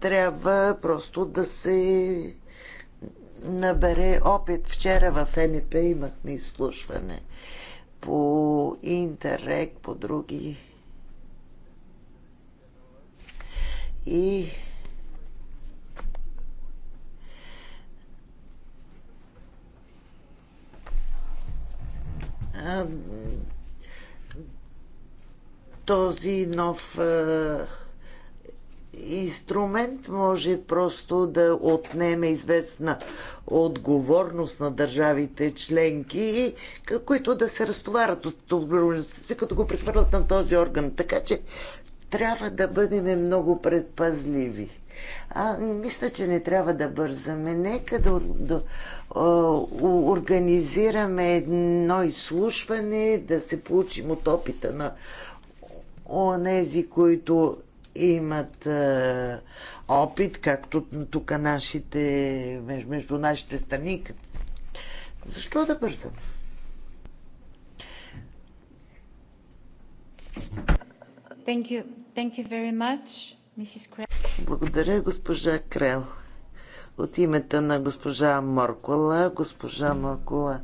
трябва просто да се набере опит. Вчера в НП имахме изслушване по Интеррек, по други. И този нов инструмент може просто да отнеме известна отговорност на държавите членки, които да се разтоварят от отговорността си, като го прехвърлят на този орган. Така че трябва да бъдем много предпазливи. А, мисля, че не трябва да бързаме. Нека да, да о, организираме едно изслушване, да се получим от опита на онези, които имат а, опит, както тук нашите, между нашите страни. Защо да бързам? Thank you. Thank you very much, Mrs. Благодаря, госпожа Крел. От името на госпожа Моркола, госпожа Моркола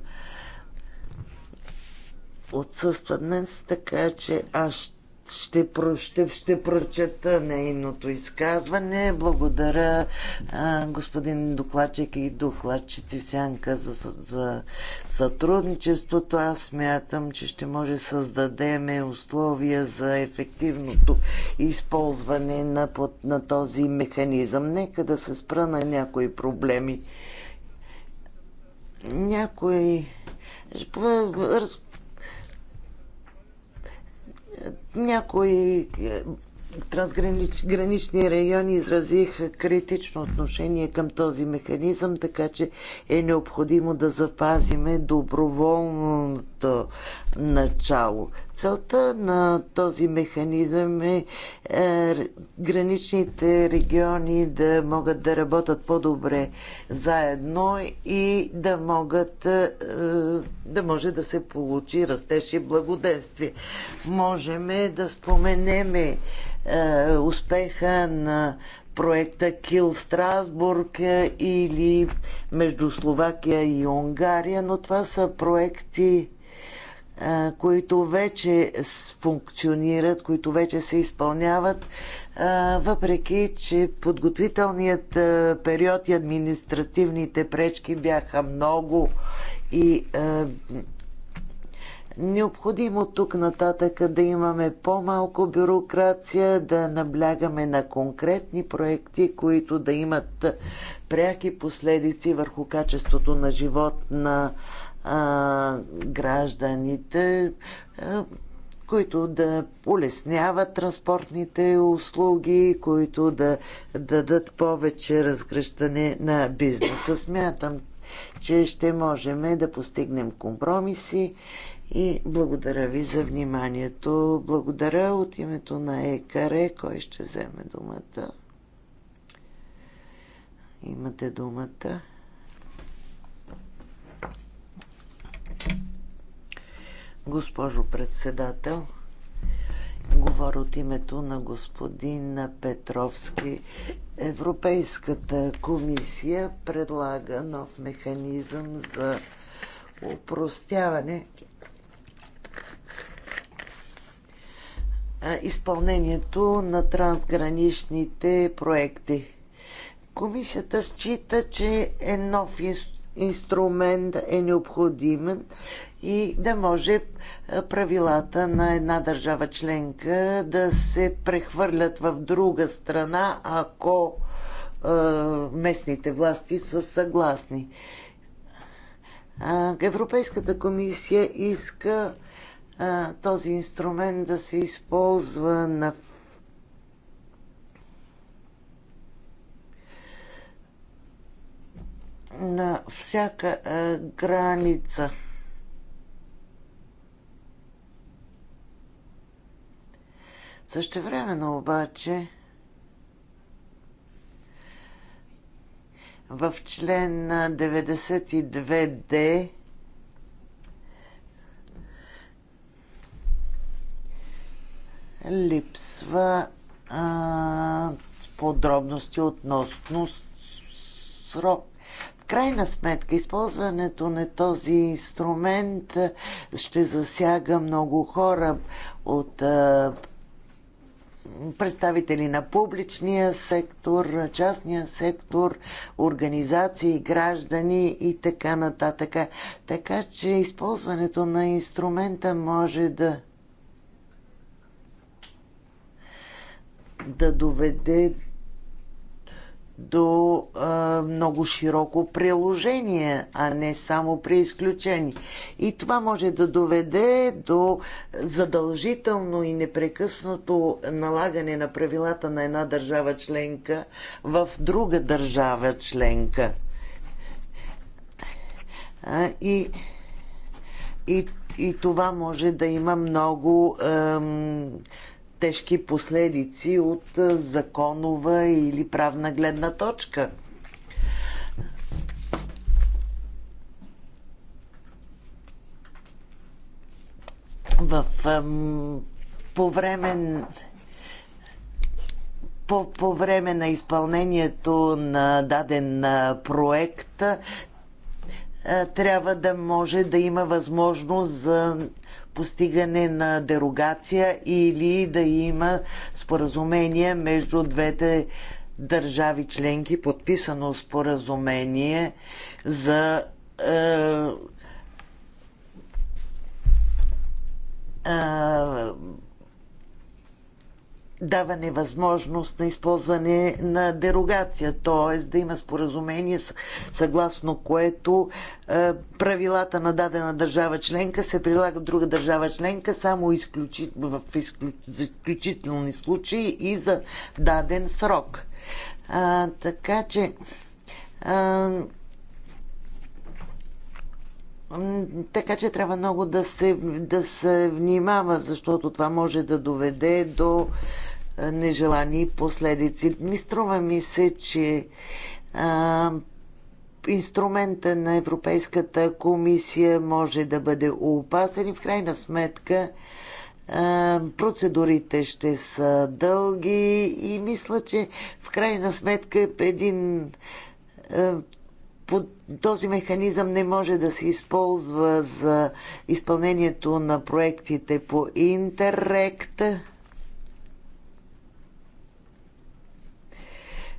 отсъства днес, така че аз ще, про, ще, ще прочета нейното изказване. Благодаря а, господин докладчик и докладчици Сянка за, за сътрудничеството. Аз смятам, че ще може създадеме условия за ефективното използване на, на този механизъм. Нека да се спра на някои проблеми. Някои някои е, трансгранични райони изразиха критично отношение към този механизъм, така че е необходимо да запазиме доброволно самото начало. Целта на този механизъм е, е граничните региони да могат да работят по-добре заедно и да могат е, е, да може да се получи растеж и благоденствие. Можеме да споменеме е, успеха на проекта Кил Страсбург е, или между Словакия и Унгария, но това са проекти, които вече функционират, които вече се изпълняват, въпреки че подготвителният период и административните пречки бяха много и Необходимо тук нататък да имаме по-малко бюрокрация, да наблягаме на конкретни проекти, които да имат пряки последици върху качеството на живот на а, гражданите, а, които да улесняват транспортните услуги, които да, да дадат повече разгръщане на бизнеса. Смятам, че ще можем да постигнем компромиси и благодаря ви за вниманието. Благодаря от името на ЕКАРЕ, кой ще вземе думата. Имате думата. Госпожо председател, говоря от името на господин Петровски. Европейската комисия предлага нов механизъм за упростяване изпълнението на трансграничните проекти. Комисията счита, че е нов инструмент инструмент е необходим и да може е, правилата на една държава членка да се прехвърлят в друга страна, ако е, местните власти са съгласни. Европейската комисия иска този инструмент да се използва на на всяка а, е, граница. Същевременно обаче в член 92D липсва а, подробности относно срок крайна сметка използването на този инструмент ще засяга много хора от представители на публичния сектор, частния сектор, организации, граждани и така нататък. Така че използването на инструмента може да да доведе до а, много широко приложение, а не само при изключени. И това може да доведе до задължително и непрекъснато налагане на правилата на една държава членка в друга държава членка. А, и, и, и това може да има много. Ем, тежки последици от законова или правна гледна точка. В, по време по, по време на изпълнението на даден проект трябва да може да има възможност за постигане на дерогация или да има споразумение между двете държави членки, подписано споразумение за е, е, даване възможност на използване на дерогация, т.е. да има споразумение, съгласно което е, правилата на дадена държава членка се прилагат в друга държава членка само изключи, в изключ, за изключителни случаи и за даден срок. А, така че. А, така че трябва много да се, да се внимава, защото това може да доведе до нежелани последици. Ми струва ми се, че а, инструмента на Европейската комисия може да бъде опасен и в крайна сметка а, процедурите ще са дълги и мисля, че в крайна сметка един а, под този механизъм не може да се използва за изпълнението на проектите по интеррект.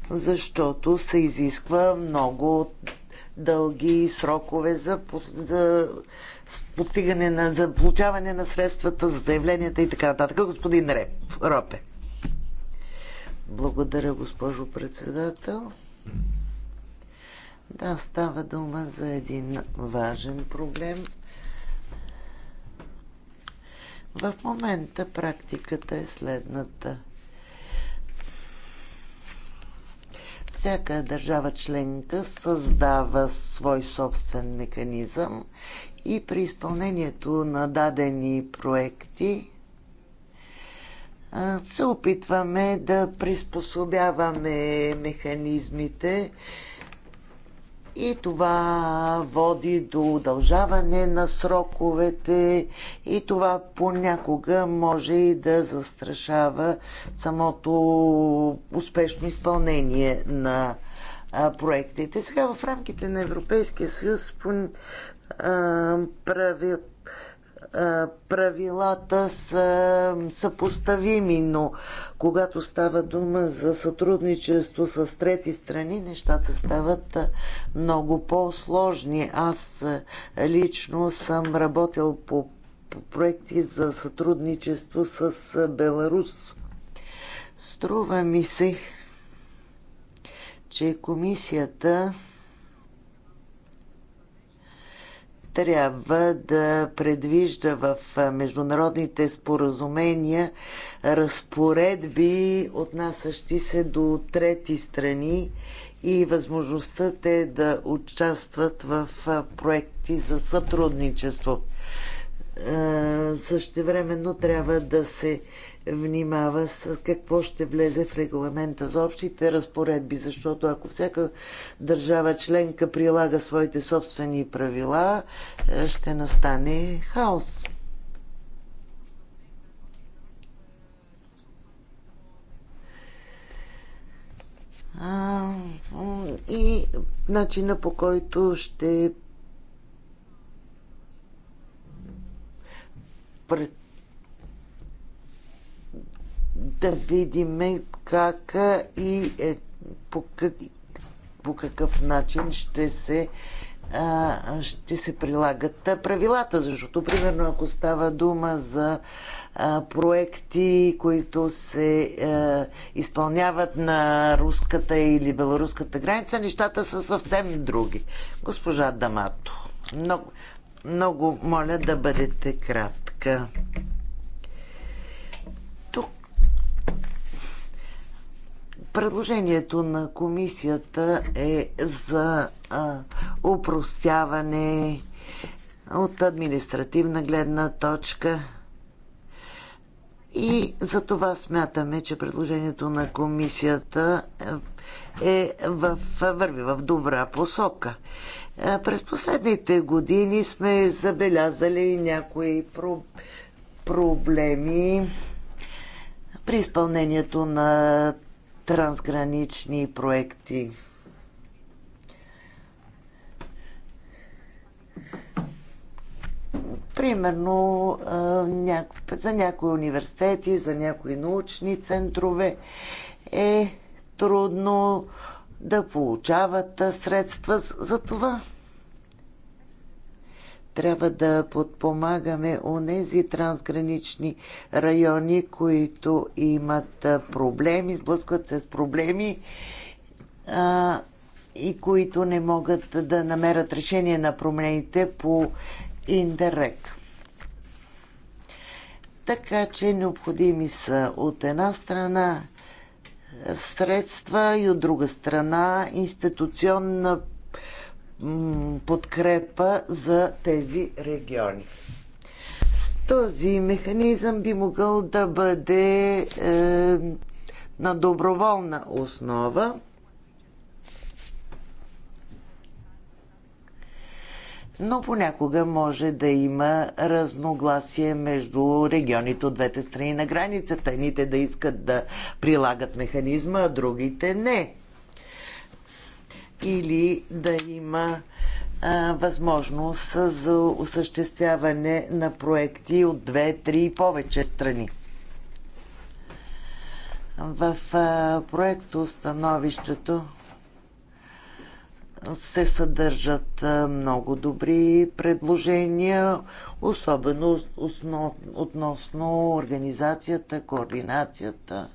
защото се изисква много дълги срокове за, за постигане на, за получаване на средствата, за заявленията и така нататък. Господин Реп, Ропе. Благодаря, госпожо председател. Да, става дума за един важен проблем. В момента практиката е следната. всяка държава членка създава свой собствен механизъм и при изпълнението на дадени проекти се опитваме да приспособяваме механизмите и това води до удължаване на сроковете и това понякога може и да застрашава самото успешно изпълнение на проектите. Сега в рамките на Европейския съюз правят правилата са съпоставими, но когато става дума за сътрудничество с трети страни, нещата стават много по-сложни. Аз лично съм работил по проекти за сътрудничество с Беларус. Струва ми се, че комисията трябва да предвижда в международните споразумения разпоредби, отнасящи се до трети страни и възможността те да участват в проекти за сътрудничество. Същевременно трябва да се внимава с какво ще влезе в регламента за общите разпоредби, защото ако всяка държава членка прилага своите собствени правила, е, ще настане хаос. А, и начина по който ще пред да видим как и е, по, как, по какъв начин ще се, а, ще се прилагат правилата. Защото, примерно, ако става дума за а, проекти, които се а, изпълняват на руската или беларуската граница, нещата са съвсем други. Госпожа Дамато, много, много моля да бъдете кратка. Предложението на комисията е за а, упростяване от административна гледна точка. И за това смятаме, че предложението на комисията е, е в, върви в добра посока. Е, през последните години сме забелязали някои про, проблеми при изпълнението на трансгранични проекти. Примерно за някои университети, за някои научни центрове е трудно да получават средства за това. Трябва да подпомагаме онези трансгранични райони, които имат проблеми, сблъскват се с проблеми а, и които не могат да намерят решение на промените по Индерект. Така че необходими са от една страна средства и от друга страна институционна подкрепа за тези региони. С Този механизъм би могъл да бъде е, на доброволна основа. но понякога може да има разногласие между регионите от двете страни на границата. Едните да искат да прилагат механизма, а другите не или да има а, възможност за осъществяване на проекти от две, три и повече страни. В а, проекто становището се съдържат много добри предложения, особено основ, относно организацията, координацията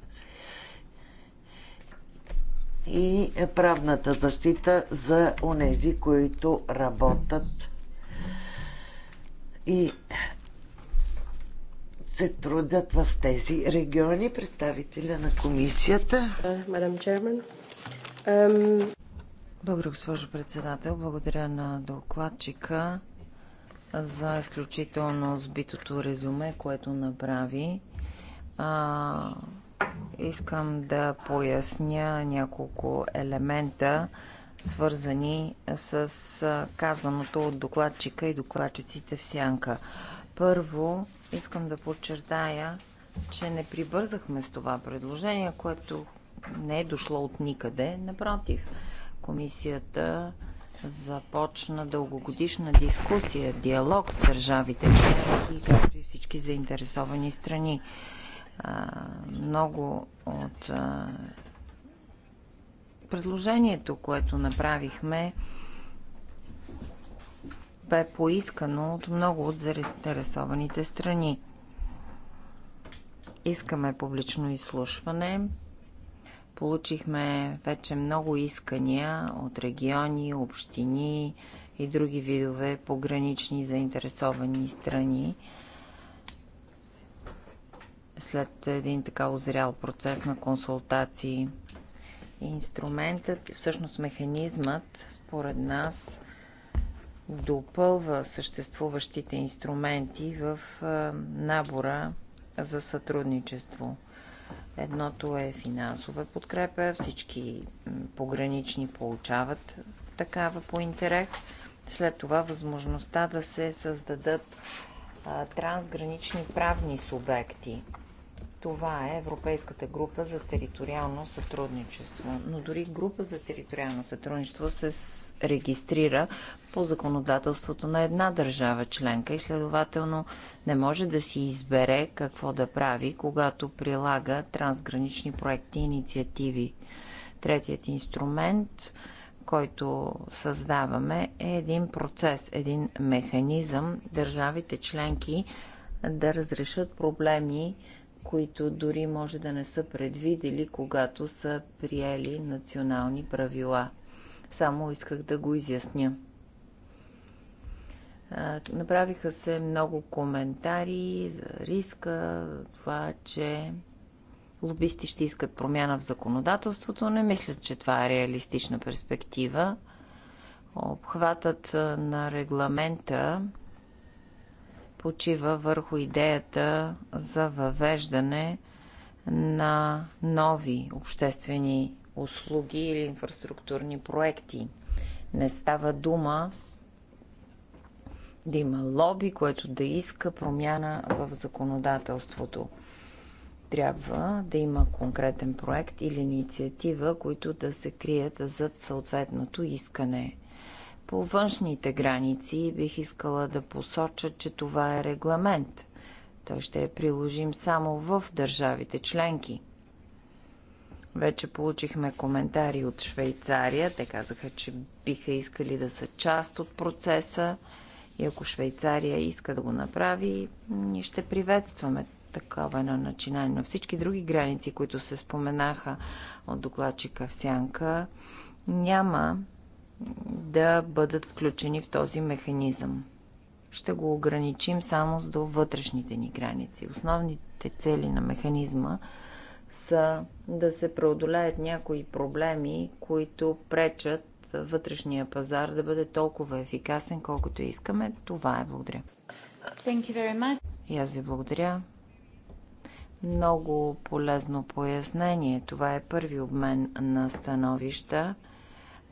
и правната защита за онези, които работят и се трудят в тези региони. Представителя на комисията. Мадам Чермен. Благодаря, госпожо председател. Благодаря на докладчика за изключително сбитото резюме, което направи. А, Искам да поясня няколко елемента, свързани с казаното от докладчика и докладчиците в сянка. Първо, искам да подчертая, че не прибързахме с това предложение, което не е дошло от никъде. Напротив, комисията започна дългогодишна дискусия, диалог с държавите членки, както и всички заинтересовани страни много от предложението, което направихме, бе поискано от много от заинтересованите страни. Искаме публично изслушване. Получихме вече много искания от региони, общини и други видове погранични заинтересовани страни след един така озрял процес на консултации. Инструментът, всъщност механизмът, според нас, допълва съществуващите инструменти в набора за сътрудничество. Едното е финансова подкрепа, всички погранични получават такава по интерех. След това възможността да се създадат трансгранични правни субекти. Това е Европейската група за териториално сътрудничество. Но дори група за териториално сътрудничество се регистрира по законодателството на една държава членка и следователно не може да си избере какво да прави, когато прилага трансгранични проекти и инициативи. Третият инструмент който създаваме, е един процес, един механизъм държавите членки да разрешат проблеми които дори може да не са предвидели, когато са приели национални правила. Само исках да го изясня. Направиха се много коментари за риска, това, че лобисти ще искат промяна в законодателството. Не мисля, че това е реалистична перспектива. Обхватът на регламента почива върху идеята за въвеждане на нови обществени услуги или инфраструктурни проекти. Не става дума да има лоби, което да иска промяна в законодателството. Трябва да има конкретен проект или инициатива, които да се крият зад съответното искане. По външните граници бих искала да посоча, че това е регламент. Той ще е приложим само в държавите членки. Вече получихме коментари от Швейцария. Те казаха, че биха искали да са част от процеса и ако Швейцария иска да го направи, ние ще приветстваме такова едно начинание. Но всички други граници, които се споменаха от докладчика в Сянка, няма да бъдат включени в този механизъм. Ще го ограничим само до вътрешните ни граници. Основните цели на механизма са да се преодолеят някои проблеми, които пречат вътрешния пазар да бъде толкова ефикасен, колкото искаме. Това е. Благодаря. Thank you very much. И аз ви благодаря. Много полезно пояснение. Това е първи обмен на становища.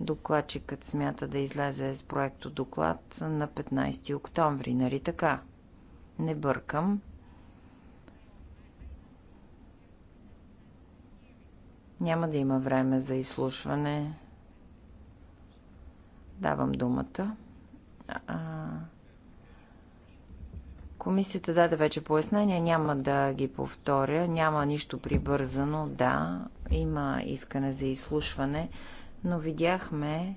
Докладчикът смята да излезе с проекто доклад на 15 октомври, нали така? Не бъркам. Няма да има време за изслушване. Давам думата. А... Комисията даде вече пояснения, няма да ги повторя, няма нищо прибързано, да, има искане за изслушване но видяхме,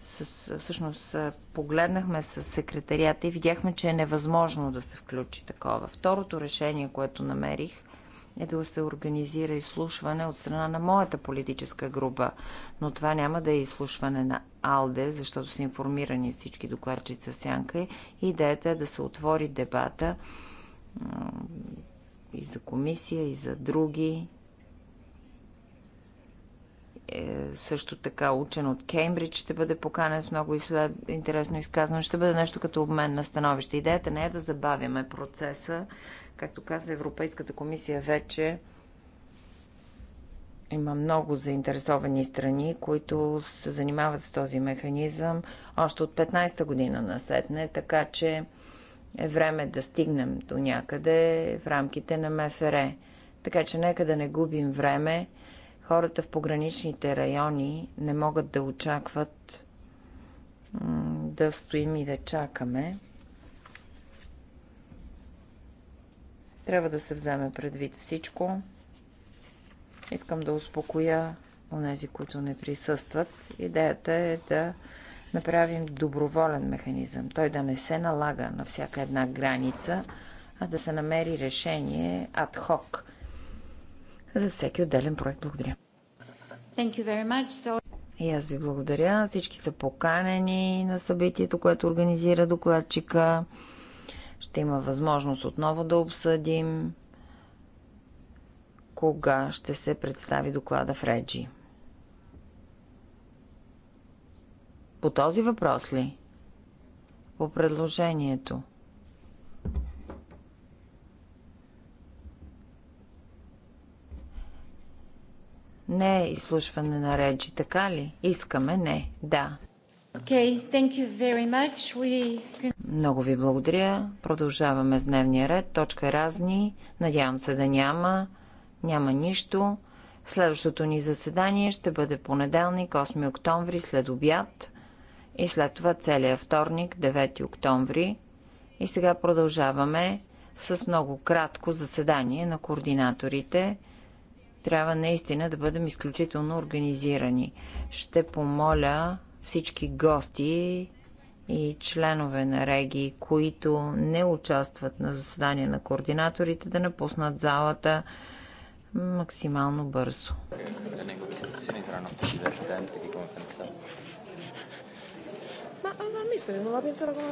с, всъщност погледнахме с секретарията и видяхме, че е невъзможно да се включи такова. Второто решение, което намерих, е да се организира изслушване от страна на моята политическа група. Но това няма да е изслушване на АЛДЕ, защото са информирани всички докладчица в Сянка. Идеята е да се отвори дебата и за комисия, и за други е, също така учен от Кембридж ще бъде поканен с много изслед... интересно изказване. Ще бъде нещо като обмен на становище. Идеята не е да забавяме процеса. Както каза Европейската комисия вече, има много заинтересовани страни, които се занимават с този механизъм още от 15-та година насетне, така че е време да стигнем до някъде в рамките на МФР. Така че нека да не губим време хората в пограничните райони не могат да очакват да стоим и да чакаме. Трябва да се вземе предвид всичко. Искам да успокоя онези, които не присъстват. Идеята е да направим доброволен механизъм. Той да не се налага на всяка една граница, а да се намери решение адхок за всеки отделен проект. Благодаря. Thank you very much. So... И аз ви благодаря. Всички са поканени на събитието, което организира докладчика. Ще има възможност отново да обсъдим кога ще се представи доклада в Реджи. По този въпрос ли? По предложението. Не е изслушване на речи, така ли? Искаме, не. Да. Okay, thank you very much. We... Много ви благодаря. Продължаваме с дневния ред. Точка разни. Надявам се да няма. Няма нищо. Следващото ни заседание ще бъде понеделник, 8 октомври, след обяд. И след това целият вторник, 9 октомври. И сега продължаваме с много кратко заседание на координаторите трябва наистина да бъдем изключително организирани. Ще помоля всички гости и членове на Реги, които не участват на заседание на координаторите, да напуснат залата максимално бързо. Ma non mi sto, non la penso come